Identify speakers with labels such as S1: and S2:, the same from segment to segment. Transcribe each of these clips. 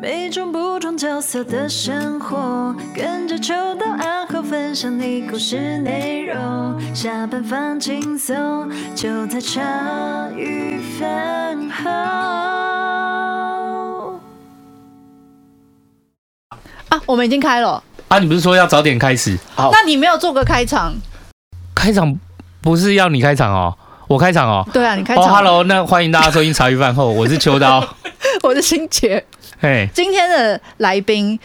S1: 每種不同角色的生活，跟着秋刀暗號，分享你故事內容。下班放輕鬆，就在茶餘飯後。啊，我們已經開了
S2: 啊！你不是說要早點開始？好
S1: ，oh. 那你沒有做個開場？
S2: 開場不是要你開場哦，我開場哦。對啊，你開場。哦、oh,，Hello，那歡迎大家收聽茶餘飯後， 我是秋刀，
S1: 我是心潔。Hey, 今天的來賓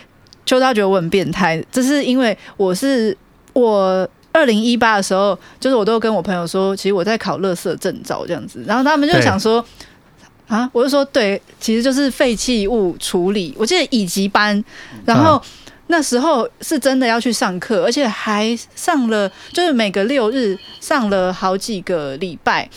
S1: 邱大覺得我很變態，這是因為我是我二零一八的時候，就是我都跟我朋友說，其實我在考垃圾證照這樣子，然後他們就想說，Hey. 啊，我就說對，其實就是廢棄物處理，我記得乙級班，然後那時候是真的要去上課，uh. 而且還上了，就是每個六日上了好幾個禮拜，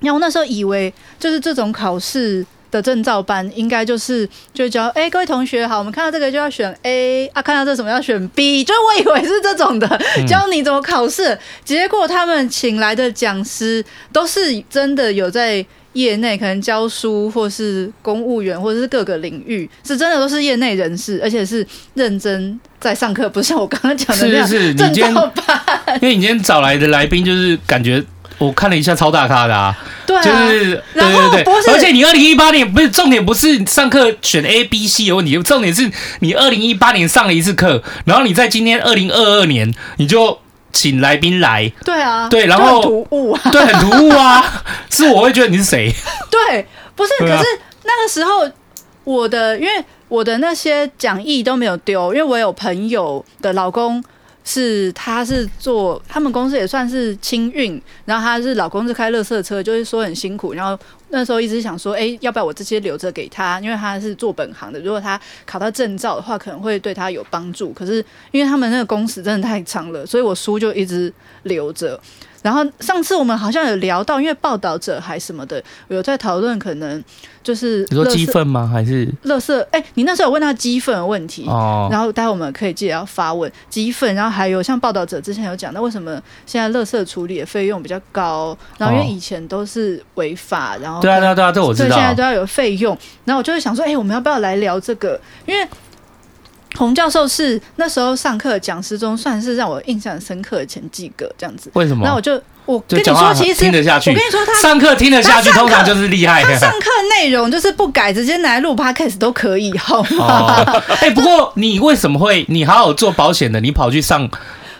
S1: 然後我那時候以為就是這種考試。的證照班應該就是就教哎、欸，各位同學好，我們看到這個就要選 A 啊，看到這什麼要選 B，就我以為是這種的，教你怎麼考試。嗯、結果他們請來的講師都是真的有在業內，可能教書或是公務員，或者是各個領域，是真的都是業內人士，而且是認真在上課，不像我剛剛講的那樣你是、是、是證照
S2: 班你今天，因為你今天找來的來賓就是感覺。我看了一下超大咖的。啊。對啊，就是對對對，對，而且你二零一八年不是重點，不是，不是上課選 A、B、C 的問題，重點是你二零一八年上了一次課，然後你在今天二零二二年你就請來賓來，
S1: 對啊，對，然後很突兀，對，很突兀啊，
S2: 是我會覺得你是誰？
S1: 對，不是，啊、可是那個時候我的因為我的那些講義都沒有丟，因為我有朋友的老公。是，他是做他們公司也算是清運，然後他是老公是開垃圾車，就是說很辛苦，然後那時候一直想說，哎，要不要我這些留着給他？因為他是做本行的，如果他考到證照的話，可能會對他有幫助。可是因為他們那個工時真的太長了，所以我書就一直留着。然後上次我們好像有聊到，因為報導者還什麼的有在討論，可能就是你說雞糞嗎？還是垃圾？哎、欸，你那時候有問他雞糞的問題，哦、然後待會我們可以記得要發問雞糞。然後還有像報導者之前有講到，為什麼現在垃圾處理的費用比較高？然後因為以前都是違法，哦、然後對啊對啊
S2: 對啊，這我知道，對啊、現在都
S1: 要有費用。哦、然後我就會想說，哎、欸，我們要不要來聊這個？因為。洪教授是那時候上課講師中，算是讓我印象深刻的前幾個這樣子。為什麼？那我就我跟你說，其實我跟
S2: 你說，他上課聽得下去，通常就是厲害。上
S1: 課內容就是不改，直接拿來錄 podcast 都可以，好
S2: 嗎？哎，不過你為什麼會？你好好做保險的，你跑去上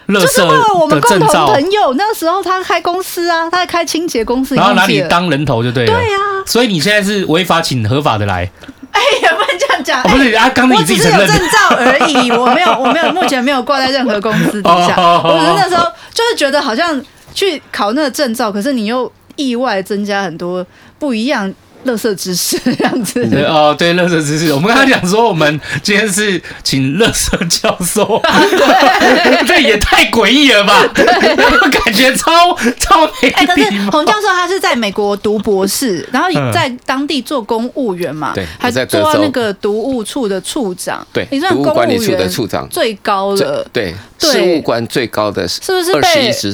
S2: 垃圾的證照，就是為了我們共同朋
S1: 友，朋友。那時候他開公司啊，他開清潔公司，然後拿你當
S2: 人頭就對了。對啊，所以你現在是違法，請合法的來。
S1: 哎、欸，也不能這樣講。我只是，啊、剛剛你自己有證照而已，我沒有，我沒有，目前沒有掛在任何公司底下。 我只是那時候就是覺得，好像去考那個證照，可是你又意外增加很多不一樣。垃圾知識這樣
S2: 子哦？對，垃圾知識，我們剛剛講說，我們今天是請垃圾教授，這也太詭異了吧？感覺超超美。但
S1: 是洪教授他是在美國讀博士，然後也在當地做公務員嘛？對，還是做那個毒物處的處長？對，你是公務管處的處長，最高了。
S3: 對，事務
S2: 官最高的
S1: 是不是被一隻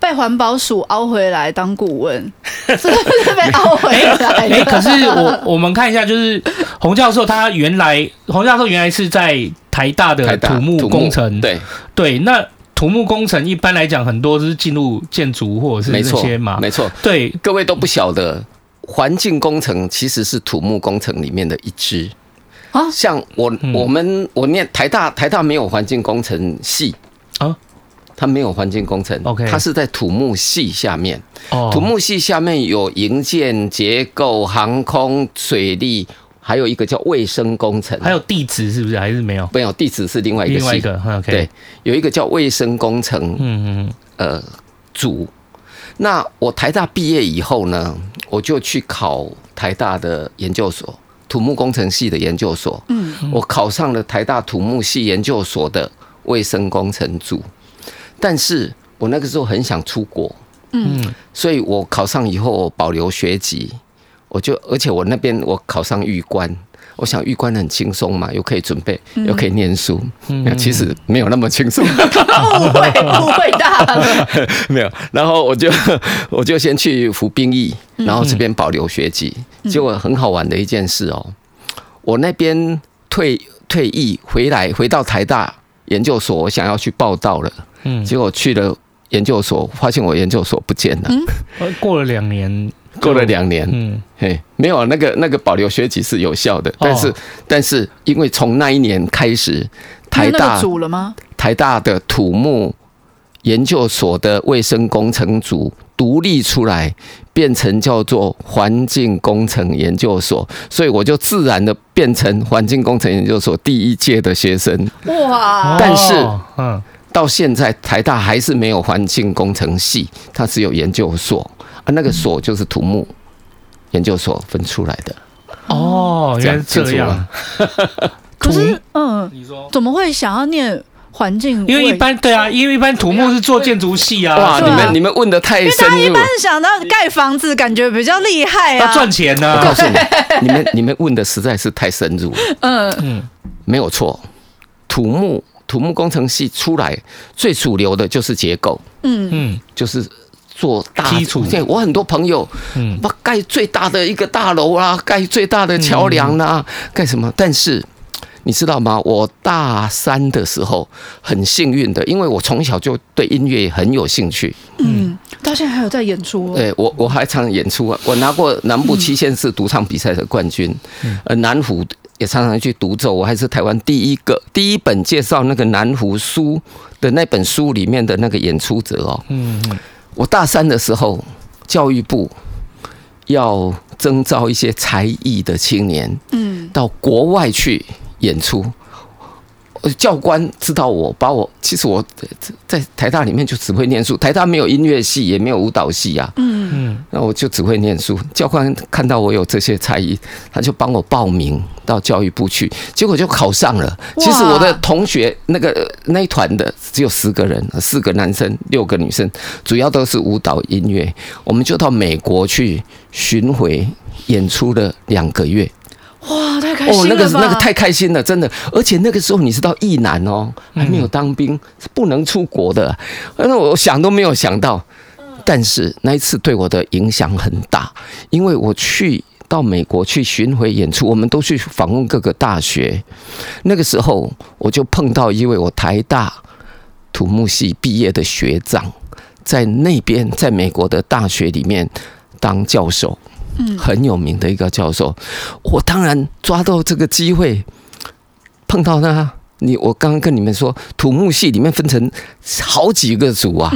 S1: 被環保署凹回來當顧問？是不
S2: 是被凹回來？可是我我們看一下，就是洪教授他原來洪教授原來是在台大的土木工程，台大土木對對，那土木工程一般來講，很多是進入建築或者是那些嘛，沒錯，沒錯對，
S3: 各位都不曉得，環境工程其實是土木工程裡面的一支啊，像我我們我念台大台大沒有環境工程系。它沒有環境工程，Okay. 它是在土木系下面。Oh. 土木系下面有營建、結構、航空、水利，還有一個叫衛生工程。還有地質是不是？還是沒有？沒有地質是另外一個系。另外一個，Okay. 對，有一個叫衛生工程。嗯嗯,嗯呃組。那我台大畢業以後呢，我就去考台大的研究所，土木工程系的研究所。嗯嗯。我考上了台大土木系研究所的衛生工程組。但是我那個時候很想出國，
S4: 嗯，
S3: 所以我考上以後我保留學籍，我就而且我那邊我考上預官，我想預官很輕鬆嘛，又可以準備，又可以念書，嗯，其實沒有那麼輕鬆，不會不會的，沒有。然後我就我就先去服兵役，然後這邊保留學籍。結果很好玩的一件事哦、喔，我那邊退退役回來回到台大研究所，我想要去報到了。嗯，結果去了研究所，發現我研究所不見
S2: 了。嗯，過了兩年，
S3: 過了兩年，嗯，嘿，沒有、啊、那個那個保留學籍是有效的，哦、但是但是因為從那一年開始，台大台大的土木研究所的衛生工程組獨立出來，變成叫做環境工程研究所，所以我就自然的變成環境工程研究所第一屆的學生。
S1: 哇，但是，哦、嗯。
S3: 到現在，台大還是沒有環境工程系，它只有研究所啊，那個所就是土木研究所分出來的。
S4: 哦，原來這樣。
S1: 可是，嗯，你說怎麼會想要念環境？因為一般
S2: 對啊，因為一般土木是做建築系啊。哇，你們你們問的太深入了。
S1: 想到蓋房子，感覺比較厲害啊，賺錢呢、啊。我告訴你，你們，你們你
S3: 們問的實在是太深入
S1: 了。
S3: 嗯，沒有錯，土木。土木工程系出來最主流的就是結構，嗯嗯，就是做大基礎建。對，我很多朋友，嗯，把蓋最大的一個大樓啊，蓋最大的橋梁啦，啊，蓋、嗯、什麼？但是你知道嗎？我大三的時候很幸運的，因為我從小就對音樂很有興趣。
S1: 嗯，到現在還有在演出。哦？對，
S3: 我我還常演出啊，我拿過南部七縣市獨唱比賽的冠軍，呃、嗯，而南湖。也常常去獨奏，我還是台灣第一個第一本介紹那個南胡書的那本書裡面的那個演出者哦。嗯，我大三的時候，教育部要徵召一些才藝的青年，嗯，到國外去演出。教官知道我，把我其實我在台大裡面就只會念書，台大沒有音樂系，也沒有舞蹈系啊。嗯嗯，那我就只會念書。教官看到我有這些才藝，他就幫我報名到教育部去，結果就考上了。其實我的同學那個那一團的只有十個人，四個男生，六個女生，主要都是舞蹈音樂。我們就到美國去巡回演出了兩個月。
S5: 哇，太開心！哦，那個那個、太
S3: 開心了，真的。而且那個時候你知道役男哦，還沒有當兵、嗯、是不能出國的，但是我想都沒有想到。但是那一次對我的影響很大，因為我去到美國去巡迴演出，我們都去訪問各個大學。那個時候我就碰到一位我台大土木系畢業的學長，在那邊在美國的大學裡面當教授。很有名的一個教授，我當然抓到這個機會碰到他。你我剛剛跟你們說，土木系裡面分成好幾個組啊，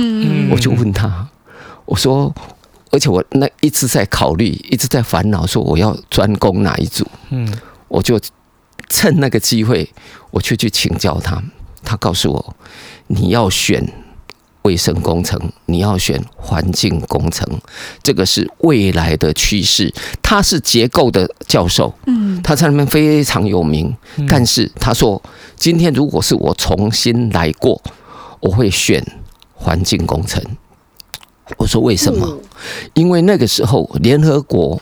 S3: 我就問他，我說，而且我那一直在考慮，一直在煩惱，說我要專攻哪一組。嗯，我就趁那個機會，我去去請教他。他告訴我，你要選。衛生工程，你要選環境工程，這個是未來的趨勢。他是結構的教授，嗯，他在那邊非常有名。嗯、但是他說，今天如果是我重新來過，我會選環境工程。我說為什麼？嗯、因為那個時候聯合國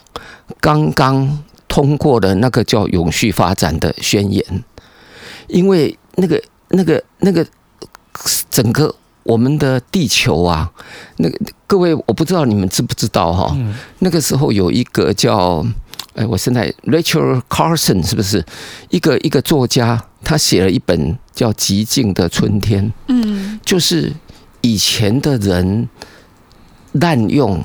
S3: 剛剛通過了那個叫永續發展的宣言，因為那個、那個、那個整個。我們的地球啊，那個各位，我不知道你們知不知道哈、喔。嗯、那個時候有一個叫哎、欸，我現在 Rachel Carson 是不是一個一個作家？他寫了一本叫《寂靜的春天》。嗯，就是以前的人濫用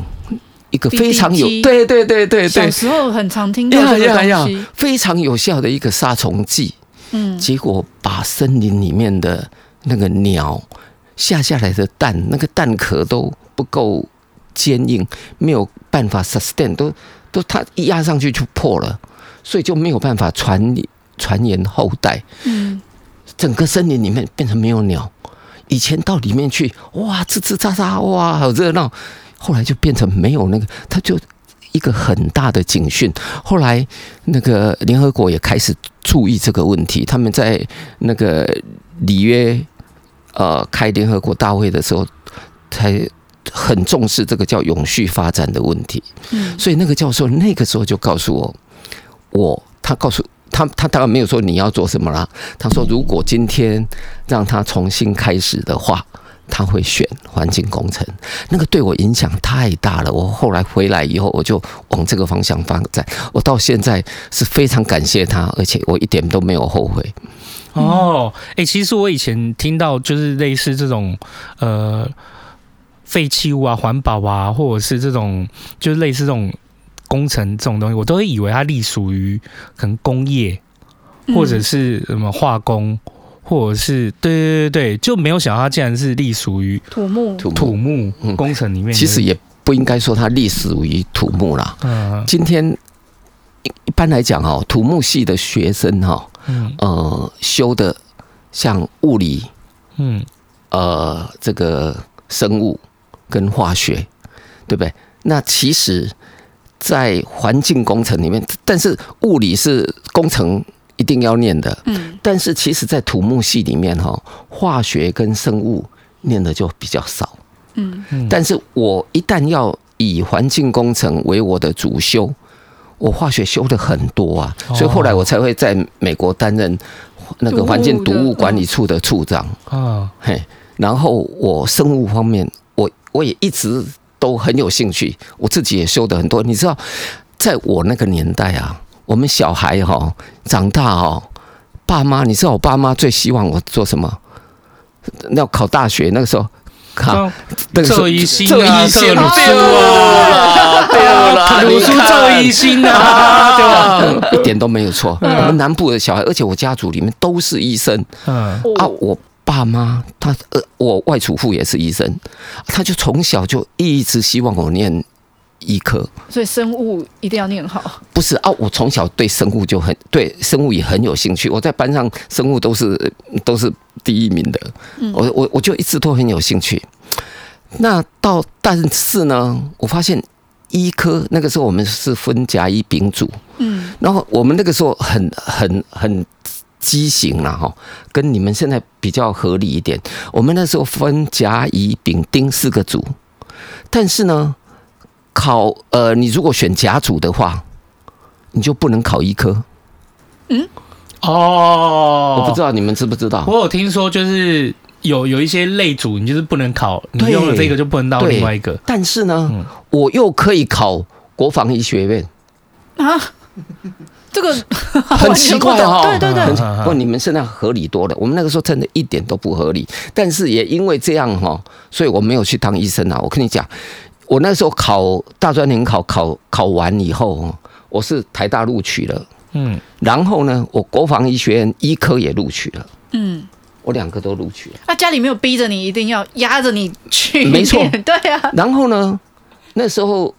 S3: 一個非常有、嗯、對
S1: 對對對對，小時候很常聽到這個東西。呀呀呀
S3: 非常有效的一個殺蟲劑。嗯，結果把森林裡面的那個鳥。下下來的蛋，那個蛋殼都不夠堅硬，沒有辦法 sustain，都都它一壓上去就破了，所以就沒有辦法傳傳衍後代。嗯，整個森林裡面變成沒有鳥，以前到裡面去，哇，吱吱喳喳，哇，好熱鬧，後來就變成沒有那個，它就一個很大的警訊。後來那個聯合國也開始注意這個問題，他們在那個里約。呃，開聯合國大會的時候，才很重視這個叫永續發展的問題。嗯，所以那個教授那個時候就告訴我，我他告訴他，他當然沒有說你要做什麼啦。他說，如果今天讓他重新開始的話，他會選環境工程。那個對我影響太大了。我後來回來以後，我就往這個方向發展。我到現在是非常感謝他，而且我一點都沒有後悔。
S2: 哦，哎、欸，其實我以前聽到就是類似這種呃廢棄物啊、環保啊，或者是這種就是、類似這種工程這種東西，我都會以為它隸屬於可能工業或者是什麼化工，或者是對對對，對就沒有想到它竟然是隸屬於土木土木、土木、嗯、工程裡面、就是。其實也
S3: 不應該說它隸屬於土木啦。嗯，今天一一般來講哦，土木系的學生哈。嗯，呃，修的像物理，
S4: 嗯，
S3: 呃，這個生物跟化學，對不對？那其實，在環境工程裡面，但是物理是工程一定要念的，嗯，但是其實，在土木系裡面哈，化學跟生物念的就比較少，嗯嗯，但是我一旦要以環境工程為我的主修，我化學修的很多啊，所以後來我才會在美國擔任那個環境毒物管理處的處長啊。嘿、哦，然後我生物方面，我我也一直都很有興趣，我自己也修的很多。你知道，在我那個年代啊，我們小孩哈、哦、長大哦，爸媽，你知道我爸媽最希望我做什麼？要考大學。那個時候。看，做醫生，做醫生。對
S5: 啊、啊，
S3: 對啦，讀書做
S5: 醫生吶，對啊
S4: 看，
S3: 一點都沒有錯。嗯、我們南部的小孩，而且我家族裡面都是醫生，
S4: 嗯、
S3: 啊，我爸媽他呃，我外祖父也是醫生，他就從小就一直希望我念。醫科，
S1: 所以生物一定要念好。
S3: 不是啊，我從小對生物就很對生物也很有興趣。我在班上生物都是都是第一名的。
S1: 嗯，我
S3: 我我就一直都很有興趣。那到但是呢，我發現醫科那個時候我們是分甲乙丙組，
S4: 嗯，
S3: 然後我們那個時候很很很畸形，了哈，跟你們現在比較合理一點。我們那時候分甲乙丙丁四個組，但是呢。考呃，你如果選甲組的話，你就不能考醫科。嗯，
S2: 哦，oh, 我不知道
S3: 你們知不知道，我
S2: 有聽說就是有有一些類組，你就是不能考，對你用了這個就不能到另外一個。
S3: 但是呢，嗯、我又可以考國防醫學院啊，這個 很奇怪哈、哦。 對對對，不、啊啊啊啊，你們現在合理多了，我們那個時候真的一點都不合理。但是也因為這樣哈，所以我沒有去當醫生啊。我跟你講。我那時候考大專聯考，考考完以後，哦，我是台大錄取了，嗯，然後呢，我國防醫學院醫科也錄取
S1: 了，
S3: 嗯，我兩個都錄取了。
S1: 那、啊、家裡沒有逼着你，一定要壓着你去，沒錯， 對啊。然後呢，那時候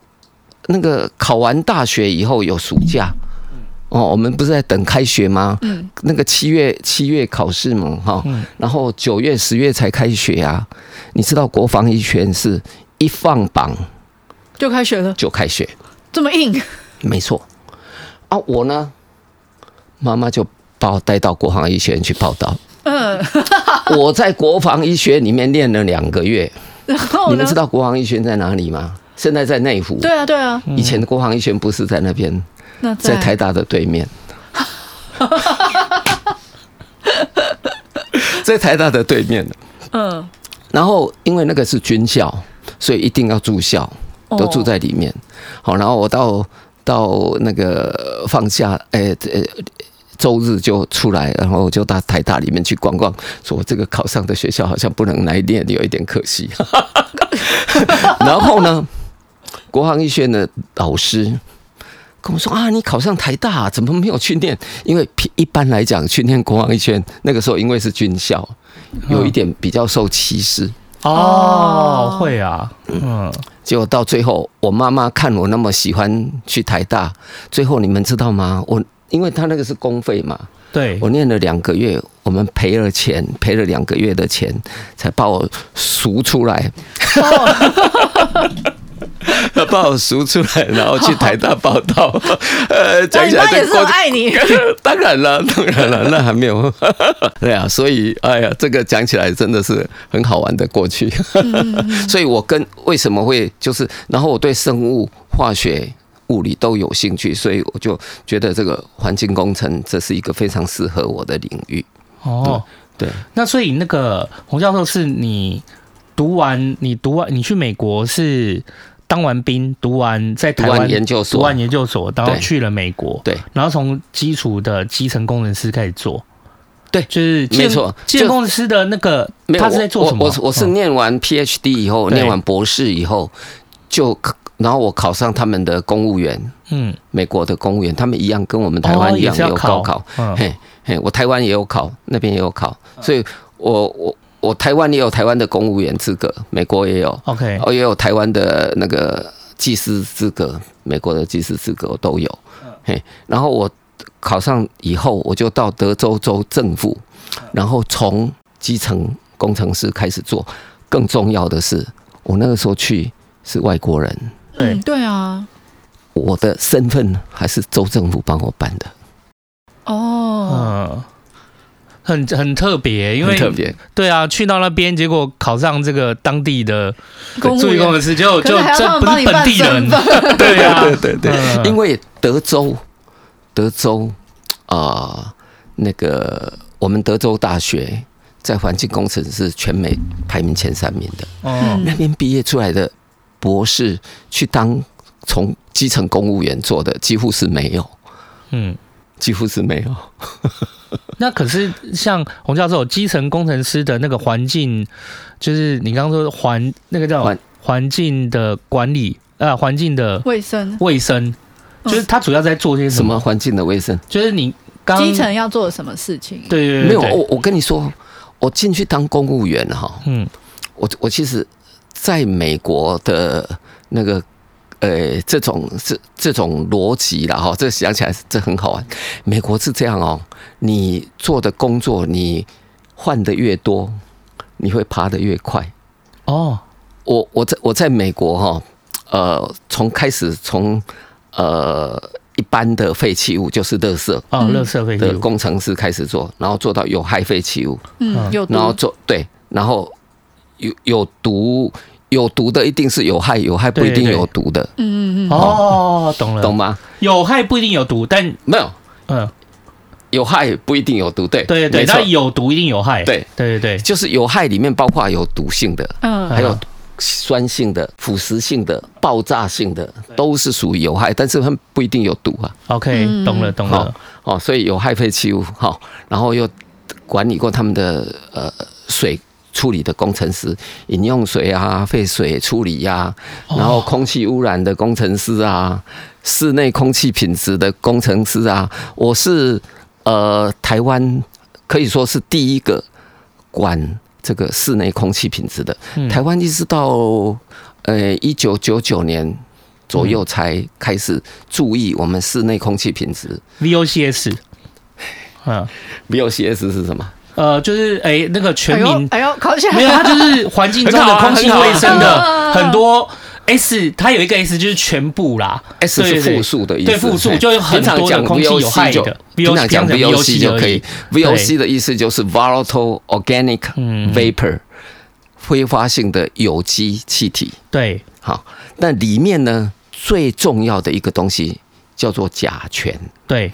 S3: 那個考完大學以後有暑假，嗯、哦，我們不是在等開學嗎？嗯、那個七月七月考試嘛，哈、哦，嗯、然後九月十月才開學啊。你知道國防醫學院是？一放榜就開學了，就開學，
S1: 這麼硬，
S3: 沒錯。啊，我呢，媽媽就把我帶到國防醫學院去報到。嗯， 我在國防醫學裡面練了兩個月。
S1: 然後你們知道
S3: 國防醫學院在哪裡嗎？現在在內湖。
S1: 對啊，對啊，
S3: 對啊。以前的國防醫學院不是在那邊，嗯、
S4: 在台
S3: 大的對面。 在台大的對面。嗯。然後，因為那個是軍校。所以一定要住校，都住在裡面。好，oh. 然後我到到那個放假，哎，哎，周日就出來，然後我就到台大裡面去逛逛。說這個考上的學校好像不能來念，有一點可惜。 然後呢，國防醫學院的老師跟我說啊，你考上台大，怎麼沒有去念？因為一般來講，去念國防醫學院那個時候，因為是軍校，有一點比較受歧視。嗯嗯哦，會啊，嗯，結果到最後，我媽媽看我那麼喜歡去台大，最後你們知道嗎？我因為他那個是公費嘛，對，我念了兩個月，我們賠了錢，賠了兩個月的錢，才把我贖出來。哦 把我贖出來，然後去台大報到。好好，呃，講起來、這個，光我然愛你當然啦。當然了，當然了，那還沒有 對啊，所以，哎呀，這個講起來真的是很好玩的過去。 所以，我跟為什麼會就是，然後我對生物、化學、物理都有興趣，所以我就覺得這個環境工程這是一個非常適合我的領域。
S2: 哦對，對。那所以那個洪教授是你讀完，你讀完，你去美國是。當完兵，讀完在台灣，讀完研究所，然後去了美國，對，然後從基礎的基層工程師開始做，對，就是沒錯，基層工程師的那個，他是在做什麼？我我是
S3: 念完 PhD 以後，念完博士以後就，然後我考上他們的公務員，嗯，美國的公務員，他們一樣跟我們台灣一樣有高考，嘿嘿，我台灣也有考，那邊也有考，所以我我。我台灣也有台灣的公務員資格，美國也有。OK，我也有台灣的那個技師資格，美國的技師資格我都有。Uh. 嘿，然後我考上以後，我就到德州州政府，uh. 然後從基層工程師開始做。更重要的是，我那個時候去是外國人。對、嗯、對啊，我的身份還是州政府幫我辦的。
S1: 哦。
S2: 嗯。很很特別，因為特別對啊，去到那邊，結果考上這個當地的公務員，對公司就不是本地人，可是要就要幫你辦身份， 對呀對對，對，對對，嗯、因為
S3: 德州德州
S2: 啊、呃，
S3: 那個我們德州大學在環境工程是全美排名前三名的，哦、嗯，那邊畢業出來的博士去當從基層公務員做的幾乎是沒有，嗯。幾乎是沒有、
S2: 哦。那可是像洪教授基層工程師的那個環境，就是你剛剛說的環那個叫環環境的管理環啊，環境的衛生衛生，生就是他主要在做些什麼？環境的衛生，就是你
S3: 剛。基層
S1: 要做什麼事情？對對，對，沒有
S3: 我我跟你說，我進去當公務員哈，嗯，我我其實在美國的那個。呃，這種這這種邏輯了哈，這想起來這很好玩。美國是這樣哦，你做的工作你換的越多，你會爬得越快。哦，我我在我在美國哈、哦，呃，從開始從呃一般的廢棄物就是垃圾啊，垃圾廢棄物工程師開始做，然後做到有害廢棄物，嗯、哦，然後做對，然後有有毒。有毒的一定是有害，有害不一定有毒的。
S4: 嗯
S3: 嗯嗯。哦，哦，懂了，懂嗎？
S2: 有害不一定
S3: 有毒，但沒有。嗯，有害不一定有毒，對對，對對。但沒錯，有毒一定有害，對對對，對就是有害裡面包括有毒性的，嗯，還有酸性的、腐蝕性的、爆炸性的，都是屬於有害，但是它不一定有毒啊。OK，懂了，懂了。哦，哦，所以有害廢棄物，哈、哦，然後又管理過他們的呃水。處理的工程師，飲用水啊，廢水處理呀、啊，然後空氣污染的工程師啊，哦、室內空氣品質的工程師啊，我是呃，台灣可以說是第一個管這個室內空氣品質的。嗯、台灣一直到呃一九九九年左右才開始注意我們室內空氣品質
S2: VOCs，啊 VOCs 是什麼？呃，就是哎，那個全民，哎呦，考起來沒有？它就是環境中的空氣衛生的很多 S，它有一個 S，就是全部啦，S 是複數的意思。對，複數，就很多講空氣有害的。平常講 VOC 就可
S3: 以，VOC 的意思就是 volatile organic vapor，揮發性的有機氣體。對，好，那裡面呢，最重要的一個東西叫做甲醛。對。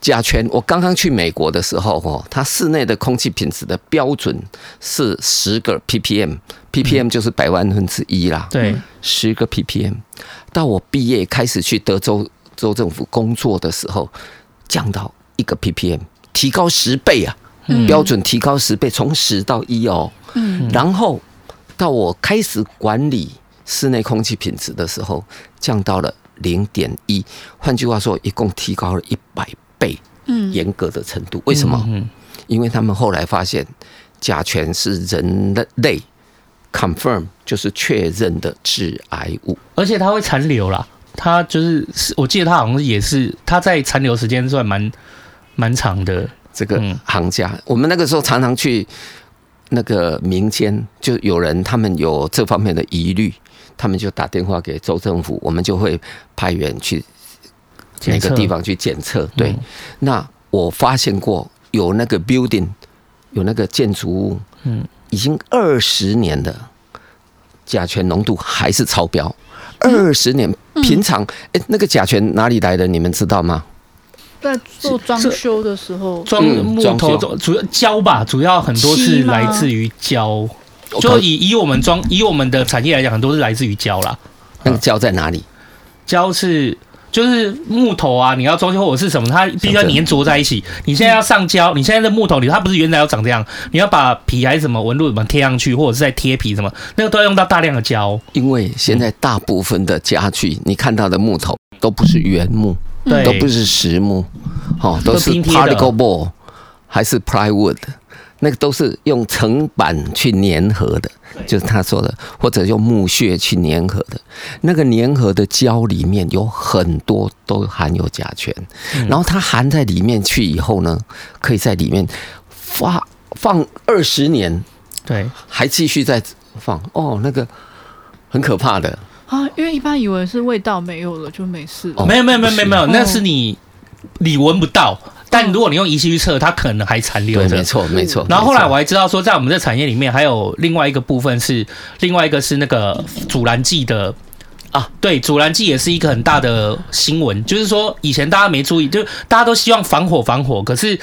S3: 甲醛，我剛剛去美國的時候，哦，它室內的空氣品質的標準是十個 ppm，ppm 就是百萬分之一啦。對、嗯，十個 ppm。到我畢業開始去德州州政府工作的時候，降到一個 ppm，提高十倍啊！標準提高十倍，從十到一哦。嗯。然後到我開始管理室內空氣品質的時候，降到了零點一。換句話說，一共提高了一百倍。被嗯嚴格的程度，為什麼？嗯，因為他們後來發現甲醛是人類
S2: confirm，就是確認的致癌物，而且它會殘留啦。它就是，我記得它好像也是，它在殘留時間算蠻蠻長的。嗯，這個行家，我們那個時候常常去那個民間，就有
S3: 人他們有這方面的疑慮，他們就打電話給州政府，我們就會派員去。哪個地方去檢測？嗯、對，那我發現過有那個 building，有那個建築物，嗯，已經二十年的甲醛濃度還是超標。二十、嗯、年，平常誒、嗯欸，那個甲醛哪裡來的？你們知道嗎？
S1: 在做裝修的時候，裝木
S3: 頭，嗯、修
S2: 主要膠吧，主要很多是來自於膠。嗎？就以以我們裝，以我們的產業來講，很多是來自於膠啦。Okay, 嗯、那個膠在哪裡？膠是。就是木頭啊，你要裝修或者是什麼，它必須要粘着在一起。你現在要上膠，嗯、你現在的木頭裡，你它不是原來要長這樣，你要把皮還是什麼紋路什麼貼上去，或者是在貼皮什麼，那個都要用到大量的膠。因
S3: 為現在大部分的家具，嗯、你看到的木頭都不是原木，嗯、都不是實木，哦，都，都是 particle board 還是 plywood。那個都是用成板去粘合的，就是他說的，或者用木屑去粘合的。那個粘合的膠裡面有很多都含有甲醛，然後它含在裡面去以後呢，可以在裡面發放二十年，對，還繼續再
S2: 放。哦，那個很可怕的
S1: 啊！因為一般以為是味道沒有了就沒事，哦，沒有沒有沒有沒有，是哦，那是
S2: 你你聞不到。但如果你用儀器去測，它可能還殘留。對，沒錯，沒錯。然後後來我還知道說，在我們這產業裡面，還有另外一個部分是，另外一個是那個阻燃劑的啊，對，阻燃劑也是一個很大的新聞。就是說，以前大家沒注意，就大家都希望防火，防火。可是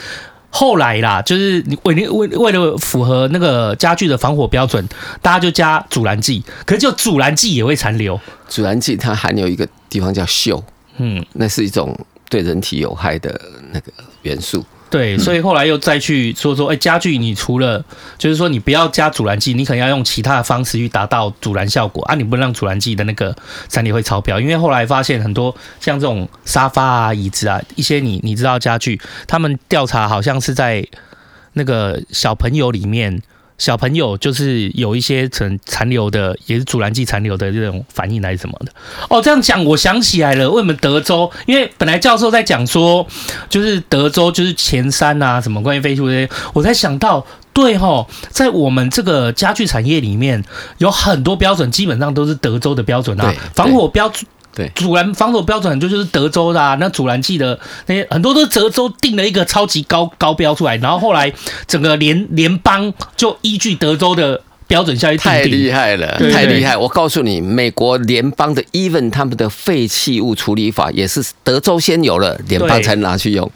S2: 後來啦，就是你為為為了符合那個家具的防火標準，大家就加阻燃劑，可是就阻燃劑也會殘留。阻燃劑它含有一個地方叫
S3: 溴，嗯，那是一種對人體有害的那個。元素
S2: 對，所以後來又再去說說哎、欸，家具，你除了就是說，你不要加阻燃劑，你可能要用其他的方式去達到阻燃效果啊，你不能讓阻燃劑的那個殘留會超標，因為後來發現很多像這種沙發啊、椅子啊，一些你你知道家具，他們調查好像是在那個小朋友裡面。小朋友就是有一些殘殘留的，也是阻燃劑殘留的這種反應來什麼的哦。這樣講，我想起來了，為什麼德州？因為本來教授在講說，就是德州就是前三啊，什麼關於廢棄物這些，我才想到，對哈、哦，在我們這個家具產業裡面，有很多標準基本上都是德州的標準啊，防火標準。對，阻燃防守標準很多就是德州的啊，那阻燃劑的那些很多都是德州定了一個超級高高標出來，然後後來整個聯聯邦就依據德州的。瞄準下一太
S3: 厲害了，太厲害！我告訴你，美國聯邦的 Even 他們的廢棄物處理法也是德州先有了，聯邦才拿去用。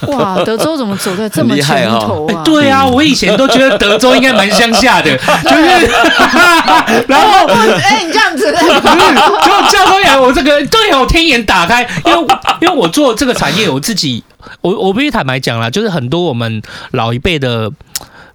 S1: 對 哇，德州怎麼走在這麼前頭啊？很厲害哦。欸，對啊，我以前都覺得德州應該蠻鄉下的，
S3: 對 就是。對
S1: 然後哎、 欸，你這樣子是是， 就教
S2: 科員，我這個對，有天眼打開，因為因為我做這個產業，我自己，我我必須坦白講啦，就是很多我們老一輩的。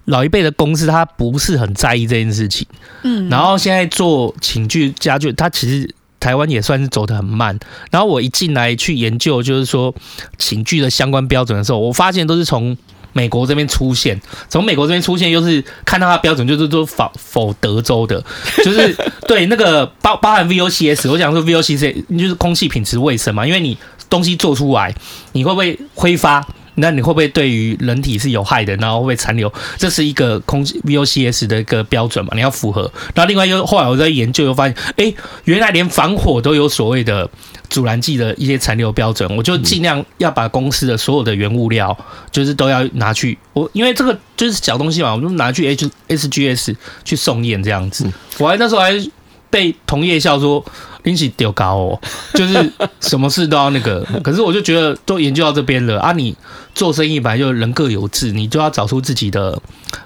S2: 老一輩的公司，他不是很在意這件事情。嗯，然後現在做寢具、家具，他其實台灣也算是走得很慢。然後我一進來去研究，就是說寢具的相關標準的時候，我發現都是從美國這邊出現，從美國這邊出現，又是看到它標準，就是說否否德州的，就是對那個包包含 VOCs，我想說 VOCs 就是空氣品質衛生嘛，因為你東西做出來，你會不會揮發？那你會不會對於人體是有害的？然後會被殘留，這是一個空氣 VOCs 的一個標準嘛？你要符合。那另外又後來我在研究又發現，哎、欸，原來連防火都有所謂的阻燃劑的一些殘留標準，我就儘量要把公司的所有的原物料，就是都要拿去我，因為這個就是小東西嘛，我就拿去 HSGS 去送驗這樣子。我還那時候還被同業笑說運氣丟高哦，就是什麼事都要那個。 可是我就覺得都研究到這邊了啊，你。做生意本來就人各有志，你就要找出自己的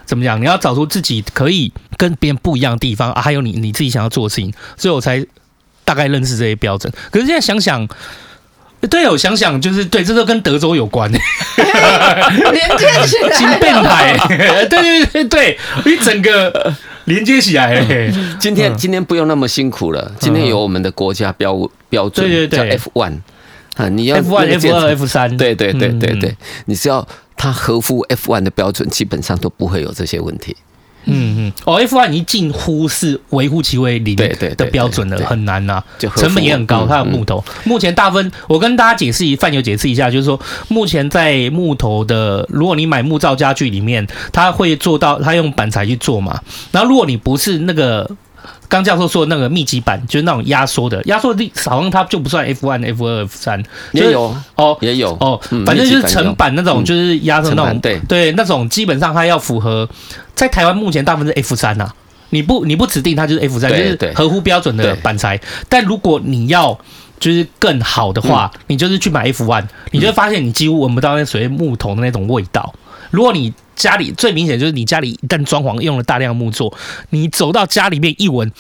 S2: 怎麼講，你要找出自己可以跟別人不一樣的地方啊，還有你你自己想要做的事情，所以我才大概認識這些標準。可是現在想想，對，我想想就是對，這都跟德州有關， 欸、連接起來，金 變態， 對對對對，一整個連接起來了。
S3: 嗯、今天今天不用那麼辛苦了，今天有我們的國家標標準，嗯、叫 F One。啊，你要 F 1 F 二、F 三，對對對對對，嗯嗯，你是要它合乎 F 1的標準，基本上都不會有這些問題。嗯
S2: 嗯，哦，F 1一已近乎是微乎其微、零對的標準了，對對對對，很難啊，成本也很高，它有木頭。嗯嗯，目前大部分，我跟大家解釋一，飯友解釋一下，就是說目前在木頭的，如果你買木造家具裡面，他會做到他用板材去做嘛。然後如果你不是那個。剛教授說的那個密集板，就是那種壓縮的，壓縮的力，好像它就不算 F one、就是、F 二、F 三，也有哦，也有哦，嗯、反正就是成板、嗯、是那種，就是壓縮那種，對，對那種基本上它要符合，在台灣目前大部分是 F 三吶、啊，你不你不指定它就是 F 三，就是合乎標準的板材。但如果你要就是更好的話，對你就是去買 F one，、嗯、你就會發現你幾乎聞不到那所謂木頭的那種味道。如果你家裡最明顯就是你家裡一旦裝潢用了大量的木作，你走到家裡面一聞，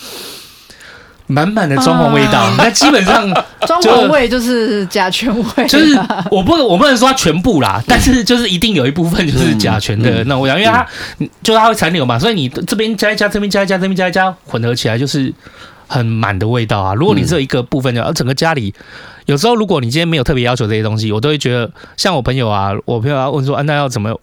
S2: 滿滿的裝潢味道，那、啊、基本上裝潢味
S1: 就是甲醛味，就是
S2: 我不能我不能說它全部啦，但是就是一定有一部分就是甲醛的、嗯、那味道，因為它、嗯、就它會殘留嘛，所以你這邊加一加，這邊加一加，這邊加一加，混合起來就是。很滿的味道啊！如果你只有一個部分，就、嗯、整個家裡，有時候如果你今天沒有特別要求這些東西，我都會覺得，像我朋友啊，我朋友要問說，啊，那要怎麼，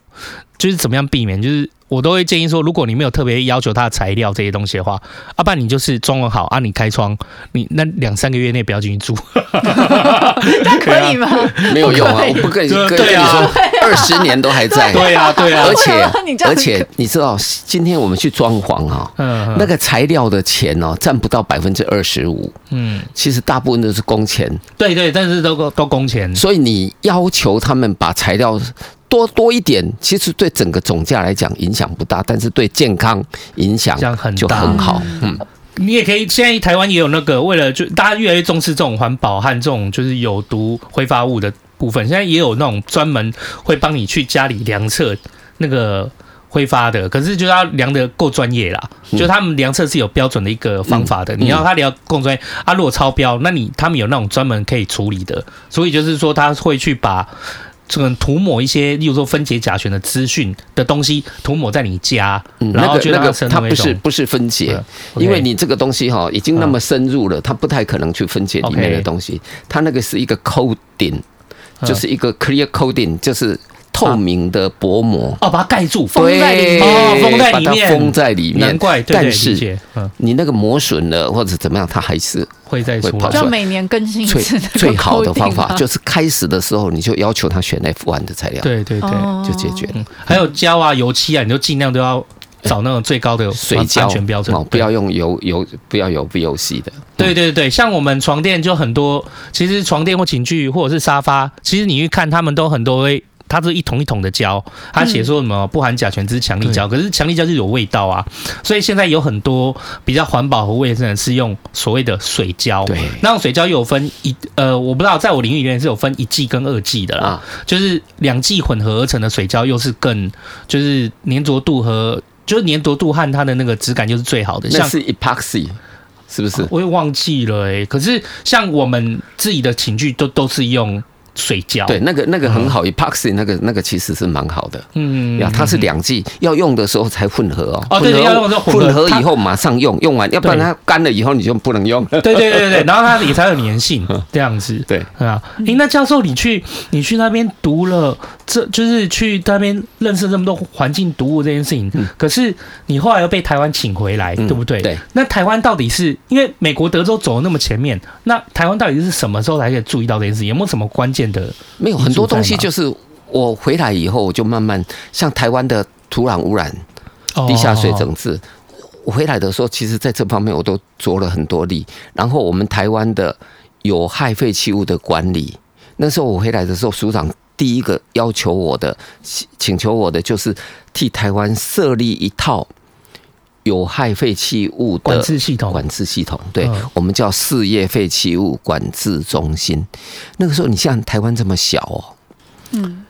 S2: 就是怎麼樣避免，就是。我都會建議說，如果你沒有特別要求它的材料這些東西的話，阿爸，你就是裝潢好啊，你開窗，你那兩三個月內不要進去住。 可
S3: 以嗎？ 沒有用啊，不可以。我不跟你，跟你，跟你說，二十、啊、年都還在對、啊。對啊，對啊。而且， 而且你知道，今天我們去裝潢啊， 那個材料的錢哦、啊，佔不到百分之二十五。 嗯，其實大部分都是工錢。對對，但是都都工錢。所以你要求他們把材料。多多一點，其實對整個總價來講影響不大，但是對健康影響就很好。很大，嗯，
S2: 你也可以現在台灣也有那個，為了就大家越來越重視這種環保和這種就是有毒揮發物的部分，現在也有那種專門會幫你去家裡量測那個揮發的。可是就是要量得夠專業啦，嗯、就他們量測是有標準的一個方法的。嗯嗯、你要他量夠專業，他、啊、如果超標，那你他們有那種專門可以處理的。所以就是說他會去把。這個塗抹一些，例如說分解甲醛的資訊的東西，塗抹在你家，嗯、然後就、嗯、那個它不是
S3: 不是分解，嗯、okay, 因為你這個東西哈、哦、已經那麼深入了，嗯、它不太可能去分解裡面的東西。Okay, 它那個是一個 coding，就是一個 clear coding，、嗯、就是。透明的薄膜
S2: 哦，把它蓋住，封在哦，封在裡面，難怪。但是
S3: 你那個磨損了或者怎麼樣，它還是會再會跑出來。每
S1: 年更新一次，最好的方法就
S3: 是開始的時候你就要求他選 F1 的材料，對對對，就解決
S2: 了。還有膠啊、油漆啊，你就盡量都要找那種最高的水膠哦，安全標準，不要
S3: 用油油，不要油不油漆的。
S2: 對對對，像我們床墊就很多，其實床墊或寢具或者是沙發，其實你去看，他們都很多會。它是一桶一桶的膠，它寫說什麼不含甲醛，只是強力膠。嗯、可是強力膠就有味道啊，所以現在有很多比較環保和衛生的是用所謂的水膠。對，那種水膠又有分一呃，我不知道，在我領域裡面是有分一劑跟二劑的啦。啊、就是兩劑混合而成的水膠，又是更就是粘着度和就是粘着度和它的那個質感就是最好的。像那是 epoxy，是不是？哦？我又忘記了誒、欸。可是像我們自己的寢具都都是用。水膠對，那個那個很
S3: 好，epoxy 那個那個其實是蠻好的，嗯，呀，它是兩劑，要用的時候才混合哦。哦，對對，要用的時候混合，混合以後馬上用，
S2: 用完要不然它乾了以後你就不能用。對對對對，然後它也才有粘性這樣子。對啊，哎，那教授你去你去那邊讀了，這就是去那邊認識這麼多環境毒物這件事情，可是你後來又被台灣請回來，對不對？對。那台灣到底是因為美國德州走的那麼前面，那台灣到底是什麼時候才可以注意到這件事情，有沒有什麼關鍵？變得沒有很多東西，就是我回來以後，我就慢慢
S3: 像台灣的土壤污染、
S5: 地下水整
S3: 治。哦哦哦，我回來的時候，其實在這方面我都著了很多力。然後我們台灣的有害廢棄物的管理，那時候我回來的時候，署長第一個要求我的、請求我的，就是替台灣設立一套。有害廢棄物的管制系統，管制系統，對，我們叫事業廢棄物管制中心。那個時候，你像台灣這麼小哦、喔，嗯，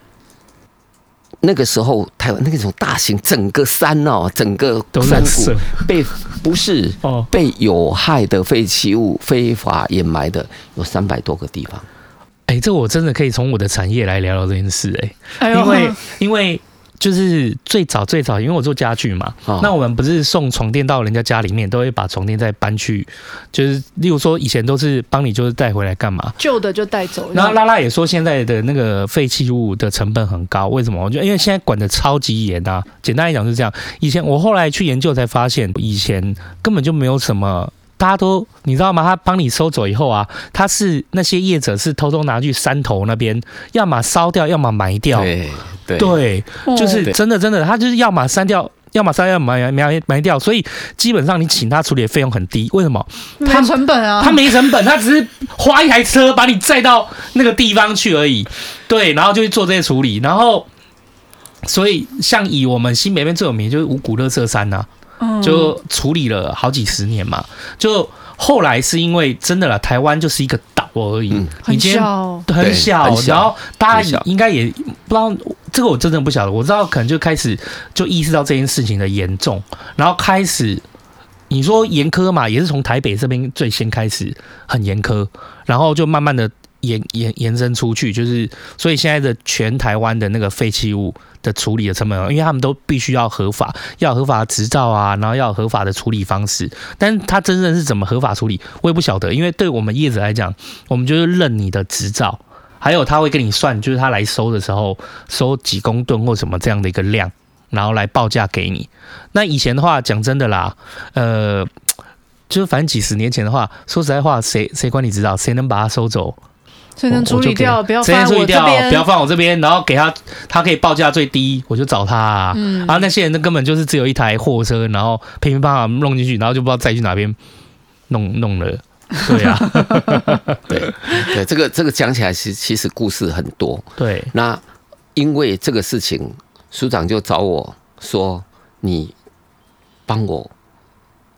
S3: 那個時候，台灣那個種大型整個山哦、喔，整個山谷被不是哦，被有害的廢棄物非法掩埋的有三百多個地方。
S2: 哎、欸，這我真的可以從我的產業來聊聊這件事、欸。哎、哦因，因為因為。就是最早最早，因為我做家具嘛，哦、那我們不是送床墊到人家家裡面，都會把床墊再搬去，就是例如說以前都是幫你就是帶回來幹嘛？
S1: 舊的就帶走。那拉
S2: 拉也說現在的那個廢棄物的成本很高，為什麼？就因為現在管的超級嚴啊。簡單來講就是這樣，以前我後來去研究才發現，以前根本就沒有什麼，大家都你知道嗎？他幫你收走以後啊，他是那些業者是偷偷拿去山頭那邊，要麼燒掉，要麼埋掉。對對，對哦、就是真的，真的，他就是要嘛刪掉，要嘛刪掉，要嘛要，要要埋掉，所以基本上你請他處理的費用很低，為什麼？
S1: 他成本啊他，他沒成本，
S2: 他只是花一台車把你載到那個地方去而已，對，然後就去做這些處理，然後，所以像以我們新北邊最有名就是五股垃圾山吶、啊，就處理了好幾十年嘛，就。後來是因為真的了，台灣就是一個島而已，很小，很小。然後大家應該也小不知道這個，我真的不曉得。我知道可能就開始就意識到這件事情的嚴重，然後開始你說嚴苛嘛，也是從台北這邊最先開始很嚴苛，然後就慢慢的延延延伸出去，就是所以現在的全台灣的那個廢棄物，的處理的成本，因為他們都必須要合法，要合法執照啊，然後要合法的處理方式。但是他真正是怎麼合法處理，我也不曉得。因為對我們業者來講，我們就是認你的執照，還有他會跟你算，就是他來收的時候收幾公噸或什麼這樣的一個量，然後來報價給你。那以前的話，講真的啦，呃，就是反正幾十年前的話，說實在話，誰誰管你執照，誰能把它收走？
S1: 所、哦、以能處理掉，不要放我這邊。不要放
S2: 我這邊，然後給他，他可以報價最低，我就找他、啊。嗯，啊，那些人根本就是只有一台貨車，然後乒乒乓乓弄進去，然後就不知道再去哪邊弄弄了。對啊， 對對，這個這
S3: 個講起來其實，其其實故事很多。對，那因為這個事情，署長就找我說：“你幫我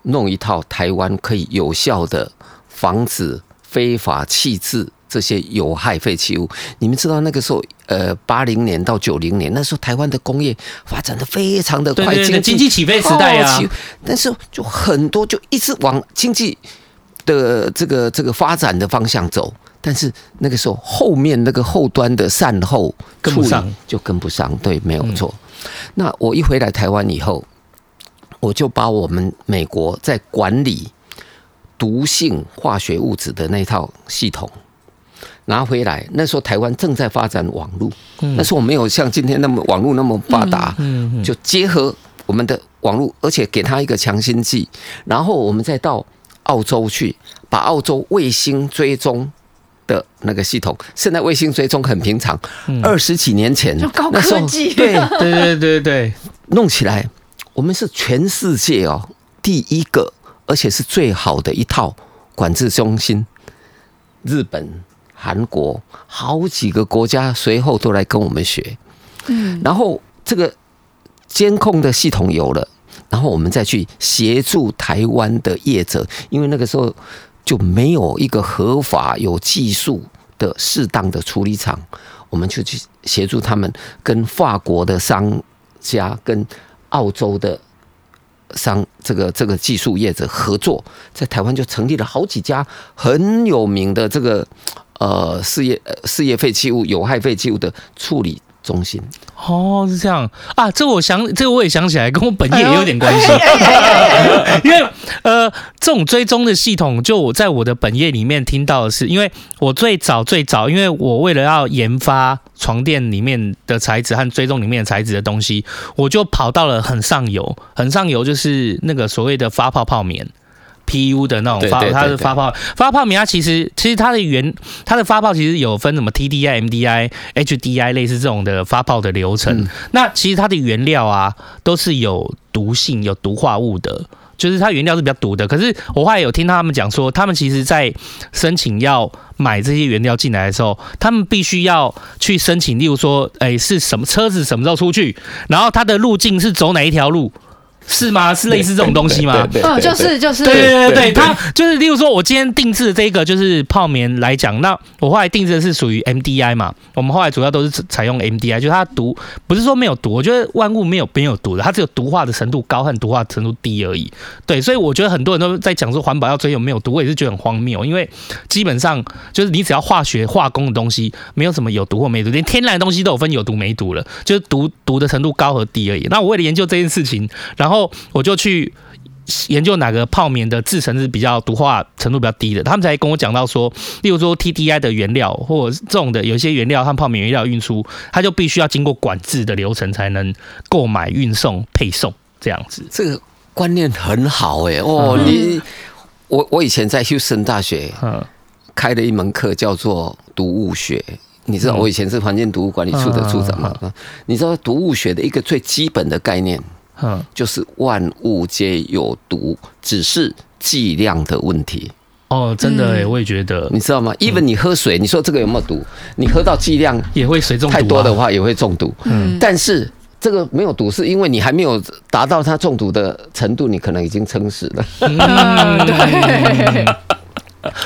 S3: 弄一套台灣可以有效的防止非法棄置。”這些有害廢棄物，你們知道那個時候，呃，八零年到九零年，那時候台灣的工業發展的非常的快，經濟起飛時代啊。但是就很多就一直往經濟的這個這個發展的方向走，但是那個時候後面那個後端的善後跟不上，就跟不上。不上對，沒有錯。嗯、那我一回來台灣以後，我就把我們美國在管理毒性化學物質的那套系統。拿回來，那時候台灣正在發展網絡，嗯、那時候我沒有像今天那麼網絡那麼發達，嗯嗯嗯、就結合我們的網絡，而且給他一個強心劑，然後我們再到澳洲去，把澳洲衛星追蹤的那個系統。現在衛星追蹤很平常，二十，嗯、幾年前就高科技那對，對對對對對，弄起來，我們是全世界哦第一個，而且是最好的一套管制中心，日本，韓國好幾個國家隨後都來跟我們學，
S4: 嗯，然
S3: 後這個監控的系統有了，然後我們再去協助台灣的業者，因為那個時候就沒有一個合法有技術的適當的處理廠，我們就去協助他們跟法國的商家，跟澳洲的商這個這個技術業者合作，在台灣就成立了好幾家很有名的這個。呃，事業呃，事業廢棄物、有害廢棄物的處理中心
S2: 哦，是這樣啊，這我想，這我也想起來，跟我本業也有點關係，哎、呀 因為呃，這種追蹤的系統，就我在我的本業裡面聽到的是，因為我最早最早，因為我為了要研發床墊裡面的材質和追蹤裡面的材質的東西，我就跑到了很上游，很上游就是那個所謂的發泡泡棉。P U 的那種發，它是發泡發泡棉，它其實其實它的原它的發泡其實有分什麼 T D I M D I H D I 類似這種的發泡的流程。嗯、那其實它的原料啊，都是有毒性、有毒化物的，就是它原料是比較毒的。可是我後來有聽到他們講說，他們其實在申請要買這些原料進來的時候，他們必須要去申請，例如說，哎、欸，是什麼車子什麼時候出去，然後它的路徑是走哪一條路。是嗎？是類似這種東西嗎？哦，就是就是。對對對，對，它就是，例如說，我今天定製的這個就是泡棉來講，那我後來定製的是屬於 MDI 嘛？我們後來主要都是採用 MDI，就是它毒，不是說沒有毒，我覺得萬物沒有沒有毒的，它只有毒化的程度高和毒化程度低而已。對，所以我覺得很多人都在講說環保要追有沒有毒，我也是覺得很荒謬，因為基本上就是你只要化學化工的東西，沒有什麼有毒或沒毒，連天然的東西都有分有毒沒毒了，就是毒毒的程度高和低而已。那我為了研究這件事情，然後。然後我就去研究哪個泡棉的制成是比較毒化程度比較低的，他們才跟我講到說，例如說 T D I 的原料，或者這種的，有些原料和泡棉原料的運輸它就必須要經過管制的流程才能購買、運送、配送這樣子。這個觀念很
S3: 好哎、欸！哦，嗯、你我我以前在休斯頓大學開了一門課叫做毒物學，嗯、你知道我以前是環境毒物管理處的處長嘛？嗯嗯嗯、你知道毒物學的一個最基本的概念。就是萬物皆有毒，只是劑量的問題。
S2: 哦，真的我也覺得。
S3: 你知道嗎？嗯、Even 你喝水，你說這個有沒有毒？你喝到劑量也會水中毒，太多的話也會中毒。嗯、啊，但是這個沒有毒，是因為你還沒有達到它中毒的程度，你可能已經撐死了、
S2: 嗯 啊。對。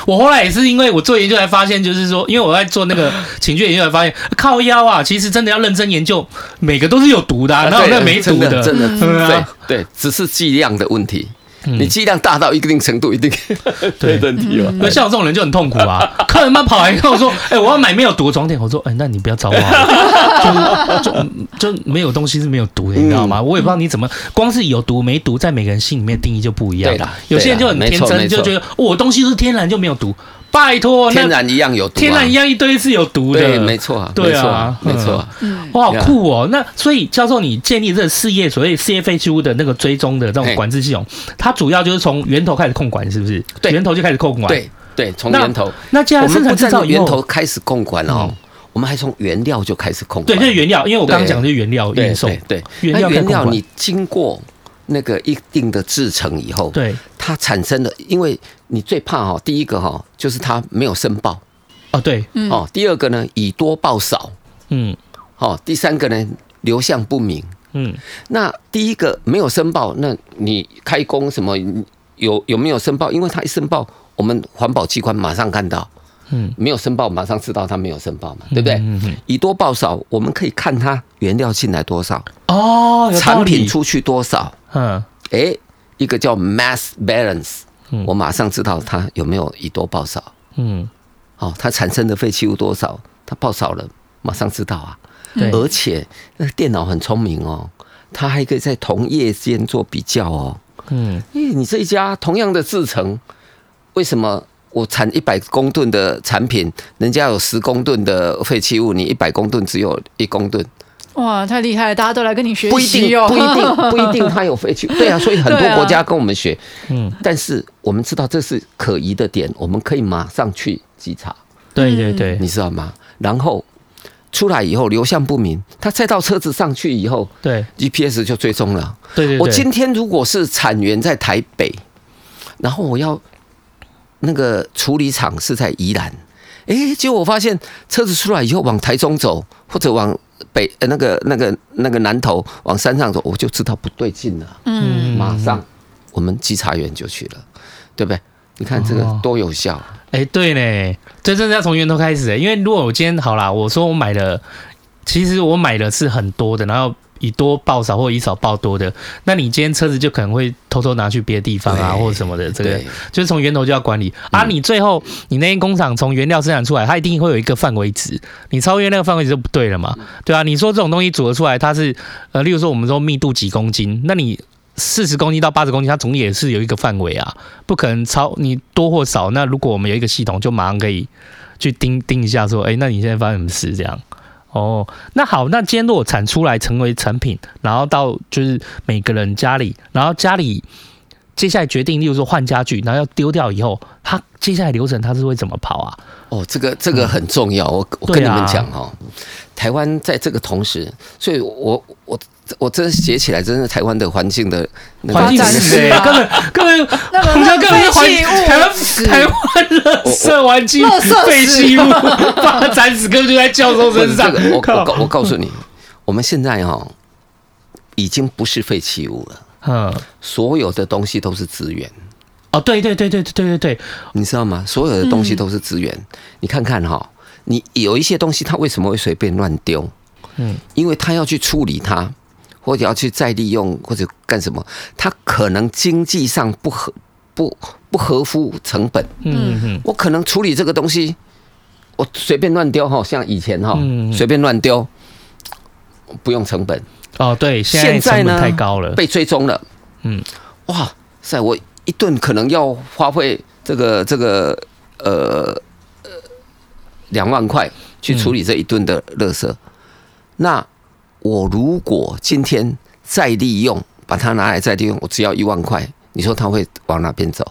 S2: 我後來也是因為我做研究才發現，就是說，因為我在做那個情緒研究，才發現靠腰啊，其實真的要認真研究，每個都是有毒的、啊，然後有那沒毒的，真的，真的對、啊、
S3: 對，對，只是劑量的問題。你
S2: 劑量大到一定程度，一定、嗯、 對對。題了。那像我這種人就很痛苦啊！對 客人嘛跑來跟我說：“哎、 欸，我要買沒有毒的床墊。”我說：“哎、欸，那你不要找我， 就就就沒有東西是沒有毒的，嗯、你知道嗎？我也不知道你怎麼光是有毒沒毒，在每個人心裡面定義就不一樣了。對啦對啦，有些人就很天真，就覺得、哦、我東西是天然就沒有毒。”拜托，天然一樣有毒，天然一樣一堆是有毒的，對，沒錯，對啊，沒錯，哇好酷哦，那所以教授，你建立這個事業，所謂 CFHU 的那個追蹤的這種管制系統，它主要就是從源頭開始控管，是不是？對，源頭就開始控管，對
S3: 對，從源頭。那既然我們不站在源頭開始控管了，我們還從原料就開始控管，對，就是原料，因為我剛剛講的是原料運送，對原料你經過。那個一定的製程以後，對它產生了。因為你最怕哈，第一個哈就是它沒有申報，
S2: 哦對，哦、嗯、
S3: 第二個呢以多報少，
S2: 嗯，
S3: 哦，第三個呢流向不明，嗯，那第一個沒有申報，那你開工什麼有有沒有申報？因為它一申報，我們環保機關馬上看到。嗯，沒有申報，馬上知道他沒有申報嘛，
S4: 對不對？嗯，嗯，
S3: 嗯，以多報少，我們可以看他原料進來多少
S4: 哦，產品出
S3: 去多少。嗯，哎，一個叫 mass balance，我馬上知道他有沒有以多報少。
S4: 嗯，
S3: 哦，他產生的廢棄物多少？他報少了，馬上知道啊。對、嗯。而且那電腦很聰明哦，它還可以在同業間做比較哦。嗯，因為你這一家同樣的製程，為什麼？產一百公噸的產品，人家有十公噸的廢棄物，你一百公噸只有一公噸，
S1: 哇，太厲害了！大家都來跟你學習。哦，不一定，不一定，不一定他
S3: 有廢棄物，對啊，所以很多國家跟我們學，嗯、啊，但是我們知道這是可疑的點，我們可以馬上去稽查，對對對，你知道嗎？然後出來以後流向不明，他載到車子上去以後，對，GPS 就追蹤了，對，對對，我今天如果是產源在台北，然後我要。那個處理廠是在宜蘭，哎、欸，結果我發現車子出來以後往台中走，或者往北、呃、那個那個那個南投往山上走，我就知道不對勁了。嗯，馬上我們稽查員就去了，
S2: 對不對？你看這個、哦、多有效？哎、欸，對呢，這真的要從源頭開始。因為如果我今天好啦，我說我買了，其實我買的是很多的，然後。以多報少或以少報多的，那你今天車子就可能會偷偷拿去別的地方啊，對或者什麼的。這個對就是從源頭就要管理啊。嗯、你最後你那些工廠從原料生產出來，它一定會有一個範圍值，你超越那個範圍值就不對了嘛，嗯、對啊，你說這種東西組合出來，它是呃，例如說我們說密度幾公斤，那你四十公斤到八十公斤，它總也是有一個範圍啊，不可能超你多或少。那如果我們有一個系統，就馬上可以去盯盯一下說，說、欸、哎，那你現在發生什麼事這樣？哦，那好，那既然如果產出來成為成品，然後到就是每個人家裡，然後家裡接下來決定，例如說換家具，然後要丟掉以後，他接下來流程他是會怎麼跑啊？
S3: 哦，這個這個很重要，我、嗯、我跟你們講哈，啊、台灣在這個同時，所以我我。我這寫起來，真的台灣的環境的，發展史根本
S5: 根本，
S3: 更加更是廢物，台
S4: 灣台灣的廢棄物、廢棄物發
S3: 展史根本就在教授身上。我我我告訴你，我們現在哈已經不是廢棄物了，嗯，所有的東西都是資源。哦，對對對對對對對，你知道嗎？所有的東西都是資源。你看看哈，你有一些東西，它為什麼會隨便亂丟？嗯，因為它要去處理它。或者要去再利用，或者幹什麼，它可能經濟上不合、不不合乎成本。嗯哼，我可能處理這個東西，我隨便亂丟哈，像以前哈，隨便亂丟，不用成本。哦，對，現在成本太高了，被追蹤了。嗯，哇塞，我一噸可能要花費這個這個呃呃兩萬塊去處理這一噸的垃圾。嗯、那。我如果今天再利用，把它拿來再利用，我只要一萬塊，你說它會往哪邊走？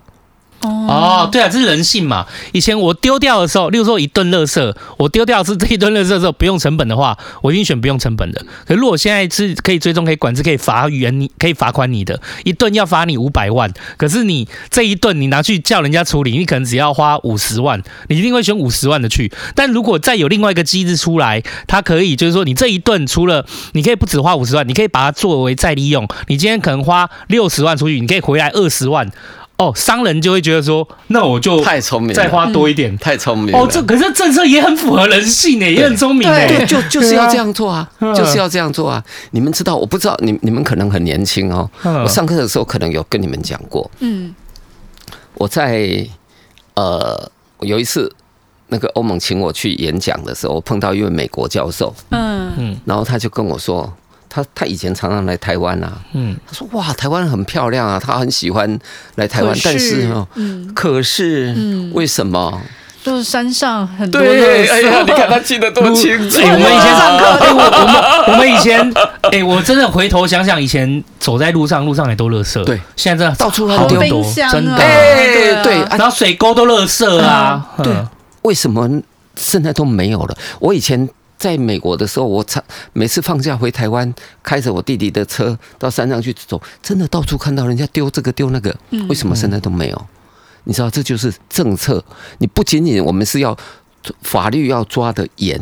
S2: 哦，oh, 對啊，這是人性嘛。以前我丟掉的時候，例如說一噸垃圾，我丟掉是這一噸垃圾的時候，不用成本的話，我一定選不用成本的。可是如果現在是可以追蹤、可以管制、可以罰鍰，你可以罰款你的，一噸要罰你五百萬。可是你這一噸你拿去叫人家處理，你可能只要花五十萬，你一定會選五十萬的去。但如果再有另外一個機制出來，它可以就是說，你這一噸除了你可以不只花五十萬，你可以把它作為再利用。你今天可能花六十萬出去，你可以回來二十萬。哦，商人就會覺得說，那我就太聰明，再花多一點，太聰明。嗯、聰明哦，這可是政策也很符合人性呢， 對也很聰
S3: 明對。對，對對就，就是要這樣做啊，就是要這樣做啊。你們知道，我不知道，你，你們可能很年輕哦、喔。 我上課的時候可能有跟你們講過。嗯， 我在呃有一次那個歐盟請我去演講的時候，我碰到一位美國教授。
S4: 嗯
S3: 嗯，然後他就跟我說。他他以前常常來台灣啊，嗯。他說哇，台灣很漂亮啊，他很喜歡來台灣，但是，可是為什麼？
S1: 就是山上很多。對，哎呀，你看
S4: 他記得多清楚。我們以
S1: 前上課，哎，我我們我們
S2: 以前，哎，我真的回頭想想，以前走在路上，路上也都垃圾。對，現在真的到處好多，真的，對，對然後水溝都垃圾啊。對，為什麼現在都沒
S3: 有了？我以前。在美國的時候，我常每次放假回台灣，開着我弟弟的車到山上去走，真的到處看到人家丟這個丟那個，為什麼現在都沒有？你知道，這就是政策。你不僅僅我們是要法律要抓的嚴。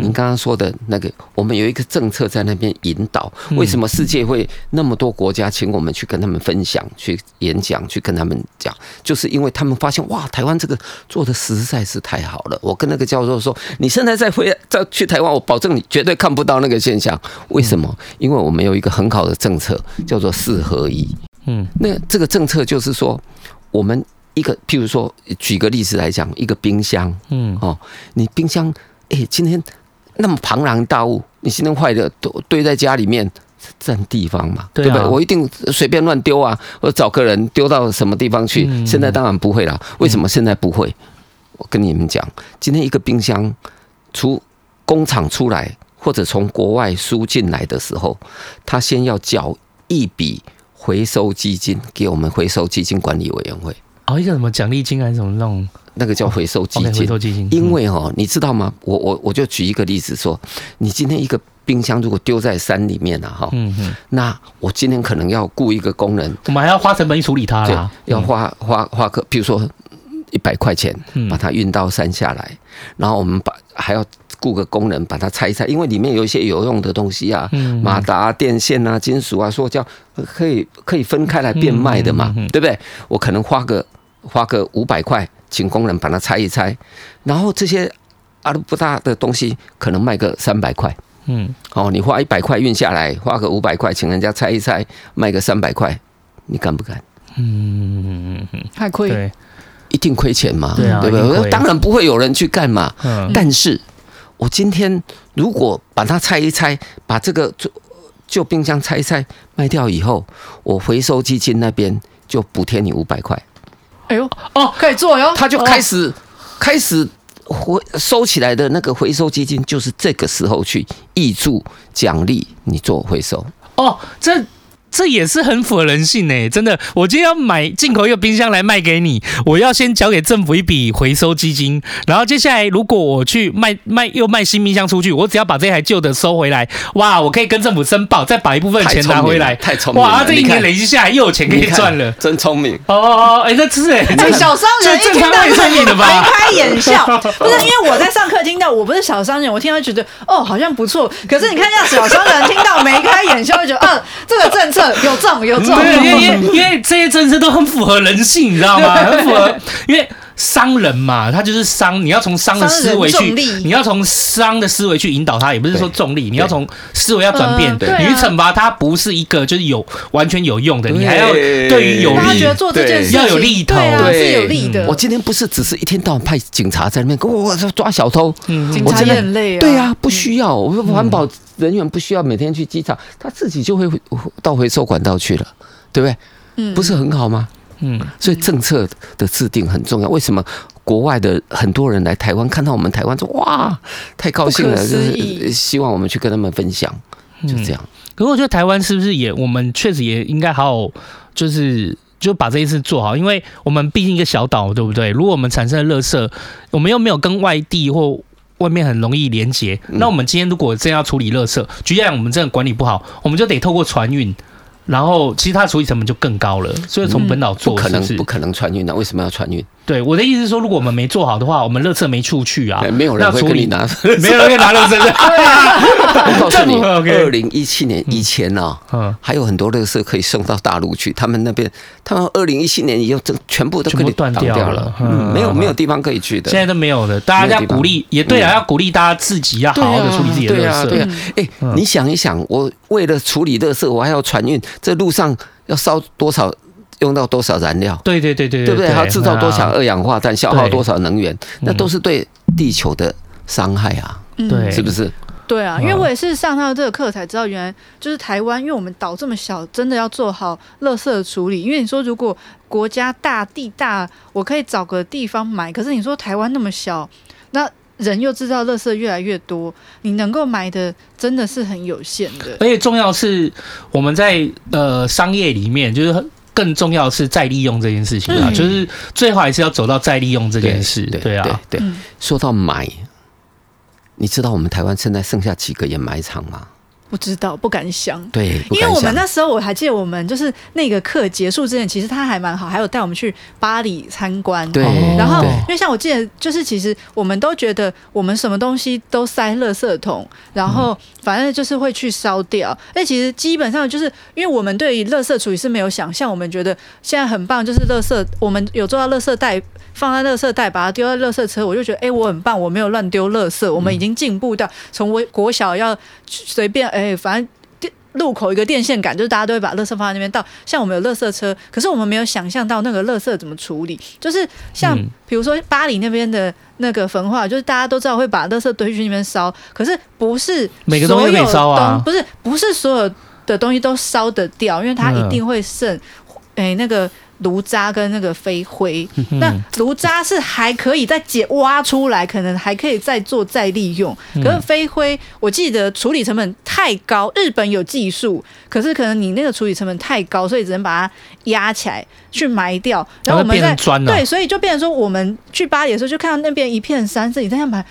S3: 您剛剛說的那個，我們有一個政策在那邊引導，為什麼世界會那麼多國家請我們去跟他們分享、去演講、去跟他們講？就是因為他們發現，哇，台灣這個做的實在是太好了。我跟那個教授說，你現在再回再去台灣，我保證你絕對看不到那個現象。為什麼？因為我們有一個很好的政策，叫做四合一。嗯，那這個政策就是說，我們一個，譬如說，舉個例子來講，一個冰箱，嗯，哦，你冰箱，誒，今天。那麼龐然大物，你現在壞的都堆在家裡面是占地方嘛？對不對，啊，對？我一定隨便亂丟啊！我找個人丟到什麼地方去？嗯，現在當然不會了。為什麼現在不會？嗯，我跟你們講，今天一個冰箱從工廠出來，或者從國外輸進來的時候，他先要繳一筆回收基金給我們回收基金管理委員會。
S2: 哦，一個什麼獎勵金還是怎麼弄？
S3: 那個叫回收基金，因為哈，你知道嗎？我我我就舉一個例子說，你今天一個冰箱如果丟在山裡面了、啊、哈，嗯哼那我今天可能要僱一個工人，
S2: 我們還要花成本處理它啦，對要
S3: 花花花個，比如說一百塊錢把它運到山下來，嗯、然後我們把還要僱個工人把它拆一拆，因為裡面有一些有用的東西啊，馬達、啊、電線啊、金屬啊，塑膠可以可以分開來變賣的嘛，嗯、哼對不對？我可能花個花個五百塊。請工人把它拆一拆，然後這些阿里不達的東西可能賣個三百塊。嗯，哦，你花一百塊運下來，花個五百塊，請人家拆一拆，賣個三百塊，你敢不敢？嗯嗯嗯嗯，太虧，一定虧錢嘛。對啊，對不對？硬虧。當然不會有人去幹嘛。嗯，但是我今天如果把它拆一拆，把這個舊舊冰箱拆一拆賣掉以後，我回收基金那邊就補貼你五百塊。哎呦，哦，可
S1: 以做喲。他就開始，
S3: 哦、開始回收起來的那個回收基金，就是這個時候去挹注獎勵你做回收
S1: 哦。
S2: 這。這也是很符合人性呢、欸，真的。我今天要買進口一個冰箱來賣給你，我要先交給政府一筆回收基金，然後接下來如果我去賣賣又賣新冰箱出去，我只要把這台舊的收回來，哇，我可以跟政府申報，再把一部分錢拿回來，太聰明了，太聰明了哇、啊，這一年累積下來又有錢可以賺了，真聰明。哦哦哦，哎，那這是小商人一聽，太聰明了吧？眉開眼笑， 不是，因
S1: 為我在上課聽到，我不是小商人，我聽到覺得哦好像不錯。可是你看一下小商人聽到眉開眼笑，就嗯、哦，這個政策。有這種，有這種，對，因為
S2: 因為這些政策都很符合人性，你知道嗎？很符合，因為商人嘛，他就是商，你要從商的思維去，你要從商的思維去引導他，也不是說重利，你要從思維要轉變。對。你去懲罰他不是一個就是有完全有用的，你還要對於有利，做這件事要有利頭，對，是有利的。我今天不是只是一天到晚派警察在那邊，我我抓小偷，警
S3: 察也很累啊。對啊，不需要，我說環保。人員不需要每天去機場，他自己就會到回收管道去了，對不對？嗯，不是很好嗎？嗯，所以政策的制定很重要。為什麼國外的很多人來台灣，看到我們台灣說哇，太高興了，是就是希望我們去跟他們分享，就這樣。
S2: 嗯。可是我覺得台灣是不是也，我們確實也應該好，就是就把這一次做好，因為我們畢竟一個小島，對不對？如果我們產生了垃圾，我們又沒有跟外地或外面很容易連接，那我們今天如果真要處理垃圾，局然我們真的管理不好，我們就得透過船運，然後其實它處理成本就更高了。所以從本島做是不是、嗯，不可能不可能船運的、啊，為什麼要船運？對，我的意思是說，如果我們沒做好的話，我們垃圾沒出去啊，沒有人會跟你拿，沒有人會拿垃圾的。
S3: 我告訴你，二零一七年以前呢，還有很多垃圾可以送到大陸去，他們那邊，他們二零一七年已經全部都給你斷掉了，嗯，沒有沒有地方可以去的，現在都沒有了。大家要鼓勵，也對啊，要鼓勵大家自己要好好的處理自己的垃圾。對啊，誒，你想一想，我為了處理垃圾，我還要船運，這路上要燒多少？用到多少燃料？對，
S2: 對對對對，對不對？對，他製造多少二氧
S3: 化碳，啊、消耗多少能源，對那都是對地球的傷害啊！對、
S1: 嗯，是不是？對啊，因為我也是上到這個課才知道，原來就是台灣，因為我們島這麼小，真的要做好垃圾處理。因為你說如果國家大地大，我可以找個地方埋，可是你說台灣那麼小，那人又製造垃圾越來越多，你能夠埋的真的是很有限的。而
S2: 且重要的是我們在呃商業裡面就是很。更重要的是再利用這件事情啊，嗯、就是最好還是要走到再利用這件事。對，對，對，對，對啊，對、
S1: 嗯，
S2: 說到買，
S3: 你知道我們台灣現在剩下幾個掩埋場嗎？
S1: 不知道，不敢想。
S3: 對，因為我們
S1: 那時候我還記得，我們就是那個課結束之前，其實他還蠻好，還有帶我們去巴黎參觀。對，然後因為像我記得，就是其實我們都覺得我們什麼東西都塞樂色桶，然後反正就是會去燒掉。哎、嗯，但其實基本上就是因為我們對於樂色處理是沒有想象，我們覺得現在很棒，就是樂色。我們有做到樂色袋，放在樂色袋，把它丟在樂色車。我就覺得哎、欸，我很棒，我沒有亂丟樂色。我們已經進步到從我國小要隨便哎。欸哎，反正電路口一個電線桿，就是大家都會把垃圾放在那邊倒。像我們有垃圾車，可是我們沒有想象到那個垃圾怎麼處理。就是像，比如說巴黎那邊的那個焚化，嗯、就是大家都知道會把垃圾堆去那邊燒，可是不是每個東西都可以燒啊，不是不是所有的東西都燒得掉，因為它一定會剩，嗯、哎那個。爐渣跟那個飛灰，那爐渣是還可以再解挖出來，可能還可以再做再利用。可是飛灰，我記得處理成本太高，日本有技術，可是可能你那個處理成本太高，所以只能把它壓起來去埋掉。然後我們再變成磚了？對，所以就變成說，我們去八里的時候就看到那邊一片山是已經在埋。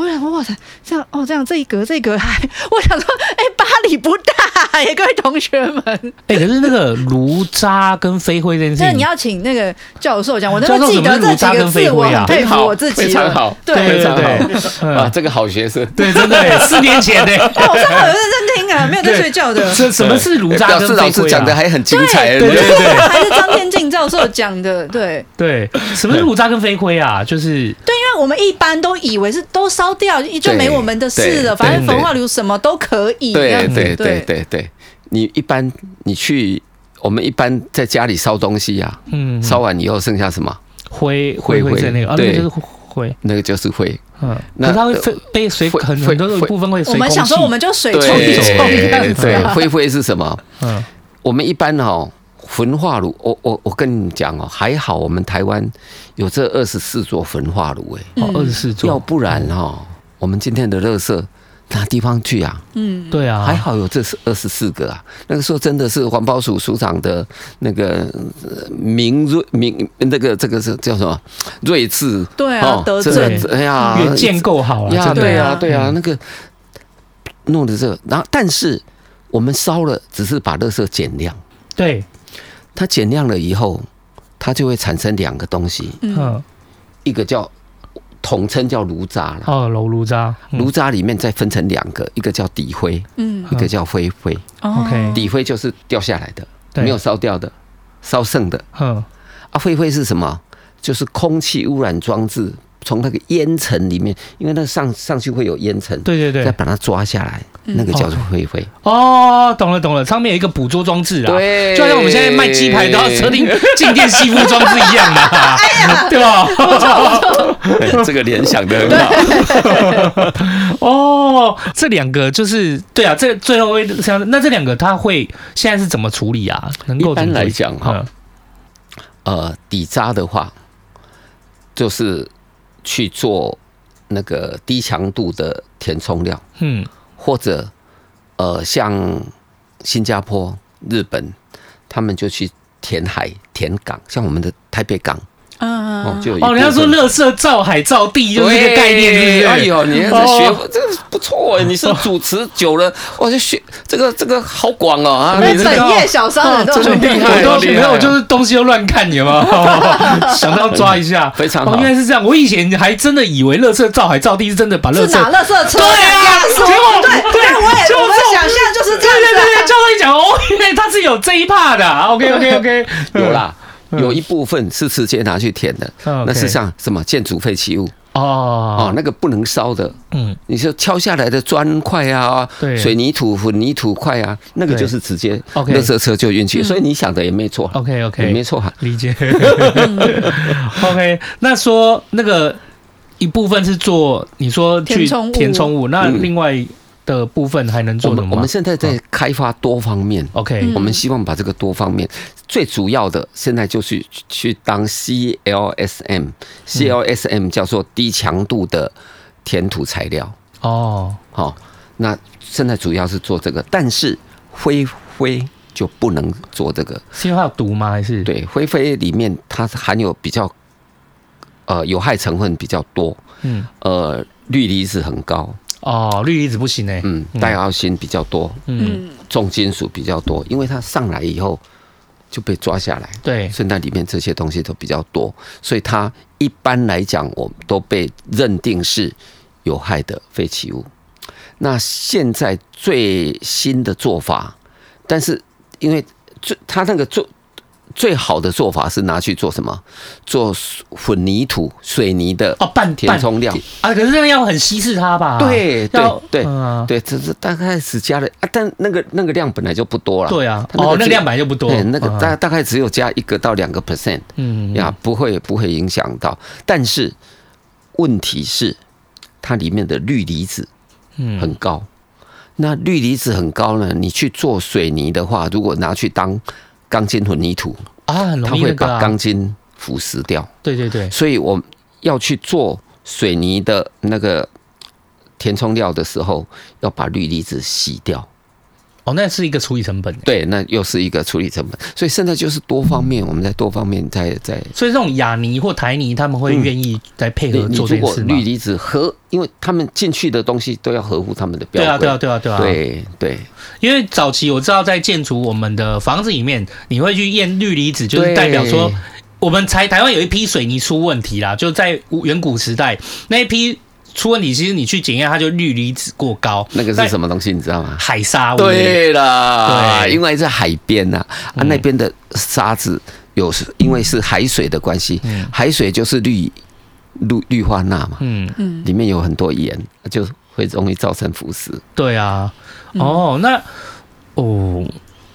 S1: 我想說，哇塞，這樣哦，這樣這一格這一格還，我想說，哎，巴黎不大哎，各位同學們，
S2: 哎，可是那個爐渣跟飛灰這件事情，那你要
S1: 請那個教授講，我真的記得這幾個字，我很佩服我自己，非常好，對
S3: 非常好。啊，這個好學生，對，真的，四年前呢，我上課有
S1: 認真聽啊，沒有在睡覺的。什什麼是
S3: 爐渣？是老師講的還很精彩，對對對，還是
S1: 張天進教授講的，對
S2: 對，什麼是爐渣跟飛灰啊？就是
S1: 對，因為我們一般都以為是都燒。掉，就沒我們的事了。反正焚化爐什麼都可
S3: 以、啊對。對對對對對，對，你一般你去，我們一般在家裡燒東西呀、啊嗯，嗯，燒完以後剩下什麼？
S2: 灰，灰灰灰那個，對，
S3: 灰、啊、那個就是灰。
S2: 嗯那，可是它會被水，多灰，很很灰部分會。
S1: 我們想說，我們就水處理到底對，灰
S2: 灰是什麼？
S3: 嗯，我們一般哈、哦。焚化爐，我我我跟你講哦，還好我們台灣有這二十四座焚化爐、欸，哎、嗯，二十四座，要不然哈，嗯、我們今天的垃圾哪地方去啊？嗯，對啊，還好有這二十四個啊。那個時候真的是環保署，署署長的那個明睿明那個這個是叫什麼睿智，睿智
S2: 對啊，德智、喔，對哎呀，遠見夠好了、啊直啊，對啊，
S3: 對啊，嗯、那個弄的這，然後但是我們燒了，只是把垃圾減量，對。它減量了以後，它就會產生兩個東西，嗯，一個叫統稱叫爐渣
S2: 了，哦，爐爐渣，嗯、爐
S3: 渣裡面再分成兩個，一個叫底灰，嗯，一個叫灰灰。OK，嗯、哦、底灰就是掉下來的，哦、沒有燒掉的，燒對剩的。嗯，啊，灰灰是什麼？就是空氣污染裝置從那個煙塵裡面，因為那上上去會有煙
S2: 塵，對對對，再把它抓下來。那個叫做飛灰哦，懂了懂了，上面有一個捕捉裝置啊，對就好像我們現在賣雞排都要設定靜電吸附裝置一樣嘛， 哎呀對吧？對這個聯想的很好。哦， 對 oh, 這兩個就是對啊，這最後一個那這兩個，它會現在是怎麼處理啊？能夠一般來講哈，呃，底渣的話，
S3: 就是去做那個低強度的填充料，嗯。或者，呃，像新加坡、日本，他們就去填海、填港，像我們的台北港。
S2: 嗯，哦，人家說“垃圾造海造地”就是這個概念，是不是？哎呦，你在學，
S3: 這個不錯，你是主持久了，我就學這個，這個好廣哦啊！那
S2: 整夜
S1: 小
S2: 商人都是厲害，沒有就是東西都亂看，有沒有？想到抓一下，非常好，原來是這樣。我以前還真的以為“垃圾造海造地”是真的，把垃圾垃圾
S1: 車對呀，對，對，我也我想象就是這個，對對對，教授
S2: 講哦，因為他是有這一 part 的，OK OK OK，
S3: 有啦。有一部分是直接拿去填的，那是像什麼建築廢棄物哦哦，那個不能燒的，嗯，你說敲下來的磚塊啊，對耶，水泥土、混凝土塊啊，那個就是直接垃圾車就運去，okay, 所以你想的也沒錯，
S2: 嗯啊、，OK OK，沒錯，理解 ，OK。那說那個一部分是做你說去填充物，填充物，嗯、那另外。的部分還能做的嗎？我們現在在開發多方面，oh,，OK，我
S3: 們希望把這個多方面最主要的現在就是去當 CLSM，CLSM 叫做低強度的填土材料。oh. 哦，好，那現在主要是做這個，但是灰灰就不能做這個，是因為它有毒嗎？還是對，灰灰裡面它含有比較呃有害成分比較多，嗯，呃，氯離子很高。哦，氯離子不行呢。嗯，戴奧辛比較多，嗯，重金屬比較多，因為它上來以後就被抓下來，對，所以那裡面這些東西都比較多，所以它一般來講，我們都被認定是有害的廢棄物。那現在最新的做法，但是因為最它那個做。最好的做法是拿去做什麼？做混凝土水泥的填哦，半填充料
S2: 啊。可是這個要很稀釋它吧？對，要對，對、嗯
S3: 啊，對，這是大概只加了，啊、但那個那個量本來就不多了。對啊，它那個哦，那個、量本來就不多，欸、那個大大概只有加一個到兩個 percent，嗯呀、嗯啊，不會不會影響到。但是問題是，它裡面的氯離子很高，嗯、那氯離子很高呢？你去做水泥的話，如果拿去當鋼筋混凝土啊，
S2: 啊很容易的，它會把鋼
S3: 筋腐蝕掉。對對對，所以我要去做水泥的那個填充料的時候，要把氯離子洗掉。
S2: 哦、那是一個處理成本，
S3: 對，那又是一個處理成本，所以現在就是多方面，嗯、我們在多方面在在。所
S2: 以這種亞泥或台泥，他們會願意再配合做這個事嗎？氯離、嗯、子合，因為他
S3: 們進去的東西都要合乎他們的標準。對啊，對，啊對，啊對啊，對啊，對
S2: 啊，對啊，對對。因為早期我知道在建築我們的房子裡面，你會去驗氯離子，就是代表說我們台台灣有一批水泥出問題啦，就在遠古時代那一批。出問題，其實你去檢驗，它就氯離子過高。那個是什
S3: 麼東西，你知道嗎？海
S2: 沙。對了對，對啦對因為在海
S3: 邊吶、啊，嗯、啊，那邊的沙子有，因為是海水的關係，嗯、海水就是氯氯氯化鈉嘛，
S2: 嗯嗯，
S3: 裡面有很多鹽，就會容易造成腐蝕。
S2: 對啊，嗯、哦，那哦。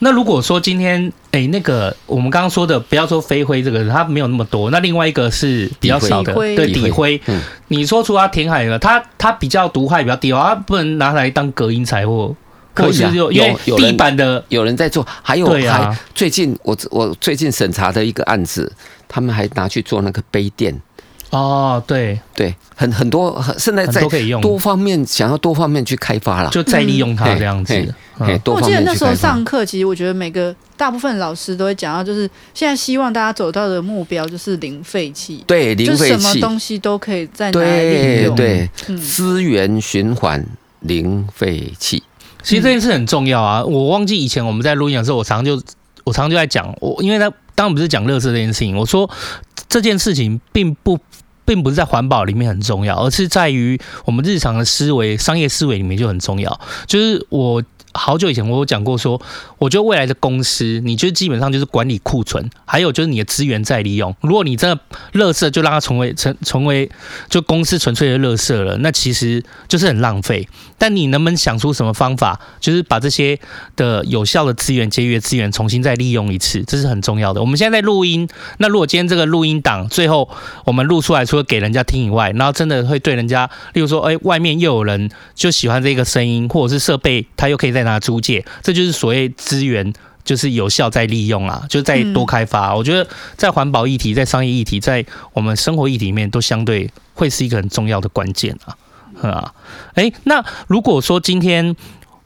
S2: 那如果說今天，哎、欸，那個我們剛剛說的，不要說飛灰這個，它沒有那麼多。那另外一個是比較少的，地灰，對底灰。嗯、你說出它填海了，它它比較毒害比較低，它不能拿來當隔音材、啊、或可是，是有有地板的有人在做，
S3: 還有對、啊、還最近我我最近審查的一個案子，他們還拿去做那個杯墊。哦，對對，很很多，很現在在多方面多可以用，想要多方面去開發了，就再利用它這樣子。我記得那時候上
S1: 課，其實我覺得每個大部分老師都會講到，就是現在希望大家走到的目標就是零廢棄，
S2: 對，
S3: 零廢棄，就什麼東
S1: 西都可以再利用，對對，對
S2: 嗯、資源循環零廢棄。其實這件事很重要啊！我忘記以前我們在錄音的時候，我常常就我常常就在講，我因為他當然不是講垃圾這件事情，我說這件事情並不。並不是在環保裡面很重要，而是在於我們日常的思維、商業思維裡面就很重要。就是我。好久以前我有講過說，說我覺得未來的公司，你就基本上就是管理庫存，還有就是你的資源再利用。如果你真的垃圾，就讓它成為成成為就公司純粹的垃圾了，那其實就是很浪費。但你能不能想出什麼方法，就是把這些的有效的資源、節約資源重新再利用一次，這是很重要的。我們現在在錄音，那如果今天這個錄音檔最後我們錄出來，除了給人家聽以外，然後真的會對人家，例如說，哎、欸，外面又有人就喜歡這個聲音，或者是設備，他又可以在。那租借，這就是所謂資源，就是有效再利用啊，就是、再多開發、啊。嗯、我覺得在環保議題、在商業議題、在我們生活議題裡面，都相對會是一個很重要的關鍵啊啊、嗯嗯！那如果說今天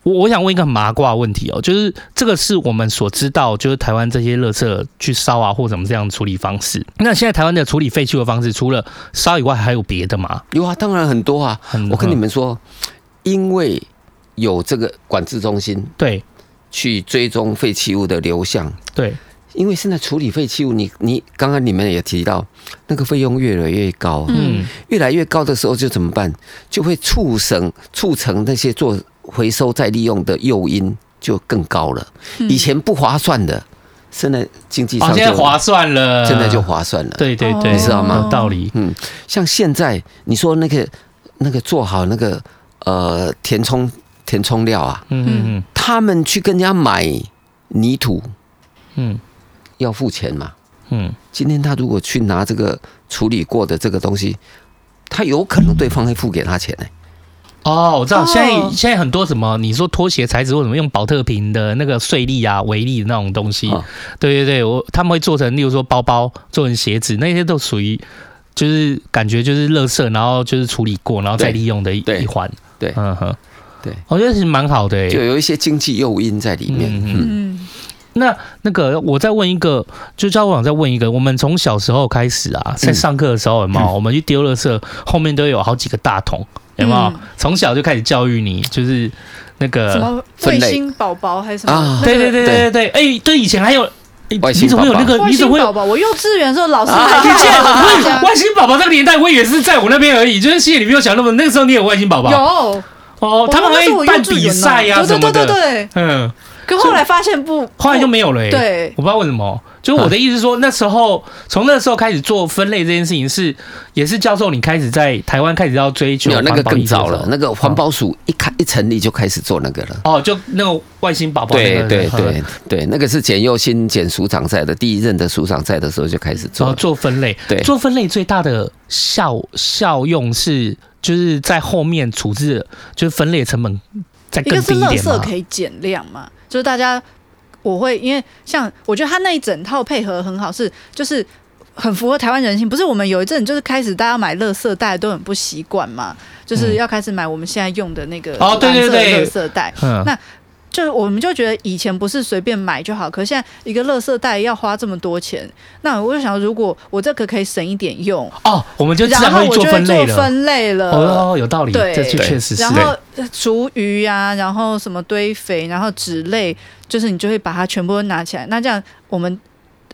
S2: 我我想問一個很麻瓜的問題哦，就是這個是我們所知道，就是台灣這些垃圾去燒啊，或怎麼這樣的處理方式。那現在台灣的處理廢棄物的方式，除了燒以外，還有別的嗎？
S3: 有啊，當然很多啊。嗯、我跟你們說，嗯、因為。有這個管制中心，對，去追蹤廢棄物的流向，對，因為現在處理廢棄物，你你剛剛你們也提到，那個費用越來越高，嗯，越來越高的時候就怎麼辦？就會促成促成那些做回收再利用的誘因就更高了。以前不划算的，現在經濟上就划算
S2: 了，現在就划
S3: 算了。對對對，你知道嗎？有道理，嗯，像現在你說那個那個做好那個呃填充。填充料啊，嗯嗯嗯，他們去跟人家買泥土，嗯，要付錢嘛，嗯，今天他如果去拿這個處理過的這個東西，他有可能對方會付給他錢呢、欸。
S2: 哦，我知道，現在、哦、現在很多什麼，你說拖鞋材質或什麼用寶特瓶的那個碎粒啊、微粒的那種東西，哦、對對對，我他們會做成，例如說包包、做成鞋子，那些都屬於就是感覺就是垃圾，然後就是處理過然後再利用的一一環，對，對，對，嗯哼。對，我覺得是蠻好的，就有一
S3: 些經濟誘因在裡面。嗯。
S2: 那那個，我再問一個，就叫我想再問一個，我們從小時候開始啊，在上課的時候有沒有？我們去丟垃圾後面都有好幾個大桶，有沒有？從小就開始教育你，就是那個什麼外星
S1: 寶寶還是什麼？啊，對對對對對，
S2: 哎，對以前還有外星寶寶。你怎麼有那個？你怎麼有？
S1: 我幼稚園的時候老師還見了。外
S2: 星寶寶這個年代，我也是在我那邊而已，就是心裡沒有想那麼。那個時候你有外星寶寶？有。
S1: 哦，他們會辦比賽呀，對對對。嗯，可後來發現不，後來就沒有了。對，
S2: 我不知道為什麼。就是我的意思說，那時候從那時候開始做分類這件事情，是也是教授你開始在台灣開始要追求環保。那個更早
S3: 了，那個環保署一開一成立就開始做那個了。
S2: 哦，就那個外星寶寶。對對對
S3: 對，那個是簡又新簡署長在的第一任的署長在的時候就開始做
S2: 做分類。對，做分類最大的效效用是。就是在後面處置，就是分類成本再更低一點嘛。一個是垃圾可以
S1: 減量嘛，就是大家我會因為像我覺得他那一整套配合很好是，是就是很符合台灣人性。不是我們有一陣就是開始大家買垃圾袋都很不習慣嘛，就是要開始買我們現在用的那個哦，對對對垃圾袋，嗯那。就是，我們就覺得以前不是隨便買就好，可是現在一個垃圾袋要花這麼多錢，那我就想，如果我這個可以省一點用
S2: 哦，我們就然，然後我就會做分類了，哦，哦，哦，有道理，對這就確實是。然後
S1: 廚餘啊，然後什麼堆肥，然後紙類，就是你就會把它全部都拿起來，那這樣我們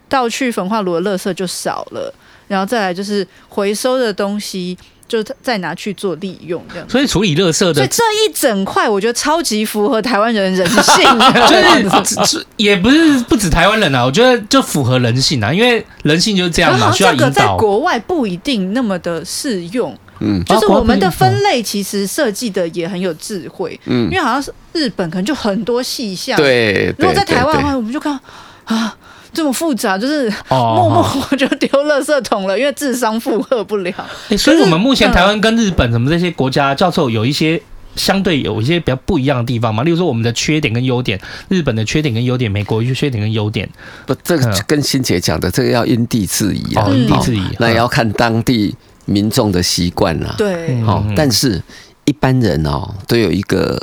S1: 倒去焚化爐的垃圾就少了，然後再來就是回收的東西。就是再拿去做利用，這樣。所
S2: 以處理垃圾的。所以這
S1: 一整塊，我覺得超級符合台灣人人性。所以
S2: 也不是不止台灣人啊，我覺得就符合人性啊，因為人性就是這樣嘛，需要引導。在國
S1: 外不一定那麼的適用，
S2: 嗯，就是我們
S1: 的分類其實設計的也很有智慧，嗯，因為好像是日本可能就很多細項，對。對對，如果在台灣的話，我們就看啊。這麼複雜，就是默默就丟垃圾桶了，因為智商負荷不了。
S2: 哦、所以，我們目前台灣跟日本什麼這些國家，嗯、教授有一些相對有一些比較不一樣的地方嘛。例如說，我們的缺點跟優點，日本的缺點跟優點，美國一些缺點跟優點。
S3: 不，這個跟心姐講的，嗯、這個要因地制宜、啊哦、因地制宜。哦、那也要看當地民眾的習慣啦。對、嗯，好、嗯。但是一般人哦，都有一個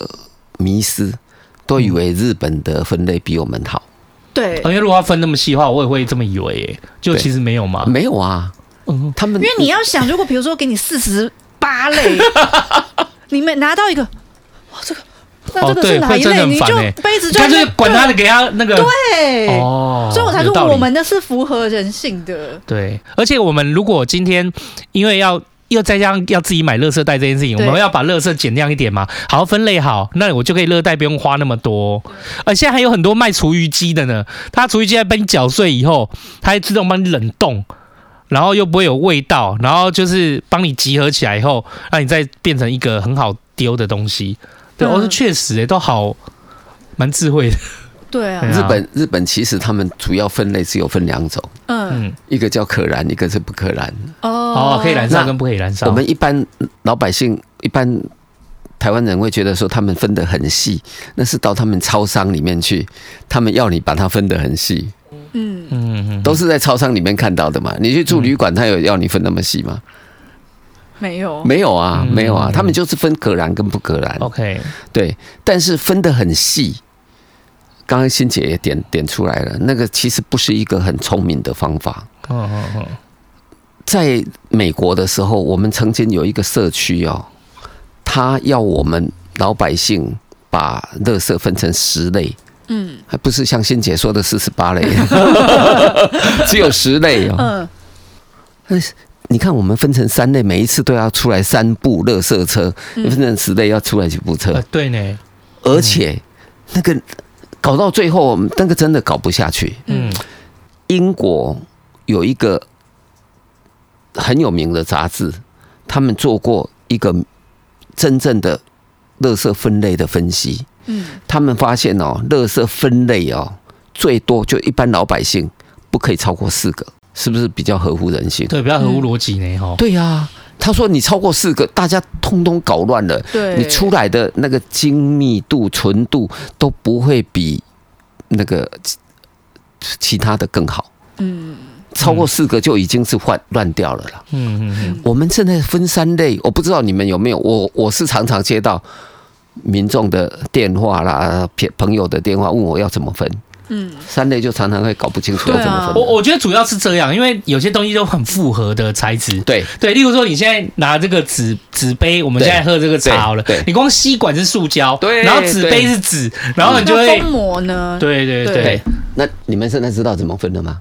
S3: 迷思，都以為日本的分類比我們好。
S1: 對，
S2: 因為如果要分那麼細的話，我也會這麼以為、欸，就其實沒有嘛，沒有啊，嗯，
S1: 他們因為你要想，如果比如說給你四十八類， 你每拿到一個，哇、哦，這個，那這個是哪一類？哦欸、你就杯子就，他就，就管他
S2: 的，給他那個，對，對哦，所以我才說我們
S1: 的是符合人性的，
S2: 對，而且我們如果今天因為要。又再加上要自己買垃圾袋這件事情，對我們要把垃圾減量一點嘛？好，分類好，那我就可以垃圾袋，不用花那麼多，哦。啊，現在還有很多賣廚餘機的呢，它廚餘機在幫你攪碎以後，它會自動幫你冷凍，然後又不會有味道，然後就是幫你集合起來以後，讓你再變成一個很好丟的東西。
S1: 對，我說
S2: 確實，欸，都好，蠻智慧的。對啊，日本日本
S3: 其實他們主要分類是有分兩種，嗯，一個叫可燃，一個是不可燃。
S5: 哦，那哦，可以燃
S3: 燒跟不可以燃燒。我們一般老百姓，一般台灣人會覺得說他們分得很細，那是到他們超商裡面去，他們要你把它分得很細。嗯嗯，都是在超商裡面看到的嘛。你去住旅館，他有要你分那麼細嗎？
S1: 沒有，嗯，
S3: 沒有啊，沒有啊，嗯，他們就是分可燃跟不可燃。OK，對，但是分得很細。剛剛心潔也點點出來了，那個其實不是一個很聰明的方法。哦哦哦、在美國的時候，我們曾經有一個社區哦，他要我們老百姓把垃圾分成十類。嗯，還不是像心潔說的四十八類， 只有十類哦。嗯，你看我們分成三類，每一次都要出來三部垃圾車；分成十類要出來幾部車？
S2: 對呢、嗯，
S3: 而且、嗯、那個。搞到最後，我們那個真的搞不下去。
S2: 嗯，
S3: 英國有一個很有名的雜誌，他們做過一個真正的垃圾分類的分析。嗯，他們發現哦、喔，垃圾分類哦、喔，最多就一般老百姓不可以超過四個，是不是比較合乎人性？對，比較合乎邏輯呢，對呀、啊。他說：“你超過四個，大家通通搞亂了。對，你出來的那個精密度、純度都不會比那個其他的更好。嗯，超過四個就已經是壞亂掉了啦。嗯嗯嗯。嗯，我們現在分三類，我不知道你們有沒有。我我是常常接到民眾的電話啦，朋朋友的電話問我要怎麼分。”嗯，三類就常常會搞不清楚要怎麼分。
S2: 我我覺得主要是這樣，因為有些東西都很複合的材質。對對，例如說你現在拿這個紙紙杯，我們現在喝這個茶好了。你光吸管是塑膠，對，
S1: 然後紙杯是紙，
S3: 然後你就會封
S1: 膜呢。對對對，
S2: 那
S3: 你們現在知道怎麼分了嗎？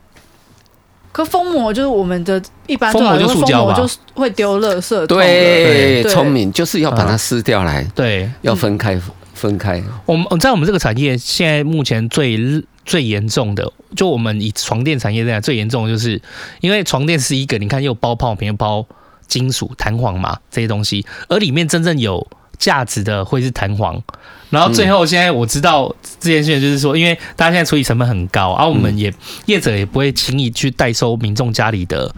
S1: 可封膜就是我們的一般封膜就塑膠吧，就會丟垃圾。對，聰
S2: 明就是要把它撕掉來，對，要分開分開。我們在我們這個產業，現在目前最。最嚴重的，就我們以床墊產業在，最嚴重的就是因為床墊是一個，你看又包泡棉、又包金屬彈簧嘛，這些東西，而裡面真正有價值的會是彈簧。然後最後現在我知道這件事情，就是說，嗯、因為大家現在處理成本很高，而、啊、我們也業者也不會輕易去代收民眾家裡的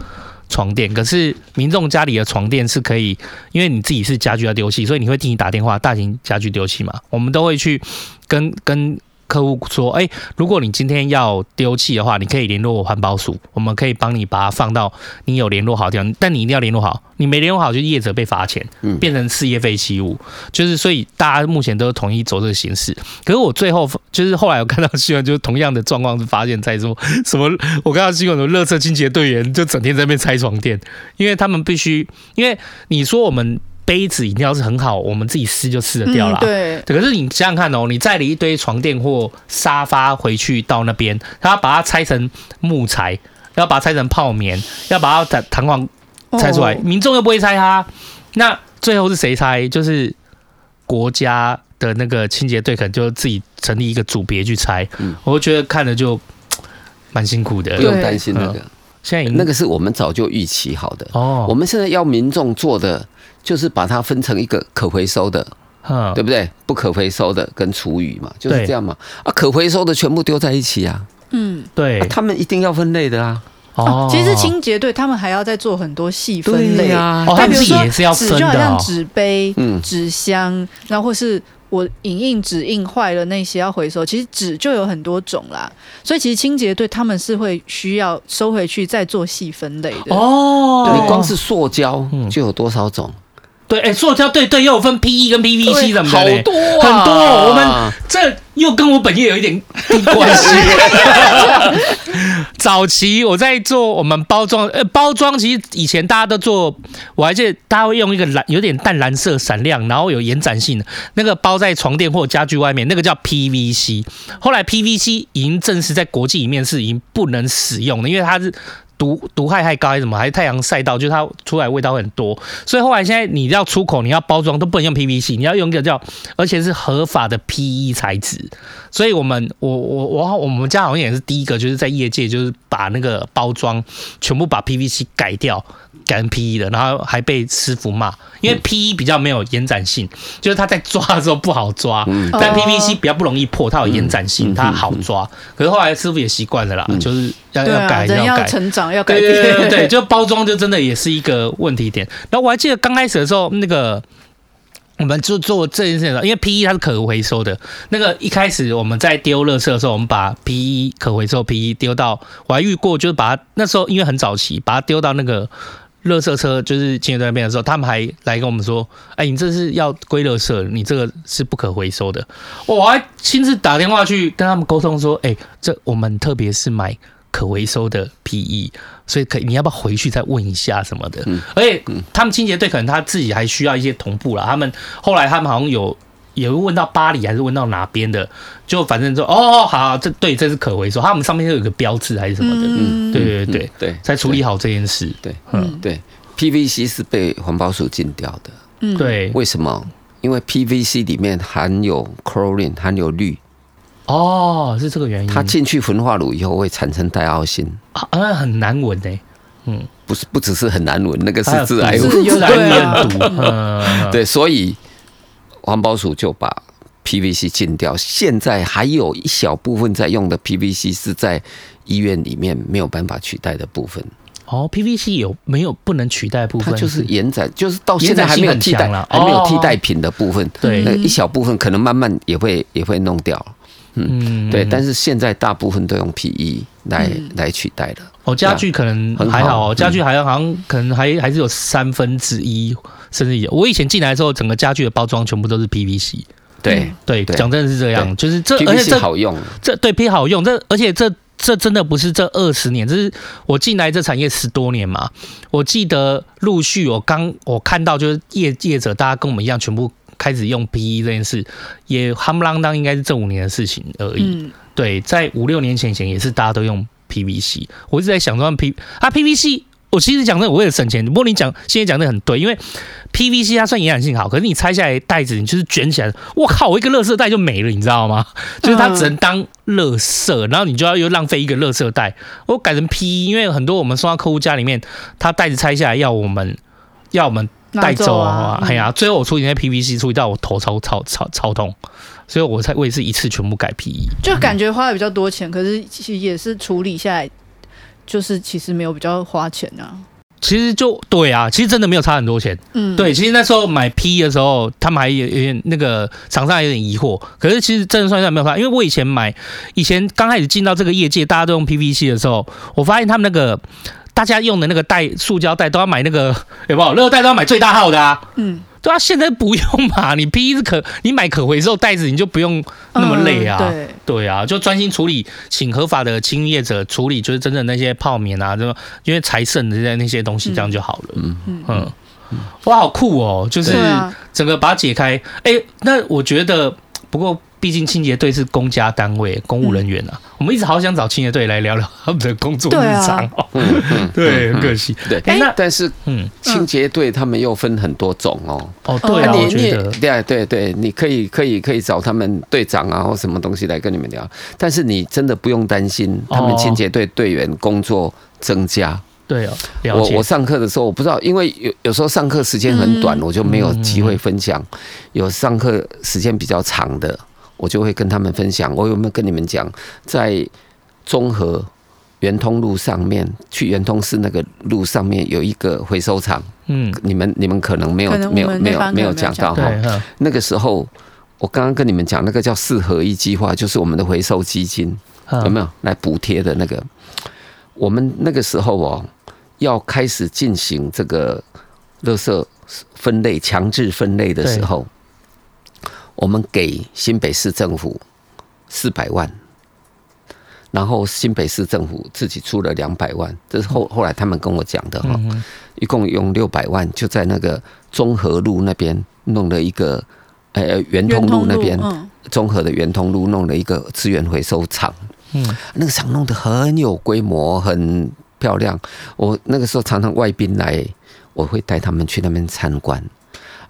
S2: 床墊。可是民眾家裡的床墊是可以，因為你自己是家具要丟棄，所以你會替你打電話大型家具丟棄嘛？我們都會去跟跟客戶說：“哎、欸，如果你今天要丟棄的話，你可以聯絡我環保署，我們可以幫你把它放到你有聯絡好的地方。但你一定要聯絡好，你沒聯絡好就業者被罰錢，變成事業廢棄物。就是所以大家目前都是同意走這個形式。可是我最後就是後來我看到新聞，就同樣的狀況是發現在說什麼？我看到新聞什麼垃圾清潔隊員就整天在那邊拆床墊，因為他們必須，因為你說我們。”杯子一定要是很好，我們自己撕就撕得掉了。嗯、對，對。可是你想想看哦、喔，你帶了一堆床墊或沙發回去到那邊，他把它拆成木材，要把它拆成泡棉，要把它彈簧拆出來，哦、民眾又不會拆它，那最後是誰拆？就是國家的那個清潔隊，可能就自己成立一個組別去拆。嗯、我覺得看了就蠻辛苦的。不用擔心那個，
S3: 嗯、現在已經，那個是我們早就預期好的。哦。我們現在要民眾做的。就是把它分成一個可回收的，啊呵，對不對？不可回收的跟廚餘嘛，就是這樣嘛。對啊，可回收的全部丟在一起啊。嗯，對、啊，他們一定要分類的啊。哦，其實清
S1: 潔隊他們還要再做很多細分類啊。哦，他們比如說紙，就好像紙杯、哦、紙箱、哦，然後或是我影印紙印壞，壞了那些要回收。其實紙就有很多種啦，所以其實清潔隊他們是會需要收回去再做細分類的。哦，對你光是
S3: 塑膠就有多少種？嗯
S2: 對，哎、欸，塑膠對對，又分 P E 跟 P V C 對什麼的呢，好多，啊、很多，我們這。又跟我本業有一點關係。 早期我在做我們包裝，呃，包裝其實以前大家都做，我還記得大家會用一個藍，有點淡藍色、閃亮，然後有延展性的那個包在床墊或家具外面，那個叫 PVC。後來 PVC 已經證實在國際裡面是已經不能使用的，因為它是毒毒害太高還是什麼，還是太陽曬到，就是它出來的味道會很多。所以後來現在你要出口，你要包裝都不能用 PVC，你要用一個叫而且是合法的 PE 材質。所以我們我我我我們家好像也是第一個，就是在業界，就是把那個包裝全部把 PVC 改掉，改成 PE 的，然後還被師傅罵，因為 PE 比較沒有延展性，就是他在抓的時候不好抓，但 PVC 比較不容易破，它有延展性，它好抓。可是後來師傅也習慣了啦，就是要要改要改成
S1: 長要改變，對，
S2: 就包裝就真的也是一個問題點。然後我還記得剛開始的時候那個。我們就做這件事情，因為 PE 它是可回收的。那個一開始我們在丟垃圾的時候，我們把 PE 可回收 PE 丟到我還遇過，就是把它那時候因為很早期把它丟到那個垃圾車，就是清潔隊那邊的時候，他們還來跟我們說：“哎，你這是要歸垃圾，你這個是不可回收的。”我還親自打電話去跟他們溝通說：“哎，這我們特別是買。”可回收的 PE，所以可以，你要不要回去再問一下什麼的？嗯，嗯，而且他們清潔隊可能他自己還需要一些同步了。他們後來他們好像有也會問到巴黎還是問到哪邊的，就反正說哦，哦好，好，這對，這是可回收，他們上面都有個標誌還是什麼的，對對、嗯、對對對，嗯、對才處理好這件事。對，對嗯對
S3: ，PVC 是被環保署禁掉的，嗯對，為什麼？因為 PVC 裡面含有 chlorine，含有氯。
S2: 哦，是這個原因。它
S3: 進去焚化爐以後會產生戴奧辛，
S2: 嗯，很難聞的。嗯，
S3: 不是，不只是很難聞，那個是致癌，物，致癌物。對，啊嗯、對，所以環保署就把 PVC 禁掉。現在還有一小部分在用的 PVC 是在醫院裡面沒有辦法取代的部分。
S2: 哦，PVC 有沒有不能取代的部分？它就是
S3: 延展，就是到現在還沒有替代、哦、還沒有替代品的部分。對，那一小部分可能慢慢也會也會弄掉。嗯，對，但是現在大部分都用 PE 來、嗯、來取代了。
S2: 哦，家具可能還好哦，好嗯、家具還好像可能還還是有三分之一甚至有。我以前進來的時候，整個家具的包裝全部都是 PVC 對、嗯。對對，講真的是這樣，對就是這對而且這對好用，這對 P 好用，這而且這這真的不是這二十年，這是我進來這產業十多年嘛。我記得陸續我剛我看到就是業業者大家跟我們一樣全部。開始用 PE 這件事也夯不啷噹，應該是這五年的事情而已。嗯、對，在五六年前前也是大家都用 PVC。我一直在想說 P、v、啊 PVC，我其實講的，我為了省錢，不過你講現在講的很對，因為 PVC 它算延展性好，可是你拆下來袋子，你就是捲起來，我靠，我一個垃圾袋就沒了，你知道嗎？就是它只能當垃圾，然後你就要又浪費一個垃圾袋。我改成 PE，因為很多我們送到客戶家裡面，他袋子拆下來要我們要我們。帶走，走啊！哎呀、啊，最後我處理那 PVC 處理到我頭超超超超痛，所以我才我也是一次全部改 PE，
S1: 就感覺花了比較多錢，嗯、可是其實也是處理下來，就是其實沒有比較花錢啊。
S2: 其實就對啊，其實真的沒有差很多錢。嗯，對，其實那時候買 PE 的時候，他們還有點那個廠商還有點疑惑，可是其實真的算是沒有差，因為我以前買以前剛開始進到這個業界，大家都用 PVC 的時候，我發現他們那個大家用的那個袋、塑膠袋都要買那個，有沒有？熱袋都要買最大號的啊。嗯，對啊。現在不用嘛，你逼着可，你買可回收袋子，你就不用那麼累啊。嗯、對對啊，就專心處理，請合法的清運業者處理，就是真正那些泡棉啊，這種因為財聖的那些東西，嗯、這樣就好了。嗯嗯嗯，嗯哇，好酷哦！就是整個把它解開。哎、欸，那我覺得。不過，畢竟清潔隊是公家單位、公務人員啊，嗯、我們一直好想找清潔隊來聊聊他們的工作日常。對，很可惜。哎，
S3: 但是，嗯，清潔隊他們又分很多種哦。嗯、哦，對啊你，我覺得。對對對，你可以可以可以找他們隊長啊或什麼東西來跟你們聊，但是你真的不用擔心他們清潔隊隊員工作增加。哦
S2: 對啊、哦，我我
S3: 上課的時候我不知道，因為有有時候上課時間很短，嗯、我就沒有機會分享。有上課時間比較長的，我就會跟他們分享。我有沒有跟你們講，在中和圓通路上面，去圓通寺那個路上面有一個回收場。嗯，你們你們可能沒有沒有沒有沒有講到哈。那個時候，我剛剛跟你們講那個叫“四合一”計劃，就是我們的回收基金呵有沒有來補貼的那個。我們那個時候哦，要開始進行這個垃圾分類強制分類的時候，對我們給新北市政府四百萬，然後新北市政府自己出了兩百萬，這是後後來他們跟我講的哈、哦，嗯、哼一共用六百萬就在那個中和路那邊弄了一個呃圓通路那邊，嗯、中和的圓通路弄了一個資源回收廠。嗯，那個廠弄得很有規模，很漂亮。我那個時候常常外賓來，我會帶他們去那邊參觀。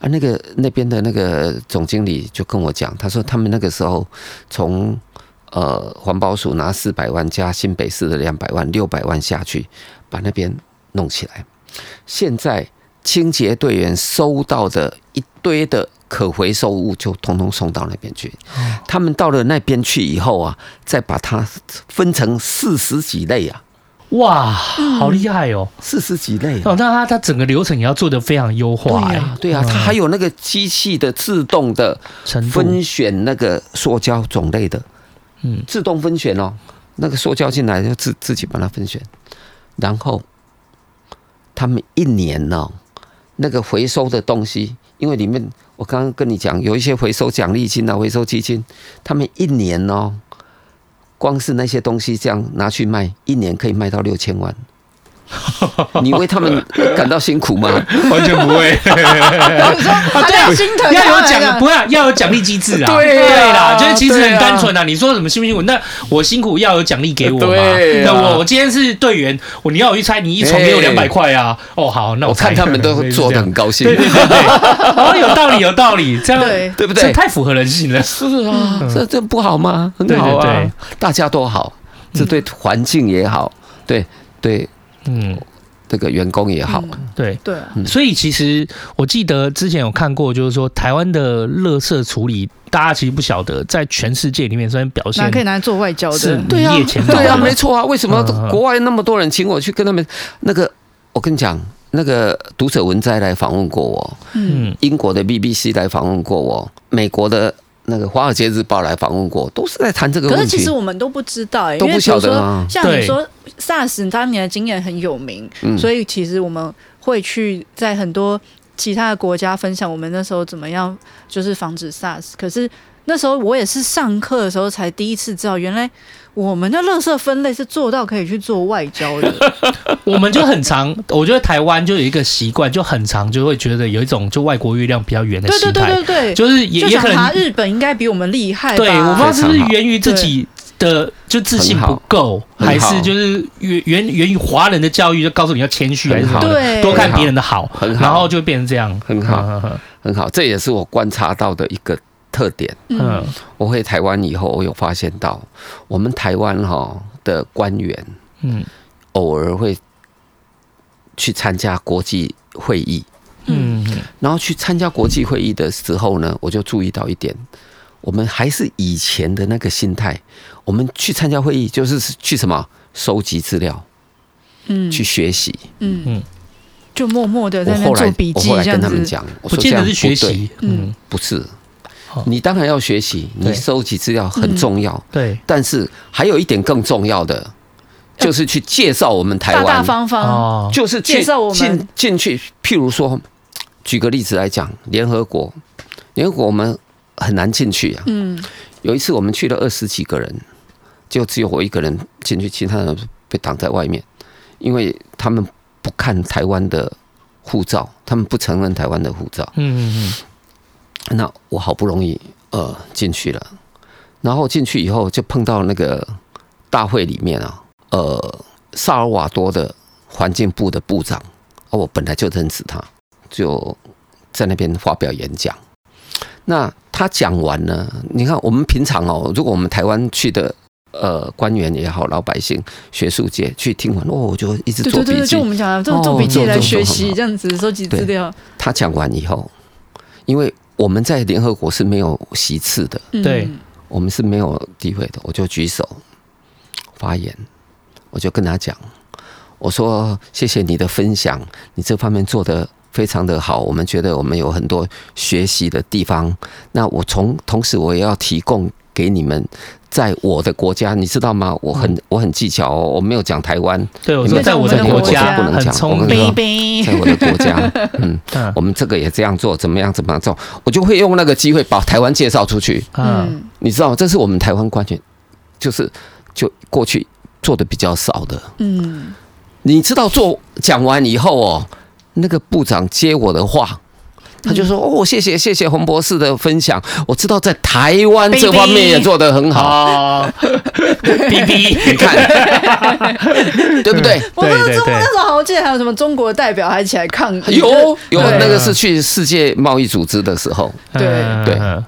S3: 而、啊、那個那邊的那個總經理就跟我講，他說他們那個時候從呃環保署拿四百萬，加新北市的兩百萬、六百萬下去，把那邊弄起來。現在清潔隊員收到的一堆的。可回收物就通通送到那邊去，嗯、他們到了那邊去以後啊，再把它分成四十幾類啊，
S2: 哇，嗯、好厲害哦，四十幾類、啊、哦，那他它,它整個流程也要做得非常優化、欸對啊，對啊，
S3: 對呀、嗯，他還有那個機器的自動的分選那個塑膠種類的，嗯度，自動分選哦，那個塑膠進來就自自己把它分選，然後他們一年呢、哦，那個回收的東西。因為裡面，我剛剛跟你講，有一些回收獎勵金啊，回收基金，他們一年哦，光是那些東西這樣拿去賣，一年可以賣到六千萬。你為他們感到辛苦嗎？
S2: 完全不會。對啊，心疼。要有獎，不要要有獎勵機制啊。對對啦，就是其實很單純啊。你說什麼辛不辛苦？那我辛苦要有獎勵給我嘛。那我我今天是隊員，我你要我一猜，你一重給我兩百塊啊。哦，好，那我看他們都做得很高興。對對對。哦，有道理，有道理，這樣對不對？太符合人性
S3: 了。是啊，這這不好嗎？很好啊，大家都好，這對環境也好，對對。嗯，這個員工也好，對、嗯、對，
S2: 嗯、所以其實我記得之前有看過，就是說台灣的垃圾處理，大家其實不曉得，在全世界裡面雖然表現，哪可以
S1: 拿來做外交的，是名列前茅，對啊，對啊，沒
S2: 錯啊。為什麼國外那麼多人請
S3: 我去跟他們？嗯、那個
S2: 我跟你講，那個
S3: 讀者文摘來訪問過我，嗯，英國的 BBC 來訪問過我，美國的。那個《華爾街日報》來訪問過，都是在談這個問題。可是其實
S1: 我們都不知道、欸，都不曉得啊、因為比如說像你說 SARS 當年的經驗很有名，對嗯、所以其實我們會去在很多其他的國家分享我們那時候怎麼樣，就是防止 SARS。可是那時候我也是上課的時候才第一次知道，原來。我們的垃圾分類是做到可以去做外交的，
S2: 我們就很常。我覺得台灣就有一個習慣，就很常，就會覺得有一種就外國月亮比較圓的習慣，對對對對
S1: 對，就是也也可能日本應該比我們厲害。對，我不知道是不是源
S2: 於自己的就自信不夠，還是就是源源源於華人的教育，就告訴你要謙虛，對，多看別人的好，然後就變成這樣，很好，很好。這也是我觀察到的一個。特
S3: 點，嗯，我回台灣以後，我有發現到我們台灣哈的官員，嗯，偶爾會去參加國際會議，嗯，然後去參加國際會議的時候呢，我就注意到一點，我們還是以前的那個心態，我們去參加會議就是去什麼收集資料，
S1: 去學習，嗯嗯，就默默的在那做筆記，我後來跟他們講，這樣子講，不見得是學習，哦、嗯，
S3: 不是。你當然要學習，你收集資料很重要。對，但是還有一點更重要的，嗯，就是去介紹我們台灣，大大方方，就是去介紹我們。進進去，譬如說，舉個例子來講，聯合國，聯合國我們很難進去啊。嗯，有一次我們去了二十幾個人，就只有我一個人進去，其他人被擋在外面，因為他們不看台灣的護照，他們不承認台灣的護照。嗯嗯嗯。那我好不容易呃進去了，然後進去以後就碰到那個大會裡面啊，呃，薩爾瓦多的環境部的部長，啊，我本來就認識他，就在那邊發表演講。那他講完呢，你看我們平常哦，如果我們台灣去的呃官員也好，老百姓、學術界去聽完哦，我就一直做筆記對對對。就我們講啊，做做筆記也來學習，哦、做做做
S1: 這樣子收集資料。
S3: 他講完以後，因為。我們在聯合國是沒有席次的，對、嗯，我們是沒有地位的。我就舉手發言，我就跟他講，我說：“謝謝你的分享，你這方面做得非常的好，我們覺得我們有很多學習的地方。”那我從同時，我也要提供。給你們，在我的國家，你知道嗎？我很我很技巧哦，我沒有講台灣。對，我說們在我們的國家我不能講。很聰明我很，在我的國家， 嗯，我們這個也這樣做，怎麼樣？怎麼做？我就會用那個機會把台灣介紹出去。嗯，你知道，這是我們台灣官員，就是就過去做得比較少的。嗯，你知道做，做講完以後哦，那個部長接我的話。他就說：“哦，謝謝謝謝洪博士的分享，我知道在台灣這方面也做得很好。”
S5: 逼逼，你看，對不對？
S3: 我說中國
S1: 那時候，好像記得還有什麼中國代表還起來抗議？有有。啊、那個是
S3: 去世界貿易組織的時候。對對，對對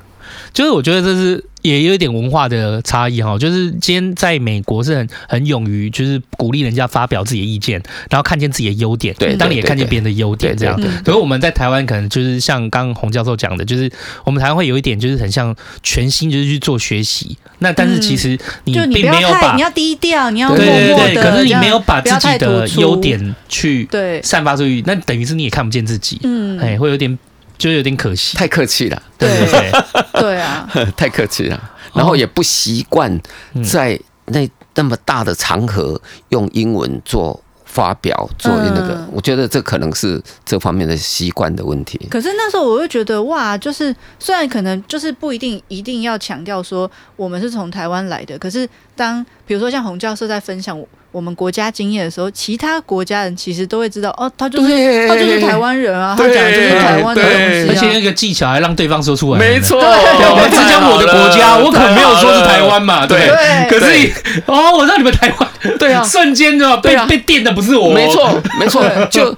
S1: 就是
S2: 我覺得這是。也有一點文化的差異哈，就是今天在美國是很很勇於，就是鼓勵人家發表自己的意見，然後看見自己的優點，對，當你也看見別人的優點這樣。所以、嗯、我們在台灣可能就是像剛洪教授講的，就是我們台灣會有一點就是很像全心就是去做學習，嗯、那但是其實你並沒有把你要低
S1: 調，你要對對對，可是你沒有把自己的優點
S2: 去散發出去，那等於是你也看不見自己，
S1: 嗯，
S3: 哎，
S2: 會有點。覺得有點可惜，太客氣了。對
S1: 對啊對，
S3: 太客氣了。然後也不習慣在那那麼大的場合用英文做發表，做那個。嗯，我覺得這可能是這方面的習慣的問題。可是
S1: 那時候我會覺得哇，就是雖然可能就是不一定一定要強調說我們是從台灣來的，可是。當比如說像洪教授在分享我們國家經驗的時候，其他國家人其實都會知道，哦，他就是他就是台灣人啊，他講的就是台灣的
S2: 東西。而且那個技巧還讓對方說出來，沒錯，我們只講我的國家，我可沒有說是台灣嘛，對。可是哦，我知道你們台灣，對啊，瞬間就，被被電的不是我，沒錯沒錯，就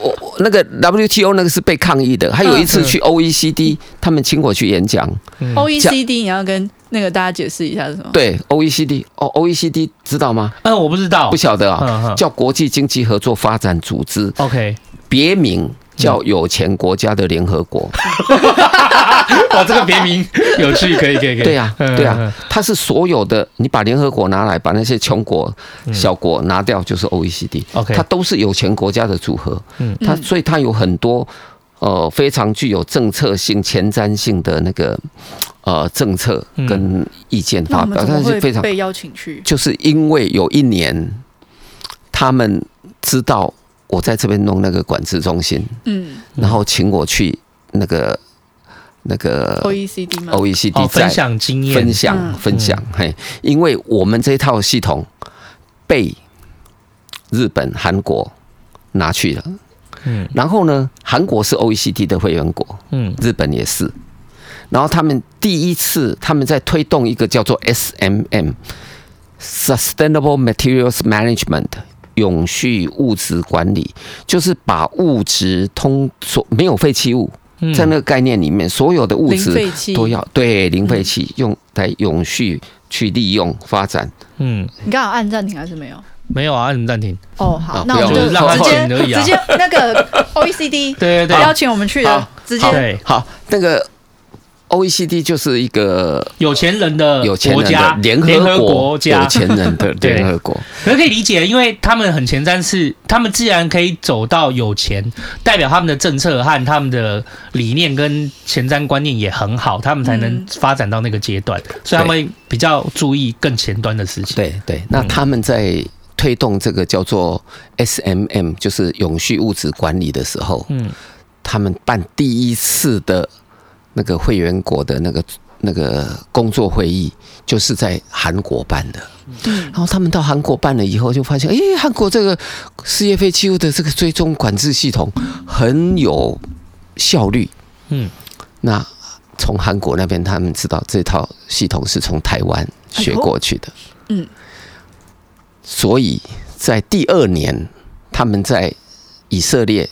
S3: 我那個 WTO 那個是被抗議的。還有一次去 OECD，他們請我去演講，OECD
S1: 你要跟。那個大家
S3: 解釋一下是什麼？對，OECD 哦，OECD 知道嗎？嗯，我不知道，不曉得啊。叫國際經濟合作發展組織，OK，別名叫有錢國家的聯合國。
S2: 嗯、 哇，這個別名有趣，可以，可以，可以。對啊，對啊。
S3: 它是所有的，你把聯合國拿來，把那些窮國小國拿掉，就是 OECD。OK，它都是有錢國家的組合。嗯，它所以它有很多呃非常具有政策性、前瞻性的那個。呃，政策跟意見發表，嗯、我但是非常被
S1: 邀請去，就
S3: 是因為有一年，他們知道我在這邊弄那個管制中心，嗯，然後請我去那個那個
S4: OECD 嘛，OECD，
S3: 哦、分享經驗，分享分享，嘿、嗯，因為我們這套系統被日本、韓國拿去了，嗯，然後呢，韓國是 OECD 的會員國，嗯，日本也是。然後他們第一次，他們在推動一個叫做 SMM（Sustainable Materials Management，永續物質管理），就是把物質通所沒有廢棄物在那個概念裡面，所有的物質都要對零廢棄，用來永續去利用發展。嗯，
S1: 你剛好按暫停還是
S3: 沒有？沒有啊，按暫停。哦，好，那我就浪費時間而已啊。直接
S1: 那個 OECD 對對對邀請我們去的，直接
S3: 好那個。OECD 就是一個
S2: 有錢人的國
S1: 家，聯合國
S3: 家有錢人的聯合國，聯
S2: 合國可是可以理解，因為他們很前瞻是，是他們既然可以走到有錢，代表他們的政策和他們的理念跟前瞻觀念也很好，他們才能發展到那個階段，嗯、所以他們比較注意更前端的事情。對
S3: 對，那他們在推動這個叫做 SMM，、嗯、就是永續物質管理的時候，嗯，他們辦第一次的。那個會員國的那個那個工作會議，就是在韓國辦的。然後他們到韓國辦了以後，就發現，誒、欸，韓國這個事業廢棄物的這個追蹤管制系統很有效率。嗯。那從韓國那邊，他們知道這套系統是從台灣學過去的。嗯。所以在第二年，他們在以色列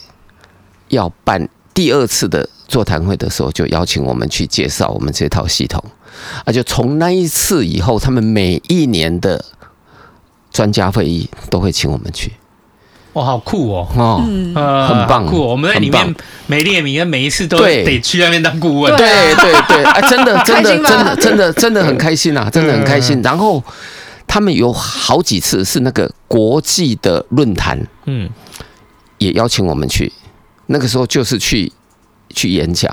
S3: 要辦第二次的。.座談會的時候，就邀請我們去介紹我們這套系統，而且從那一次以後，他們每一年的專家會
S2: 議都會請我們去。哇，好酷哦！嗯、哦，呃、很棒，酷、哦。我們在裡面沒棒列名，每一次都得，對得去那邊當顧問。對對對、啊，真的真的真的真的真
S3: 的，真的很開心啊，真的很開心。嗯、然後他們有好幾次是那個國際的論壇，嗯，也邀請我們去。那個時候就是去。去演講，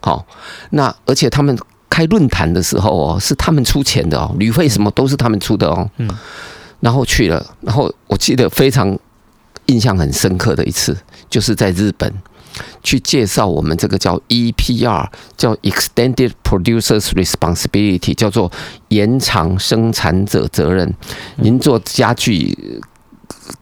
S3: 好、哦，那而且他們開論壇的時候哦，是他們出錢的哦，旅費什麼都是他們出的哦。嗯，然後去了，然後我記得非常印象很深刻的一次，就是在日本去介紹我們這個叫 EPR，叫 Extended Producer's Responsibility，叫做延長生產者責任。您做家具，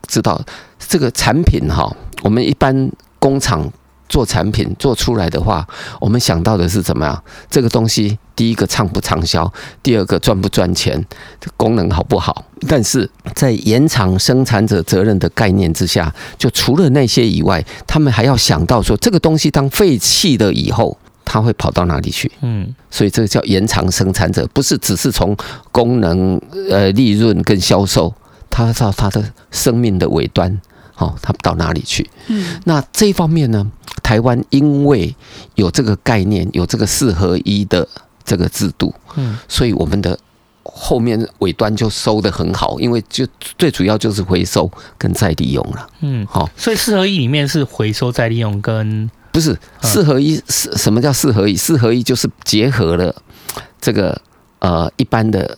S3: 知道、嗯、這個產品哈、哦，我們一般工廠。做產品做出來的話，我們想到的是怎麼樣？這個東西第一個暢不暢銷，第二個賺不賺錢，這功能好不好？但是在延長生產者責任的概念之下，就除了那些以外，他們還要想到說，這個東西當廢棄了以後，它會跑到哪裡去？嗯，所以這個叫延長生產者，不是只是從功能、呃利潤跟銷售，它到它的生命的尾端。好，他們到哪裡去？嗯，那這一方面呢？台灣因為有這個概念，有這個四合一的這個制度，嗯，所以我們的後面尾端就收得很好，因為就最主要就是回收跟再利用了。嗯，好，
S2: 所以四合一裡面是回收再利用跟、嗯、不是四合一是
S3: 什麼叫四合一？四合一就是結合了這個呃一般的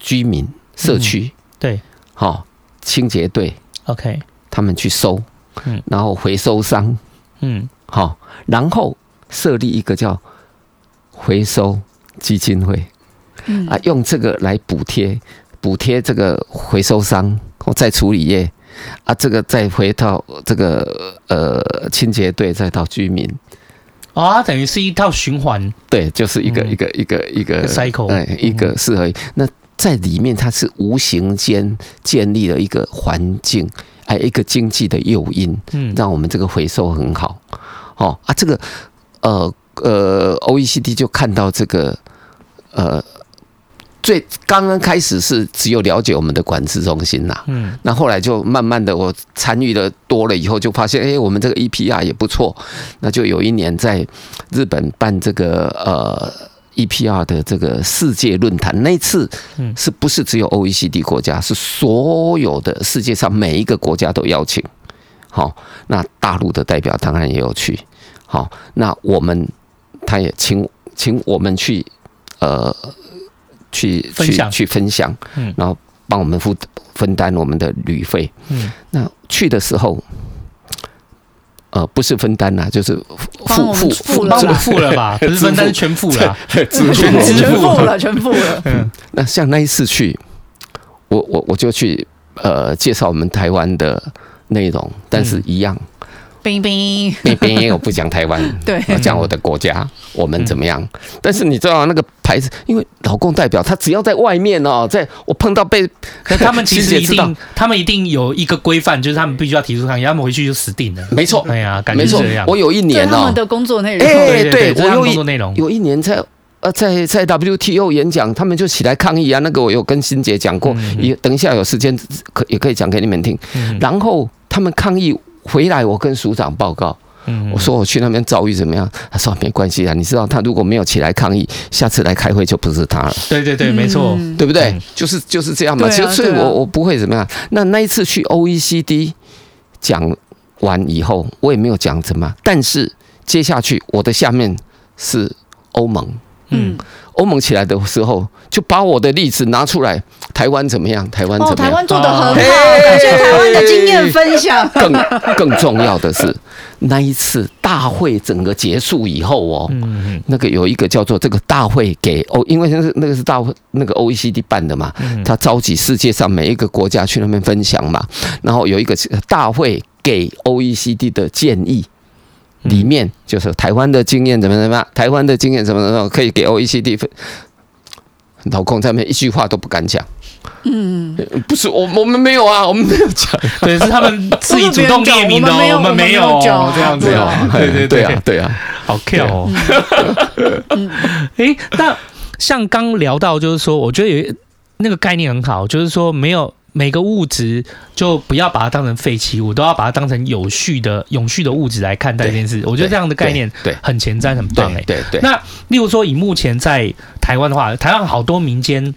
S3: 居民社區、嗯、對，好清潔隊。OK。他們去收，嗯，然後回收商，嗯，好，然後設立一個叫回收基金會，嗯，啊，用這個來補貼補貼這個回收商或再處理業，啊，這個再回到這個呃清潔隊再到居民，
S2: 啊，哦，等於是一套循環，對，就是一個一個一個一個 cycle，嗯，
S3: 一個四合一。那在裡面它是無形間建立了一個環境。還一個經濟的誘因，嗯，讓我們這個回收很好，哦啊，這個呃呃，O E C D 就看到這個呃，最剛剛開始是只有了解我們的管制中心吶，嗯，那後來就慢慢的我參與的多了以後，就發現哎，我們這個 E P R 也不錯，那就有一年在日本辦這個呃。EPR 的這個世界論壇那一次，是不是只有 OECD 國家？嗯、是所有的世界上每一個國家都邀請。好，那大陸的代表當然也有去。好，那我們他也請請我們去，呃，去分享去，去分享，然後幫我們付分擔我們的旅費。嗯，那去的時候。呃，不是分擔啦、啊，就是
S5: 付付付，
S2: 幫我們付了吧？不是分擔，付全付了，全只付
S3: 了，全付了。付了嗯，那像那一次去，我我我就去呃介紹我們台灣的內容，但是一樣。嗯那邊也有不講台灣，對，講我的國家，我們怎麼樣？但是你知道那個牌子，因為老公代表他，只要在外面哦，在我碰到被，他們其實一定，
S2: 他們一定有一個規範，就是他們必須要提出抗議，他們回去就死定了。沒錯，哎呀，沒錯，感覺這樣，我有
S3: 一年哦，他們的
S1: 工作內容，對對，我有一工作內容，
S3: 有一年在呃在在 W T O 演講，他們就起來抗議啊。那個我有跟心潔講過，也等一下有時間可也可以講給你們聽。然後他們抗議。回來，我跟署長報告，嗯、哼我說我去那邊遭遇，怎麼樣？他說沒關係啊，你知道他如果沒有起來抗議，下次來開會就不是他了。對對對，嗯、沒錯錯，對不對？嗯、就是就是這樣嘛。其實、啊，啊、所以我我不會怎麼樣。那那一次去 OECD 講完以後，我也沒有講什麼，但是接下去我的下面是歐盟，嗯。嗯歐盟起來的時候，就把我的例子拿出來。台灣怎麼樣？台灣怎麼樣？哦、台灣做的很好，感謝嘿台灣的經驗分享。更更重要的是，那一次大會整個結束以後哦，嗯、那個有一個叫做這個大會給哦，因為那是那個是大會那個 OECD 辦的嘛，他召集世界上每一個國家去那邊分享嘛，然後有一個大會給 OECD 的建議。裡面就是台灣的經驗怎麼怎麼樣，台灣的經驗怎麼怎麼樣，可以給我一些地方，老公他們一句話都不敢講。嗯，不是我我們沒有啊，
S2: 我們沒有講，對，是他們自己主動匿名的，我們沒有這樣子，對對對啊，對
S3: 啊，好 care 哦。哎，
S2: 那像剛聊到就是說，我覺得有那個概念很好，就是說沒有。每個物質就不要把它當成廢棄物，都要把它當成有序的、永續的物質來看待這件事。對我覺得這樣的概念很前瞻、很棒誒、欸。對對。那例如說，以目前在台灣的話，台灣好多民間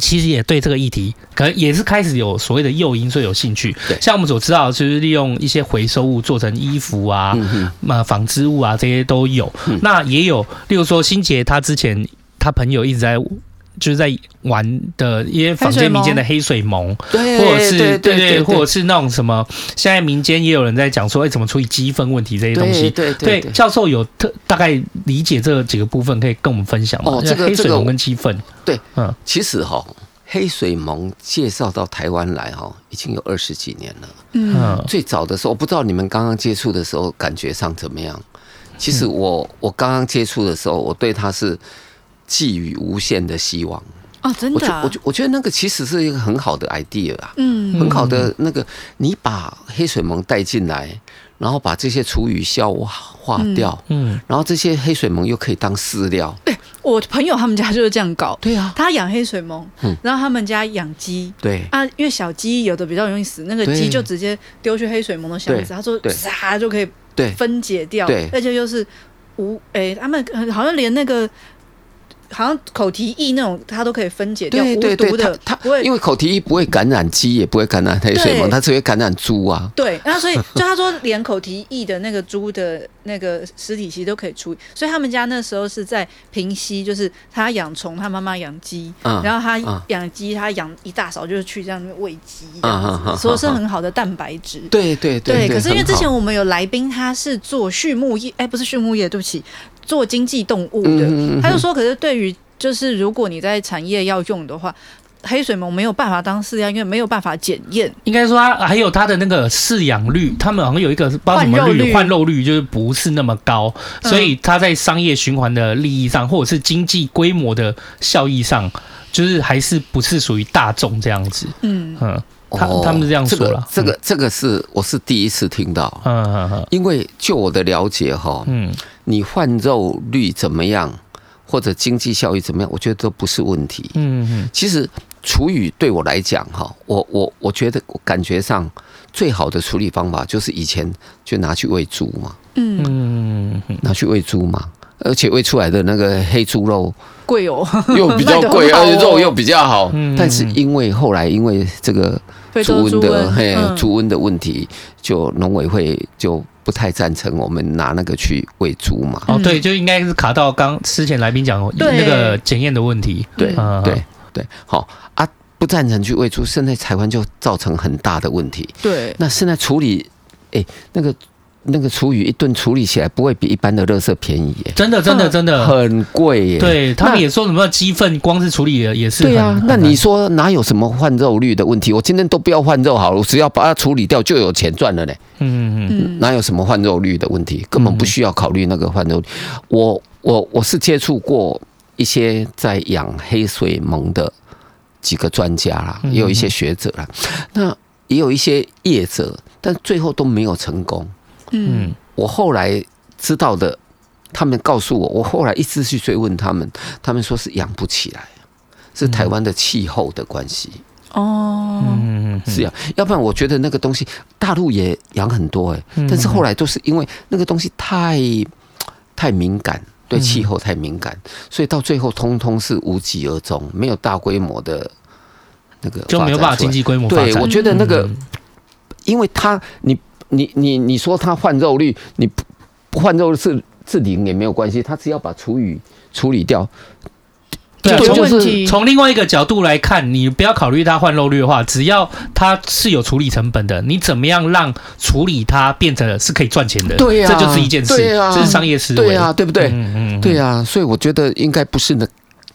S2: 其實也對這個議題，可能也是開始有所謂的誘因，所以有興趣。對像我們所知道的，就是利用一些回收物做成衣服啊、嘛紡、嗯、哼織物啊這些都有。嗯、那也有，例如說，心潔他之前他朋友一直在。就是在玩的一些坊間民間的黑水虻，水盟或者是對對,對,對對，或者是那種什麼。現在民間也有人在講說，哎、欸，怎麼處理雞糞問題這些東西？對對,對,對,對,對，教授有特大概理解這幾個部分，可以跟我們分享嗎？哦、這個、這個、黑水虻跟雞糞對，
S3: 嗯，其實哈、喔，黑水虻介紹到台灣來哈、喔，已經有二十幾年了。嗯，最早的時候，我不知道你們剛剛接觸的時候感覺上怎麼樣。其實我我剛剛接觸的時候，我對他是。寄予無限的希望
S5: 啊、哦！真的、啊我，我覺
S3: 我覺得那個其實是一個很好的 idea 啊，嗯，很好的那個，你把黑水虻帶進來，然後把這些廚餘消化掉，嗯，嗯、然後這些黑水虻又可以當飼料。對、
S1: 欸、我朋友他們家就是這樣搞，對啊，他養黑水虻，然後他們家養雞，對、嗯、啊，因為小雞有的比較容易死，對那個雞就直接丟去黑水虻的箱子，對、對、他說殺就可以分解掉，對，對而且又是無，哎、欸，他們好像連那個。好像口蹄疫那種，它都可以分解掉，對對對，無毒的，它
S3: 不會，因為口蹄疫不會感染雞，也不會感染黑水虻，它只會感染豬啊。
S1: 對，然後所以就他說，連口蹄疫的那個豬的那個屍體其實都可以出。所以他們家那時候是在平溪，就是他養蟲，他媽媽養雞，然後他養雞，他養一大勺就是去這樣餵雞，
S3: 所以是很
S1: 好的蛋白質。對
S3: 對對。對，可是因為之前我
S1: 們有來賓，他是做畜牧業，哎，不是畜牧業，對不起。做經濟動物的，他就說，可是對於就是如果你在產業要用的話，黑水虻沒有辦法當飼料，因為沒有辦法檢驗。應該說，它
S2: 還有它的那個飼養率，他們好像有一個不知道什麼率換肉率，換肉率就是不是那麼高，所以它在商業循環的利益上，嗯、或者是經濟規模的效益上，就是還是不是屬於大眾這樣子。嗯嗯。哦、他他們是這樣說了、這個，這個這個是我是第一次聽到，嗯、因為就我的
S3: 了解哈、哦，嗯，你換肉率怎麼樣，或者經濟效益怎麼樣，我覺得都不是問題，嗯嗯
S5: 哼，
S3: 其實廚餘對我來講哈、哦，我我我覺得我感覺上最好的處理方法就是以前就拿去餵豬嘛，嗯嗯，拿去餵豬嘛，而且餵出來的那個黑豬肉
S1: 貴哦，又比較貴，而且肉又比較好，嗯、哼但
S3: 是因為後來因為這個。豬瘟的嘿，豬瘟的問題，嗯、就農委會就不太贊成我們拿那個去餵豬嘛。哦，
S2: 對，就應該是卡到剛之前來賓講的，那個檢驗的問題。對，嗯、對，
S3: 對，對，好、哦、啊，不贊成去餵豬，現在台灣就造成很大的問題。對，那現在處理，哎，那個。那個廚餘一頓處理起來不會比一般的垃圾便宜耶，欸？真的，真的，真的，啊，很
S2: 貴耶，欸對！對他們也說什麼雞糞光是處理了也是對啊。那你
S3: 說哪有什麼換肉率的問題？我今天都不要換肉好了，我只要把它處理掉就有錢賺了嘞，欸。嗯嗯，哪有什麼換肉率的問題？根本不需要考慮那個換肉率。我我我是接觸過一些在養黑水虻的幾個專家啦，也有一些學者啦，那也有一些業者，但最後都沒有成功。嗯，我後來知道的，他們告訴我，我後來一直去追問他們，他們說是養不起來，是台灣的氣候的關係。
S5: 哦，嗯，
S3: 是呀，要不然我覺得那個東西大陸也養很多哎、欸，但是後來都是因為那個東西太太敏感，對氣候太敏感，嗯、所以到最後通通是無疾而終，沒有大規模的那個就沒有辦法經濟規模發展。對，我覺得那個，因為他你。你你你說他換肉率你不換肉是是零也沒有關係，他只要把廚餘處理掉，
S2: 對，從就是從另外一個角度來看，你不要考慮它換肉率的話，只要它是有處理成本的，你怎麼樣讓處理它變成是可以賺錢的？對呀、啊，這就是一件事，這、啊、是商業思維，啊，對不對？嗯嗯，嗯，
S3: 對啊，所以我覺得應該不是那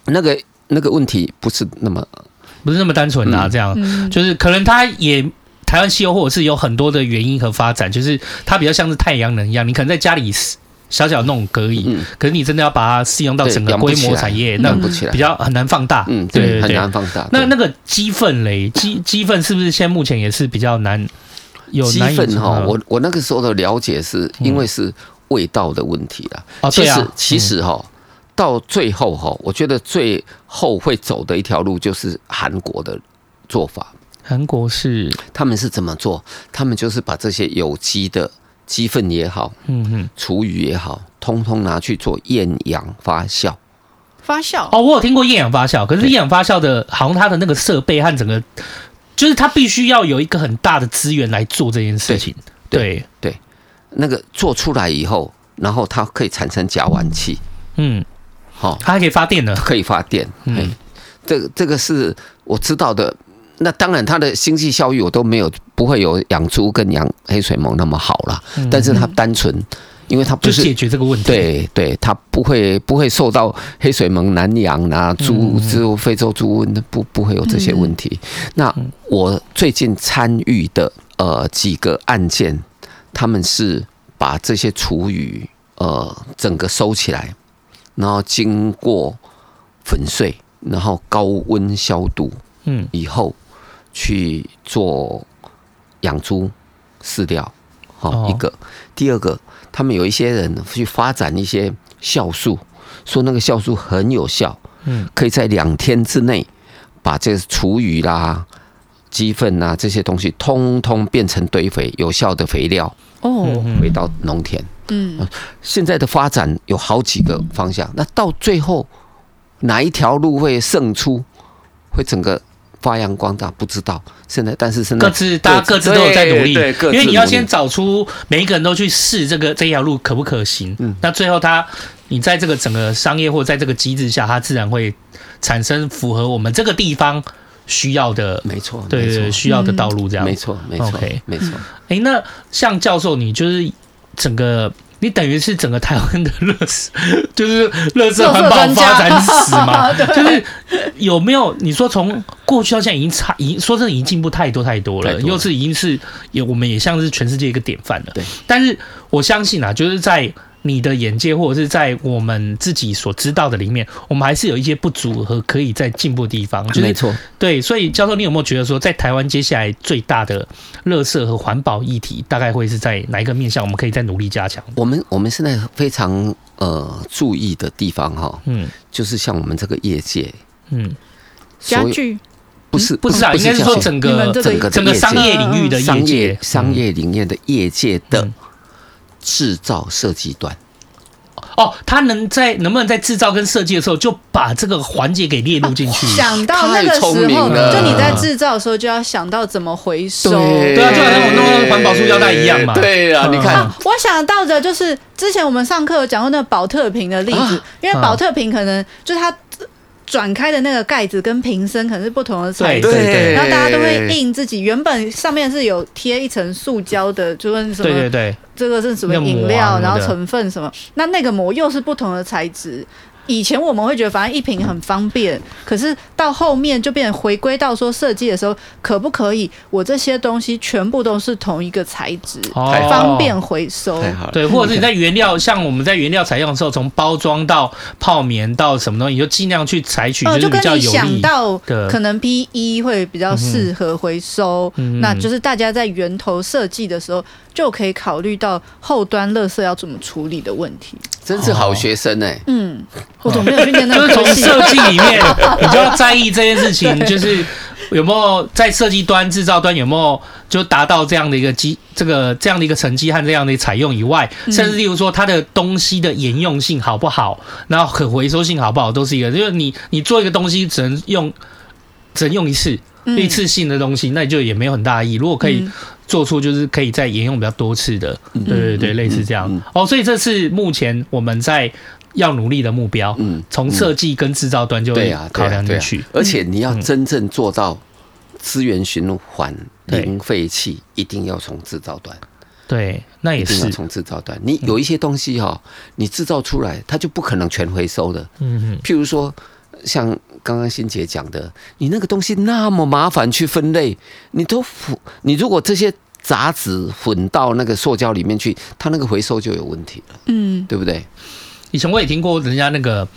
S3: 那個那個問題不是那麼
S2: 不是那麼單純啊，嗯、這樣、嗯、就是可能他也。台灣西游或者是有很多的原因和發展，就是它比較像是太陽能一樣，你可能在家裡小小弄可以，嗯、可是你真的要把它適用到整個規模產業，嗯、那比較很難放大。嗯、對對，對很難放大。那那個雞糞嘞，雞雞糞是不是現在目前也是比較難？有雞糞哈，我
S3: 我那個時候的了解是因為是味道的問題啊、嗯。啊，對啊。其實哈，其實哦嗯、到最後哈、哦，我覺得最後會走的一條路就是韓國的做法。
S2: 韓國是
S3: 他們是怎麼做？他們就是把這些有機的雞糞也好，嗯嗯哼，
S2: 廚餘也好，通通拿去做厭氧發酵。發酵哦，我有聽過厭氧發酵，可是厭氧發酵的，對好像它的那個設備和整個，就是它必須要有一個很大的資源來做這件事情。對、對、對、對，那個做出來以
S3: 後，然後它可以產生甲烷氣。
S4: 嗯，
S3: 好齁，它還可以發電呢，可以發電。嗯，欸、這個、這個是我知道的。那當然，它的經濟效益我都沒有，不會有養豬跟養黑水虻那麼好了。嗯、但是它單純，因為它不是解決這個問題。對對，它不會不會受到黑水虻難養啊，豬豬非洲豬瘟不不會有這些問題。嗯、那我最近參與的呃幾個案件，他們是把這些廚餘呃整個收起來，然後經過粉碎，然後高溫消毒，嗯，以後。嗯去做養豬飼料，好一個。Oh. 第二個，他們有一些人去發展一些酵素，說那個酵素很有效，嗯，可以在兩天之內把這個廚餘啦、雞糞吶這些東西通通變成堆肥，有效的肥料
S5: 哦，回
S3: 到農田。Oh. 嗯，現在的發展有好幾個方向，嗯、那到最後哪一條路會勝出？會整個？發揚光大，不知道現在，但是現在各自大家對各自都有在努力，因為你要先
S2: 找出每一個人都去試這個這條路可不可行。嗯，那最後他，你在這個整個商業或在這個機制下，他自然會產生符合我們這個地方需要的，沒錯錯，對，對對，嗯、需要的道路這樣子，沒錯，沒錯 Okay，沒錯、嗯。哎、欸，那像教授，你就是整個。你等於是整個台灣的垃圾，就是垃圾環保發展史嘛？就是有沒有？你說從過去到現在，已經差，已經說真的，已經進步太多太多了。又是已經是有，我們也像是全世界一個典範了。對，但是我相信啊，就是在。你的眼界，或者是在我們自己所知道的裡面，我們還是有一些不足和可以再進步的地方。就是、沒錯錯，對。所以，教授，你有沒有覺得說，在台灣接下來最大的垃圾和環保議題，大概會是在哪一個面向？我們可以再努力加強。我們
S3: 我們現在非常呃注意的地方、哦，哈，嗯，就是像我們這個業界，嗯，
S4: 家
S3: 具，不是、嗯、不，是不是啊，應該說整個整個整個商業領域的業界，嗯、商、業商業領域的業界的。嗯嗯製造設
S2: 計端，哦，他能在能不能在製造跟設計的時候就把這個環節給列入進去、啊？想到那個時候，就你在製
S1: 造的時候就要想到怎麼回收。對，對啊，就好像
S2: 我弄那個環保塑料袋一樣嘛。對啊啦，嗯、你看、啊，
S1: 我想到的就是之前我們上課講過那個寶特瓶的例子，啊啊、因為寶特瓶可能就它。轉開的那個蓋子跟瓶身可能是不同的材質，對對對，然後大家都會印自己原本上面是有貼一層塑膠的，就問、是、什麼，對對對，這個是什麼飲料，啊、然後成分什麼，什麼那那個膜又是不同的材質。以前我們會覺得反正一瓶很方便，可是到後面就變成回歸到說設計的時候，可不可以我這些東西全部都是同一個材質，哦、方便回收。對，或者是你
S2: 在原料，像我們在原料採用的時候，從包裝到泡棉到什麼東西，就尽量去採取就比較有，呃，就跟你想到可
S1: 能 PE 會比較適合回收，嗯嗯、那就是大家在源頭設計的時候，就可以考慮到後端垃圾要怎麼處理的問題。真是
S2: 好學
S3: 生哎，
S1: 欸。嗯。我怎麼沒有去年、嗯、就是從設計裡面，你就要
S2: 在意這件事情，就是有沒有在設計端、製造端有沒有就達到這樣的一個積，這個這樣的一個成績和這樣的一個採用以外，甚至例如說它的東西的沿用性好不好，然後可回收性好不好，都是一個。因、就、為、是、你你做一個東西只能用，只能用一次，一次性的東西，那就也沒有很大意義。如果可以做出就是可以再沿用比較多次的，嗯、對對對，嗯、類似這樣。哦、嗯，嗯嗯 oh, 所以這是目前我們在。要努力的目標，嗯，從設計跟製造端就、嗯嗯、對啊，考量進去，啊啊嗯、而且
S3: 你要真正做到資源循環、嗯、零廢棄，對，一定要從製造端。
S2: 對，那也是從
S3: 製造端。你有一些東西哈、哦，嗯、你製造出來，它就不可能全回收的。嗯哼，譬如說像剛剛心潔講的，你那個東西那麼麻煩去分類，你都你如果這些雜質混到那個塑膠裡面去，它那個回收就有問題了。
S2: 嗯，對不對？以前我也聽過人家那個，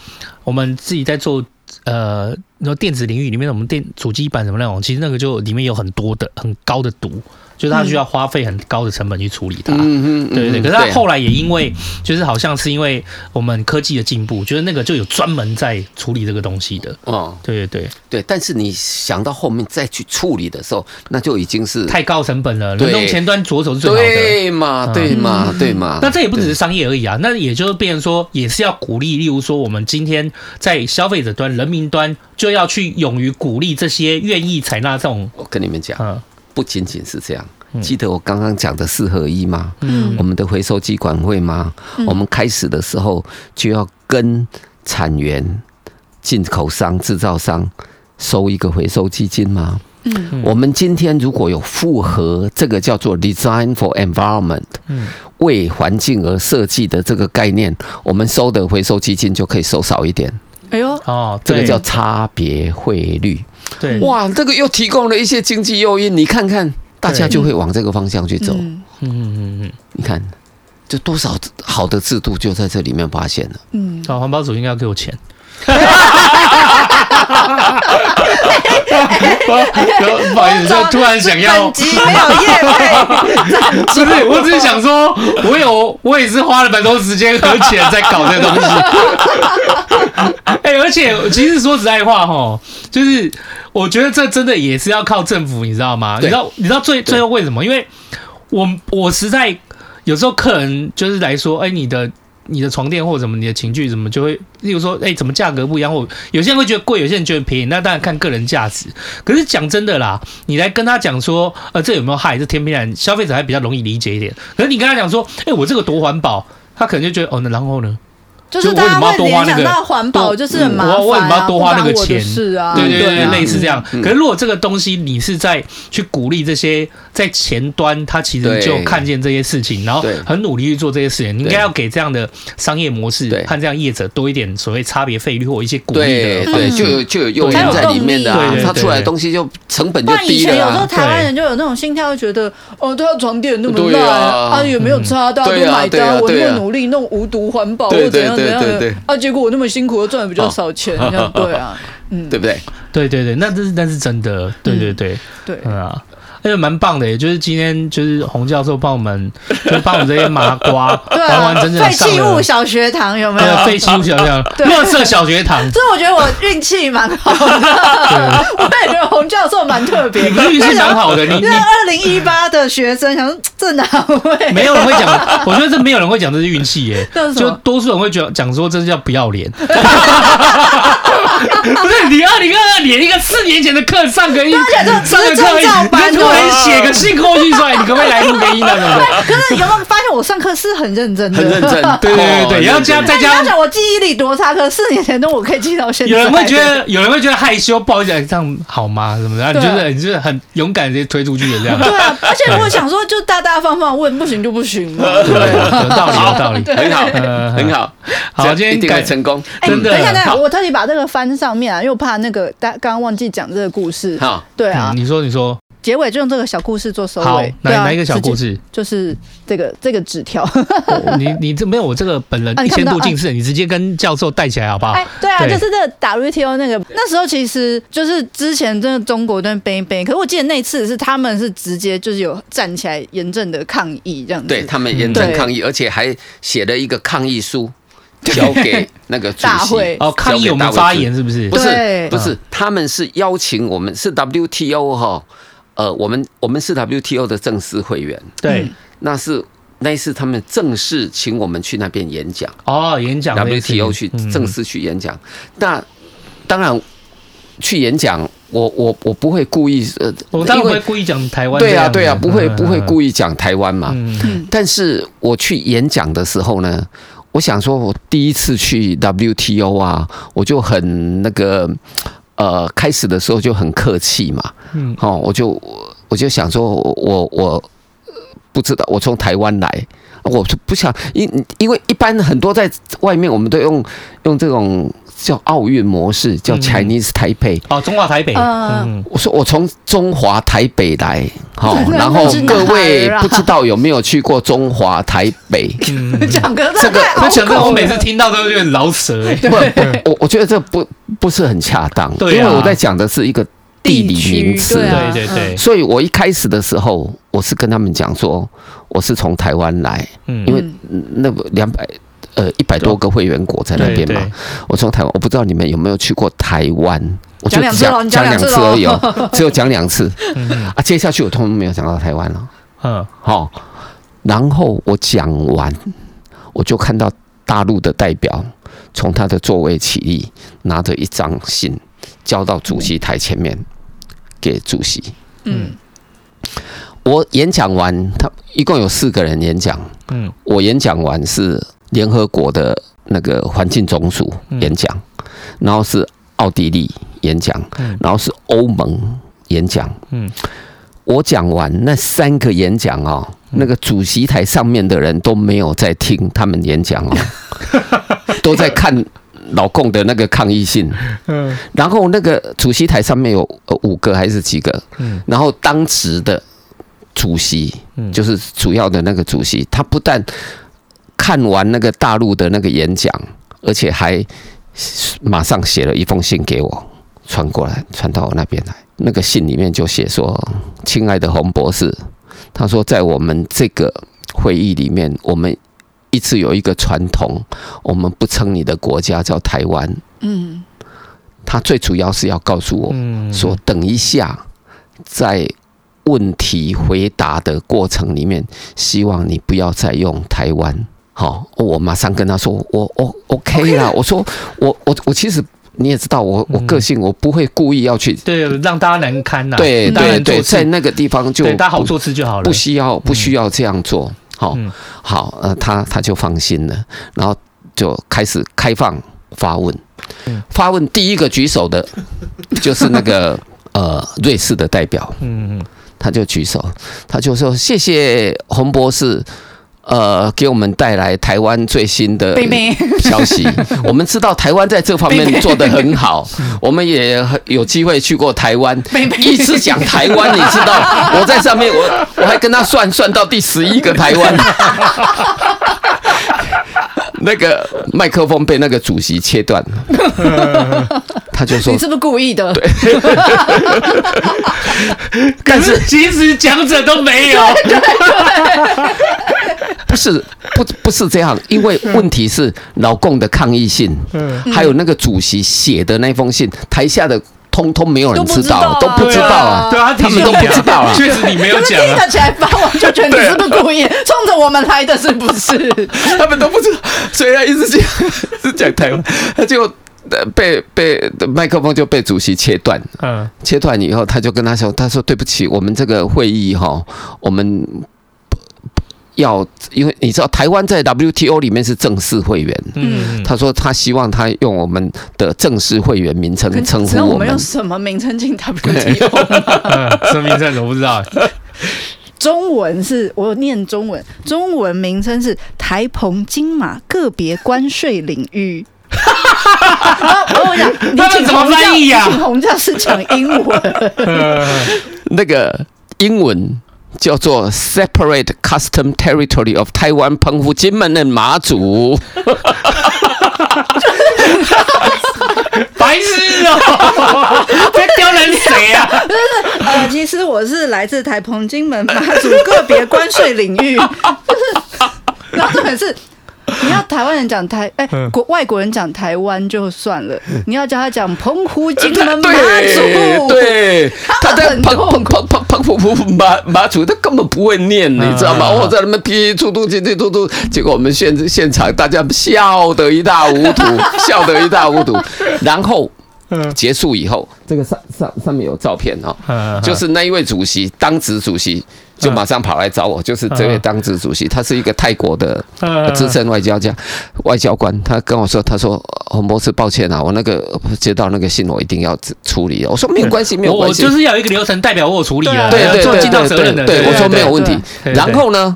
S2: 我們自己在做，呃，然後電子領域裡面，我們電主機板什麼那種，其實那個就裡面有很多的很高的毒。就是他需要花費很高的成本去處理它，
S5: 嗯，嗯對對對。可是他後來也因
S2: 為，啊、就是好像是因為我們科技的進步，覺、就、得、是、那個就有專門在處理這個東西的。
S3: 哦、嗯，對對對對。但是你想到後面再去處理的時候，那就已經是太
S2: 高成本了。人對動前端着手是最好的。對嘛？對嘛？嗯、對嘛？對嘛，那這也不只是商業而已啊。那也就是變成說，也是要鼓勵，例如說，我們今天在消費者端、人民端，就要去勇於鼓勵這些願意採納這種。我
S3: 跟你們講。嗯不僅僅是這樣，記得我剛剛講的四合一嗎？嗯，我們的回收基管會嗎？我們開始的時候就要跟產源、進口商、製造商收一個回收基金嗎？嗯，
S4: 我
S3: 們今天如果有符合這個叫做 design for environment，為環境而設計的這個概念，我們收的回收基金就可以收少一點。哎呦，哦，這個叫差別匯率。對，哇，這個又提供了一些經濟誘因，你看看，對大家就會往這個方向去走。嗯嗯嗯，你看，就多少好的制度就在這裡面發現
S5: 了。
S2: 嗯，好，環保組應該要給我錢。 哎哎、不好意思，就突然想要，沒有意外，我只是想說，我有，我也是花了蠻多時間和錢在搞這個東西。哎、而且其實說實在話，哈，就是我覺得這真的也是要靠政府，你知道嗎？對你知道，你知道最最後為什麼？對因為我我實在有時候客人就是來說，哎，你的。你的床墊或什麼，你的情緒怎麼就會？例如說，哎，怎麼價格不一樣？或有些人會覺得貴，有些人覺得便宜，那當然看個人價值。可是講真的啦，你來跟他講說，呃，這有沒有害？這天，天然，消費者還比較容易理解一點。可是你跟他講說，哎，我這個多環保，他可能就覺得，哦，那然後呢？就是大家會聯想到環
S1: 保，就是麻煩，我為什麼要多花那個錢？是啊，對
S2: 對對，類似這樣。嗯嗯嗯、可是如果這個東西你是在去鼓勵這些在前端，他其實就看見這些事情，然後很努力去做這些事情，對你應該要給這樣的商業模式和這樣業者多一點所謂差別費率或一些鼓勵的。對，對，就
S1: 有就
S3: 有用。在裡面的、啊，對對，他出來的東
S2: 西就成本
S3: 就低對。以前有時候台灣人
S1: 就有那種心態，覺得哦，都要床墊那麼爛啊，啊，也沒有差，到、啊，大家買到，啊啊啊啊、我那麼努力弄無毒環保或怎樣。對對對對對，對啊！結果我那麼辛苦，又賺的比較少錢，oh, 對啊，對
S2: 不對？對對對，那這是那是真的，嗯、對對對，對啊。那就蠻棒的，也就是今天就是洪教授幫我們，就是幫我們這些麻瓜完完整整上。廢棄物小
S1: 學堂有沒有？廢棄物
S2: 小學堂、垃圾小學堂。
S1: 所以我覺得我運氣蠻好的。我也覺得洪教授蠻特別。你運氣蠻好的？你因為二零一八的學生想說，這哪會沒有人會講。
S2: 我覺得這沒有人會講，這是運氣耶。就多數人會覺得講說，這是叫不要臉。
S1: 不是你二零二二年一個，四年前的課上個一，上個
S2: 課，班主任寫個信過去出你可不可以來錄個音對？可是你有沒有
S1: 發現我上課是很認真的？很認真。對對對對，然後這樣你要講我記憶力多差，可是四年前的我可以記到現在。有人會覺得，
S2: 有人會覺得害羞，不好意思這樣好嗎？什麼的？你覺得你是很勇敢直接推出去的這樣？對
S1: 啊，而且如果想說，就大大方方問，不行就不行。有道理，有道理，很
S3: 好，很好，好，今天一定成功。真的，等一下，等一下，我
S1: 特意把這個。翻上面啊，又怕那個，剛剛忘記講這個故事。好、oh. 啊，對啊，你說你說，結尾就用這個小故事做收尾。好，哪對、啊、哪一個小故事？就是這個這個紙條。 oh,
S2: 你你這沒有我這個本人一千度近視，啊、你，你直接跟教授戴起來好不好？哎、啊，對啊，對就是
S1: 這 WTO 那個那時候其實就是之前真的中國在背背，an, 可是我記得那一次是他們是直接就是有站起來嚴正的抗議這樣子。對他們嚴正抗
S3: 議，對而且還寫了一個抗議書。對 交給那個主席大會哦，抗議我們發言是不是？不是不是，不是嗯、他們是邀請我們是 WTO 哈，呃，我們我們是 WTO 的正式會員，對，那是那一次他們正式請我們去那邊演講哦，演講 WTO 去、嗯、正式去演講，那當然去演講，我我我不會故意呃，我當然不會
S2: 故意講台灣，對啊對啊，不會不會故
S3: 意講台灣嘛，嗯、但是我去演講的時候呢。我想說，我第一次去 WTO 啊，我就很那個，呃，開始的時候就很客氣嘛，好、嗯哦，我就我就想說我，我我不知道，我從台灣來。我就不想因因為一般很多在外面，我們都用用這種叫奧運模式，叫 Chinese 台北，嗯、哦，中華台北。嗯，我說我從中華台北來，好、嗯，然後各位不知道有沒有去過中華台北？
S5: 講、嗯、 這個，
S2: 這講我每次聽到都有點繞舌，欸。對不，
S3: 我我覺得這不不是很恰當，對啊，因為我在講的是一個地理名詞。對，啊，對對對，所以我一開始的時候，我是跟他們講說。我是從台灣來，嗯、因為那兩百呃一百多個會員國在那邊嘛。對對對我從台灣，我不知道你們有沒有去過台灣，講兩我就講講兩次而已，只有講兩次。嗯、啊，接下去我通通沒有講到台灣了。嗯，好，然後我講完，我就看到大陸的代表從他的座位起立，拿着一張信交到主席台前面、嗯、給主席。
S5: 嗯，
S3: 我演講完他。一共有四個人演講，嗯，我演講完是聯合國的那個環境總署演講，然後是奧地利演講，嗯，然後是歐盟演講，嗯，我講完那三個演講哦，那個主席臺上面的人都沒有在聽他們演講哦，都在看老共的那個抗議信，嗯，然後那個主席臺上面有五個還是幾個，嗯，然後當時的。主席，就是主要的那個主席，他不但看完那個大陸的那個演講，而且還馬上寫了一封信給我，傳過來，傳到我那邊來。那個信裡面就寫說：“親愛的洪博士，他說在我們這個會議裡面，我們一直有一個傳統，我們不稱你的國家叫台灣。”嗯，他最主要是要告訴我，嗯、說等一下在。問題回答的過程裡面，希望你不要再用台灣。好，哦，我馬上跟他說，我 O，哦，OK 啦。OK 啦我說，我我我其實你也知道，我，嗯，我個性我不會故意要去
S2: 對讓大家難堪吶，啊。對對對，在那個地方就對大家好做事就好了，不
S3: 需要不需要這樣做。好，好呃，他他就放心了，然後就開始開放發問。發問第一個舉手的就是那個 呃瑞士的代表。嗯嗯。他就舉手，他就說：“謝謝洪博士，呃，給我們帶來台灣最新的消息。我們知道台灣在這方面做得很好，我們也有機會去過台灣。一直講台灣，你知道，我在上面我我還跟他算算到第十一個台灣。”那個麥克風被那個主席切斷了， 他就說：“你是不
S1: 是故意的？”對。
S3: 但是其實講者都
S4: 沒有。
S3: 對對對笑不是，不，不是這樣，因為問題是老共的抗議信， 還有那個主席寫的那封信，台下的。通通沒有人知道，都不知道啊，道啊對啊，他們都不知道。啊。確實你沒有講，你是第一個
S1: 起來發我就覺得你是不故意衝着對、啊、我們來的是不是？他們都不知道，所以 一直講
S3: 講台灣，他就 被被麥克風就被主席切斷，嗯，切斷以後他就跟他說，他說對不起，我們這個會議哈，我們。要，因為你知道台灣在 WTO 裡面是正式會員。嗯，他說他希望他用我們的正式會員名稱稱呼。那我們用
S1: 什麼名稱進 WTO？
S2: 什麼名稱我不知道。
S1: 中文是我有念中文，中文名稱是台澎金馬個別關稅領域。然後、 哦、我講，你錦怎麼翻譯呀？我錦紅家是講英文，
S3: 那個英文。叫做 Separate Custom Territory of 台灣澎湖金門的馬祖，
S1: 白痴哦、喔，太丟人誰啊？呃， 其實我是來自台澎金門馬祖個別關稅領域，就是、然後這、就是。 你要台灣人講台，哎、欸，國外國人講台灣就算了，你要叫他講澎湖金門馬祖，呃，對，
S3: 對他澎澎澎澎澎澎澎馬馬祖，他根本不會念，啊、你知道嗎？我、嗯哦、在那邊劈出嘟嘟嘟嘟嘟嘟，結果我們現現場大家笑得一塌糊塗，， 笑得一塌糊塗，然後。結束以後，這個上上上面有照片哦，就是那一位主席，當值主席就馬上跑來找我，就是這位當值主席，他是一個泰國的資深外交家、外交官，他跟我說，他說哦，洪博士，抱歉啊，我那個接到那個信，我一定要處理。我說沒有關係，沒有關係，
S2: 就是要一個流程代表我處理啊，對對對對對，對，我說沒有問題。然後呢，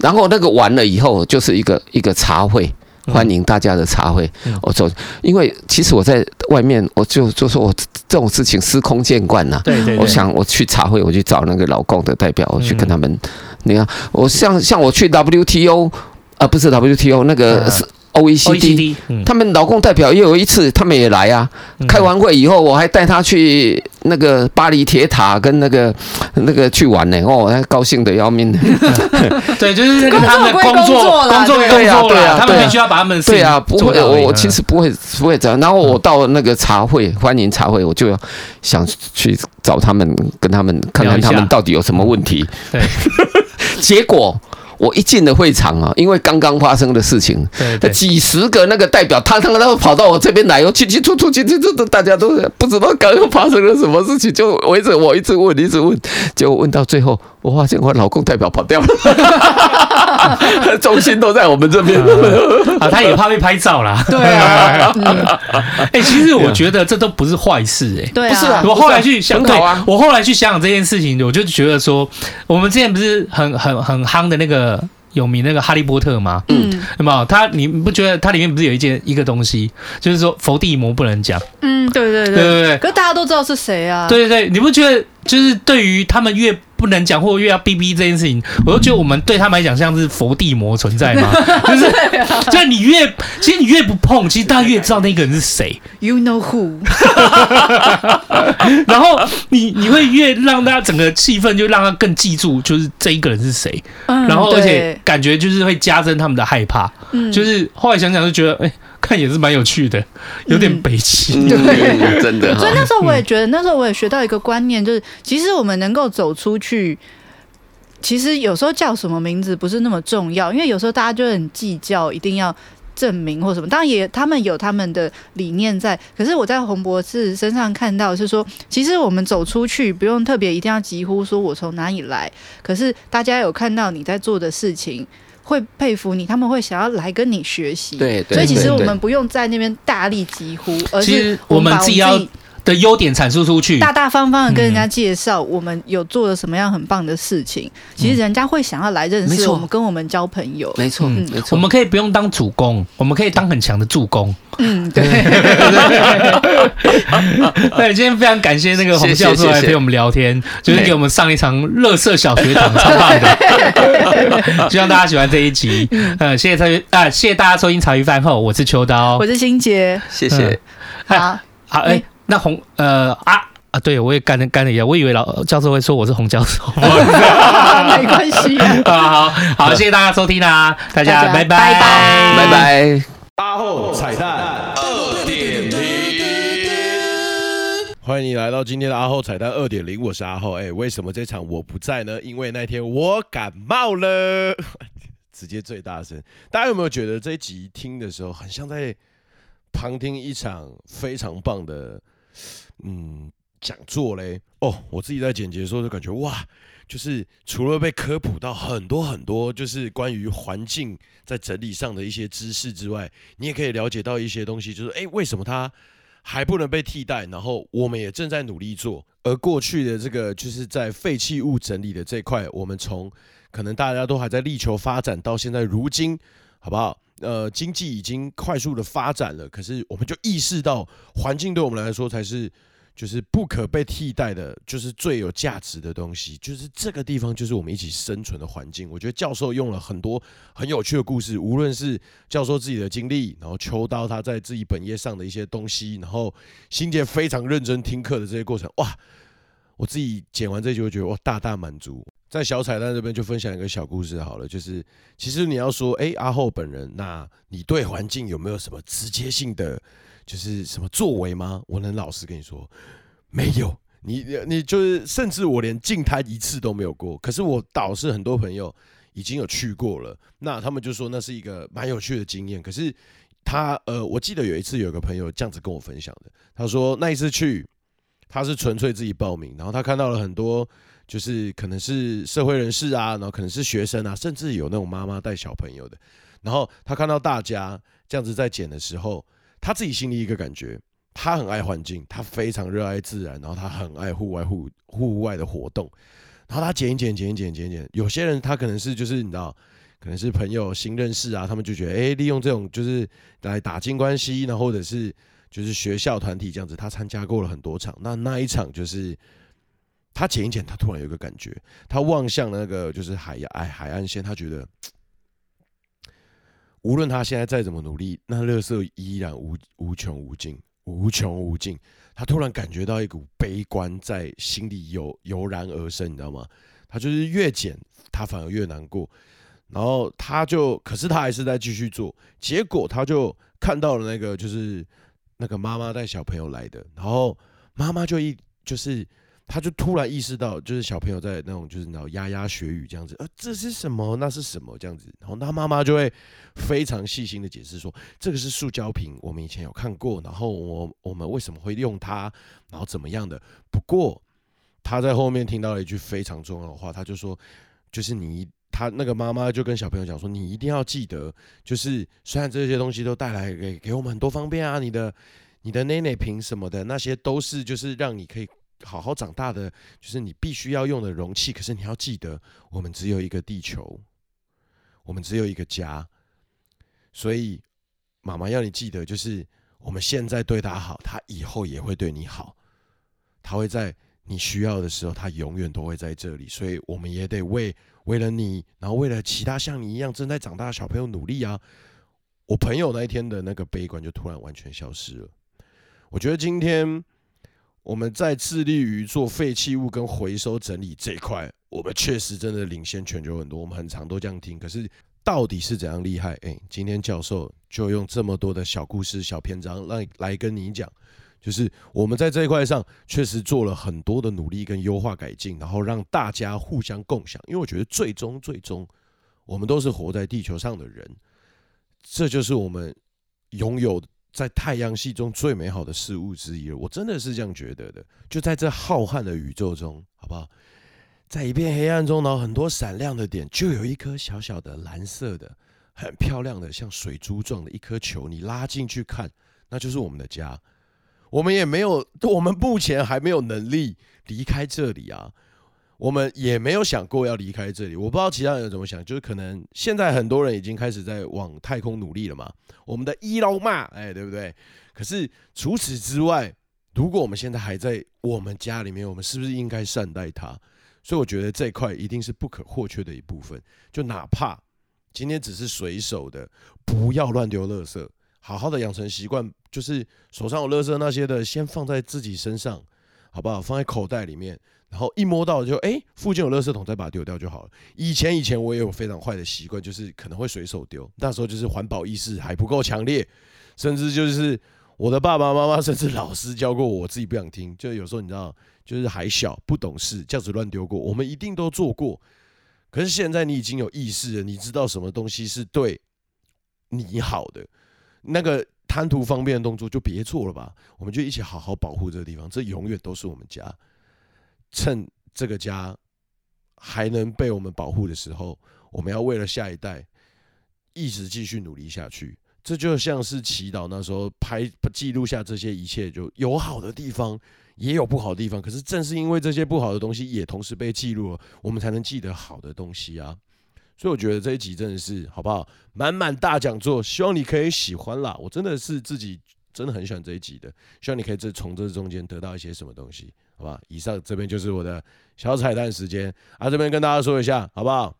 S3: 然後那個完了以後，就是一個一個茶會。歡迎大家的茶會，嗯、我走，因為其實我在外面，我就就說我這種事情司空見慣吶、啊。對，對，對我想我去茶會，我去找那個老公的代表，我去跟他們。嗯、你看，我像像我去 WTO 啊、呃，不是 WTO 那個是。嗯 OECD，e、嗯、他們勞工代表又有一次，他們也來啊。嗯、開完會以後，我還帶他去那個巴黎鐵塔跟那個那個去玩呢。哦，他高興得要命。嗯、 對，
S5: 就是跟他們工作，工作對呀對啊，對啊對啊對啊
S3: 他們必須要把他們對、啊、不我、嗯、我其實不會不會這樣。然後我到了那個茶會，歡迎茶會，我就要想去找他們，跟他們看看他們到底有什麼問題。對， 結果。我一進了會場啊，因為剛剛發生的事情，幾十個那個代表，他他們都跑到我這邊來，又進進出出，進進出出，大家都不知道剛剛發生了什麼事情，就圍着我一直問，一直問，結果問到最後。我發現我
S2: 老公代表跑掉了，中心都在我們這邊啊，他也怕被拍照啦。對啊，其實我覺得這都不是壞事哎。對，不是我後來去想，對我後來去想想這件事情，我就覺得說，我們之前不是很很很夯的那個有名那個哈利波特嗎？嗯，那麼他你不覺得它裡面不是有一件一個東西，就是說伏地魔不能講？嗯，對
S1: 對對對對。可是大家都知道是誰啊？對
S2: 對對，你不覺得？就是對於他們越不能講，或越要逼逼這件事情，我都覺得我們對他們來講像是佛地魔存在嘛，就
S1: 是， 啊、就你
S2: 越，其實你越不碰，其實大家越知道那個人是誰，You know who， 然後你你會越讓大家整個氣氛就讓他更記住，就是這一個人是誰，嗯、然後而且感覺就是會加深他們的害怕。嗯，就是後來想想就覺得，哎、欸，看也是蠻有趣的，有點北齊，對，真的。所以那時候我
S1: 也覺得，那時候我也學到一個觀念，就是其實我們能夠走出去，其實有時候叫什麼名字不是那麼重要，因為有時候大家就很計較，一定要證明或什麼。當然也他們有他們的理念在，可是我在洪博士身上看到是說，其實我們走出去不用特別一定要急呼說我從哪裡來，可是大家有看到你在做的事情，會佩服你，他們會想要來跟你學習，對對，所以其實我們不用在那邊大力疾呼，而是我們自己
S2: 的優點闡述出去，大大
S1: 方方的跟人家介紹我們有做了什麼樣很棒的事情，其實人家會想要來認識我們，跟我們交朋友。
S2: 沒錯，沒錯。我們可以不用當主攻，我們可以當很強的助攻。嗯，對。對，今天非常感謝那個洪教授來陪我們聊天，就是給我們上一場垃圾小學堂，超棒的。希望大家喜歡這一集。呃，謝謝茶啊，謝謝大家收聽茶餘飯後，我是秋刀，我是
S1: 心潔，謝謝，好，
S2: 好誒。那紅呃啊啊！對，我也干了干了一下，我以為老教授會說我是洪教授。Oh、 沒關係啊, 啊，好好謝謝大家收聽啊，大家拜拜拜拜拜
S6: 拜！阿浩彩蛋二點零，歡迎你來到今天的阿浩彩蛋二點零，我是阿浩。哎、欸，為什麼這場我不在呢？因為那天我感冒了， 直接最大聲。大家有沒有覺得這集聽的時候，很像在旁聽一場非常棒的？嗯，講座嘞哦，oh, 我自己在剪輯的時候就感覺哇，就是除了被科普到很多很多，就是關於環境在整理上的一些知識之外，你也可以了解到一些東西，就是誒、欸，為什麼它還不能被替代？然後我們也正在努力做，而過去的這個就是在廢棄物整理的這一塊，我們從可能大家都還在力求發展，到現在如今，好不好？呃，經濟已經快速的發展了，可是我們就意識到，環境對我們來說才是就是不可被替代的，就是最有價值的東西，就是這個地方就是我們一起生存的環境。我覺得教授用了很多很有趣的故事，無論是教授自己的經歷，然後秋刀他在自己本業上的一些東西，然後心潔非常認真聽課的這些過程，哇，我自己剪完這集，我就覺得哇，大大滿足。在小彩蛋這邊就分享一個小故事好了，就是其實你要說，哎，阿後本人，那你對環境有沒有什麼直接性的，就是什麼作為嗎？我能老實跟你說，沒有。你你就是，甚至我連淨灘一次都沒有過。可是我導師很多朋友已經有去過了，那他們就說，那是一個蠻有趣的經驗。可是他呃，我記得有一次有一個朋友這樣子跟我分享的，他說，那一次去，他是純粹自己報名，然後他看到了很多。就是可能是社會人士啊，然後可能是學生啊，甚至有那種媽媽帶小朋友的。然後他看到大家這樣子在撿的時候，他自己心裡一個感覺，他很愛環境，他非常熱愛自然，然後他很愛戶外戶戶外的活動。然後他撿一撿，撿一撿，撿一撿。有些人他可能是就是你知道，可能是朋友新認識啊，他們就覺得哎、欸，利用這種就是來打進關係，然後或者是就是學校團體這樣子，他參加過了很多場。那那一場就是。他撿一撿，他突然有一個感覺，他望向那個就是海，哎，海岸線，他覺得，無論他現在再怎麼努力，那垃圾依然無無窮無盡，無窮無盡。他突然感覺到一股悲觀在心裡油油然而生，你知道嗎？他就是越撿，他反而越難過。然後他就，可是他還是在繼續做。結果他就看到了那個就是那個媽媽帶小朋友來的，然後媽媽就一就是。他就突然意識到，就是小朋友在那種就是你知道，牙牙學語這樣子，呃，這是什麼？那是什麼？這樣子，然後他媽媽就會非常細心的解釋說，這個是塑膠瓶，我們以前有看過，然後我我們為什麼會用它，然後怎麼樣的？不過他在後面聽到了一句非常重要的話，他就說，就是你他那個媽媽就跟小朋友講說，你一定要記得，就是雖然這些東西都帶來給給我們很多方便啊，你的你的奶奶瓶什麼的那些都是就是讓你可以。好好長大的就是你必須要用的容器，可是你要記得，我們只有一個地球，我們只有一個家，所以媽媽要你記得，就是我們現在對他好，他以後也會對你好，他會在你需要的時候，他永遠都會在這裡，所以我們也得為為了你，然後為了其他像你一樣正在長大的小朋友努力啊！我朋友那一天的那個悲觀就突然完全消失了，我覺得今天。我們在致力於做廢棄物跟回收整理這一塊，我們確實真的領先全球很多。我們很常都這樣聽，可是到底是怎樣厲害？誒、欸，今天教授就用這麼多的小故事、小篇章，來來跟你講，就是我們在這一塊上確實做了很多的努力跟優化改進，然後讓大家互相共享。因為我覺得最終最終，我們都是活在地球上的人，這就是我們擁有的，在太陽系中最美好的事物之一了，我真的是這樣覺得的。就在這浩瀚的宇宙中，好不好？在一片黑暗中，然後很多閃亮的點，就有一顆小小的藍色的、很漂亮的、像水珠狀的一顆球。你拉進去看，那就是我們的家。我們也沒有，我們目前還沒有能力離開這裡啊。我們也沒有想過要離開這裡，我不知道其他人怎麼想，就是可能現在很多人已經開始在往太空努力了嘛，我們的 Elon 嘛，哎，對不對？可是除此之外，如果我們現在還在我們家裡面，我們是不是應該善待它？所以我覺得這一塊一定是不可或缺的一部分。就哪怕今天只是隨手的，不要亂丟垃圾，好好的養成習慣，就是手上有垃圾那些的，先放在自己身上，好不好？放在口袋裡面。然後一摸到就哎、欸，附近有垃圾桶，再把它丟掉就好了。以前以前我也有非常壞的習慣，就是可能會隨手丟。那時候就是環保意識還不夠強烈，甚至就是我的爸爸媽媽，甚至老師教過我，我自己不想聽。就有時候你知道，就是還小不懂事，這樣子亂丟過。我們一定都做過。可是現在你已經有意識了，你知道什麼東西是對你好的，那個貪圖方便的動作就別做了吧。我們就一起好好保護這個地方，這永遠都是我們家。趁這個家還能被我們保護的時候，我們要為了下一代一直繼續努力下去。這就像是祈禱那時候拍記錄下這些一切，就有好的地方，也有不好的地方。可是正是因為這些不好的東西，也同時被記錄了，我們才能記得好的東西啊。所以我覺得這一集真的是好不好？滿滿大講座，希望你可以喜歡啦。我真的是自己真的很喜歡這一集的，希望你可以這從這中間得到一些什麼東西。好吧，以上這邊就是我的小彩蛋時間啊，這邊跟大家說一下，好不好？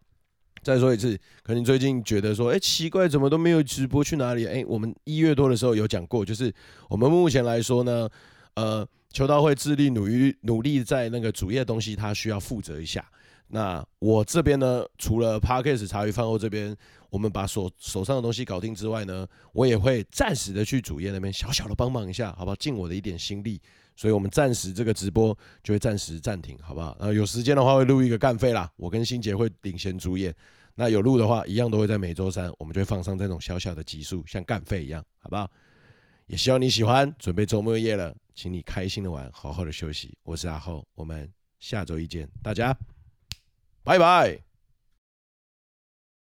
S6: 再說一次，可能最近覺得說，哎，奇怪，怎麼都沒有直播去哪裡？哎，我們一月多的時候有講過，就是我們目前來說呢，呃，求道會致力努力努力在那個主頁東西，它需要負責一下。那我這邊呢，除了 Podcast 茶餘飯後這邊，我們把手手上的東西搞定之外呢，我也會暫時的去主頁那邊小小的幫忙一下，好不好？盡我的一點心力。所以我們暫時這個直播就會暫時暫停，好不好？然後有時間的話會錄一個幹廢啦，我跟心潔會領銜主演。那有錄的話，一樣都會在每週三，我們就會放上這種小小的集數，像幹廢一樣，好不好？也希望你喜歡。準備週末夜了，請你開心的玩，好好的休息。我是阿後，我們下週一見，大家，拜拜。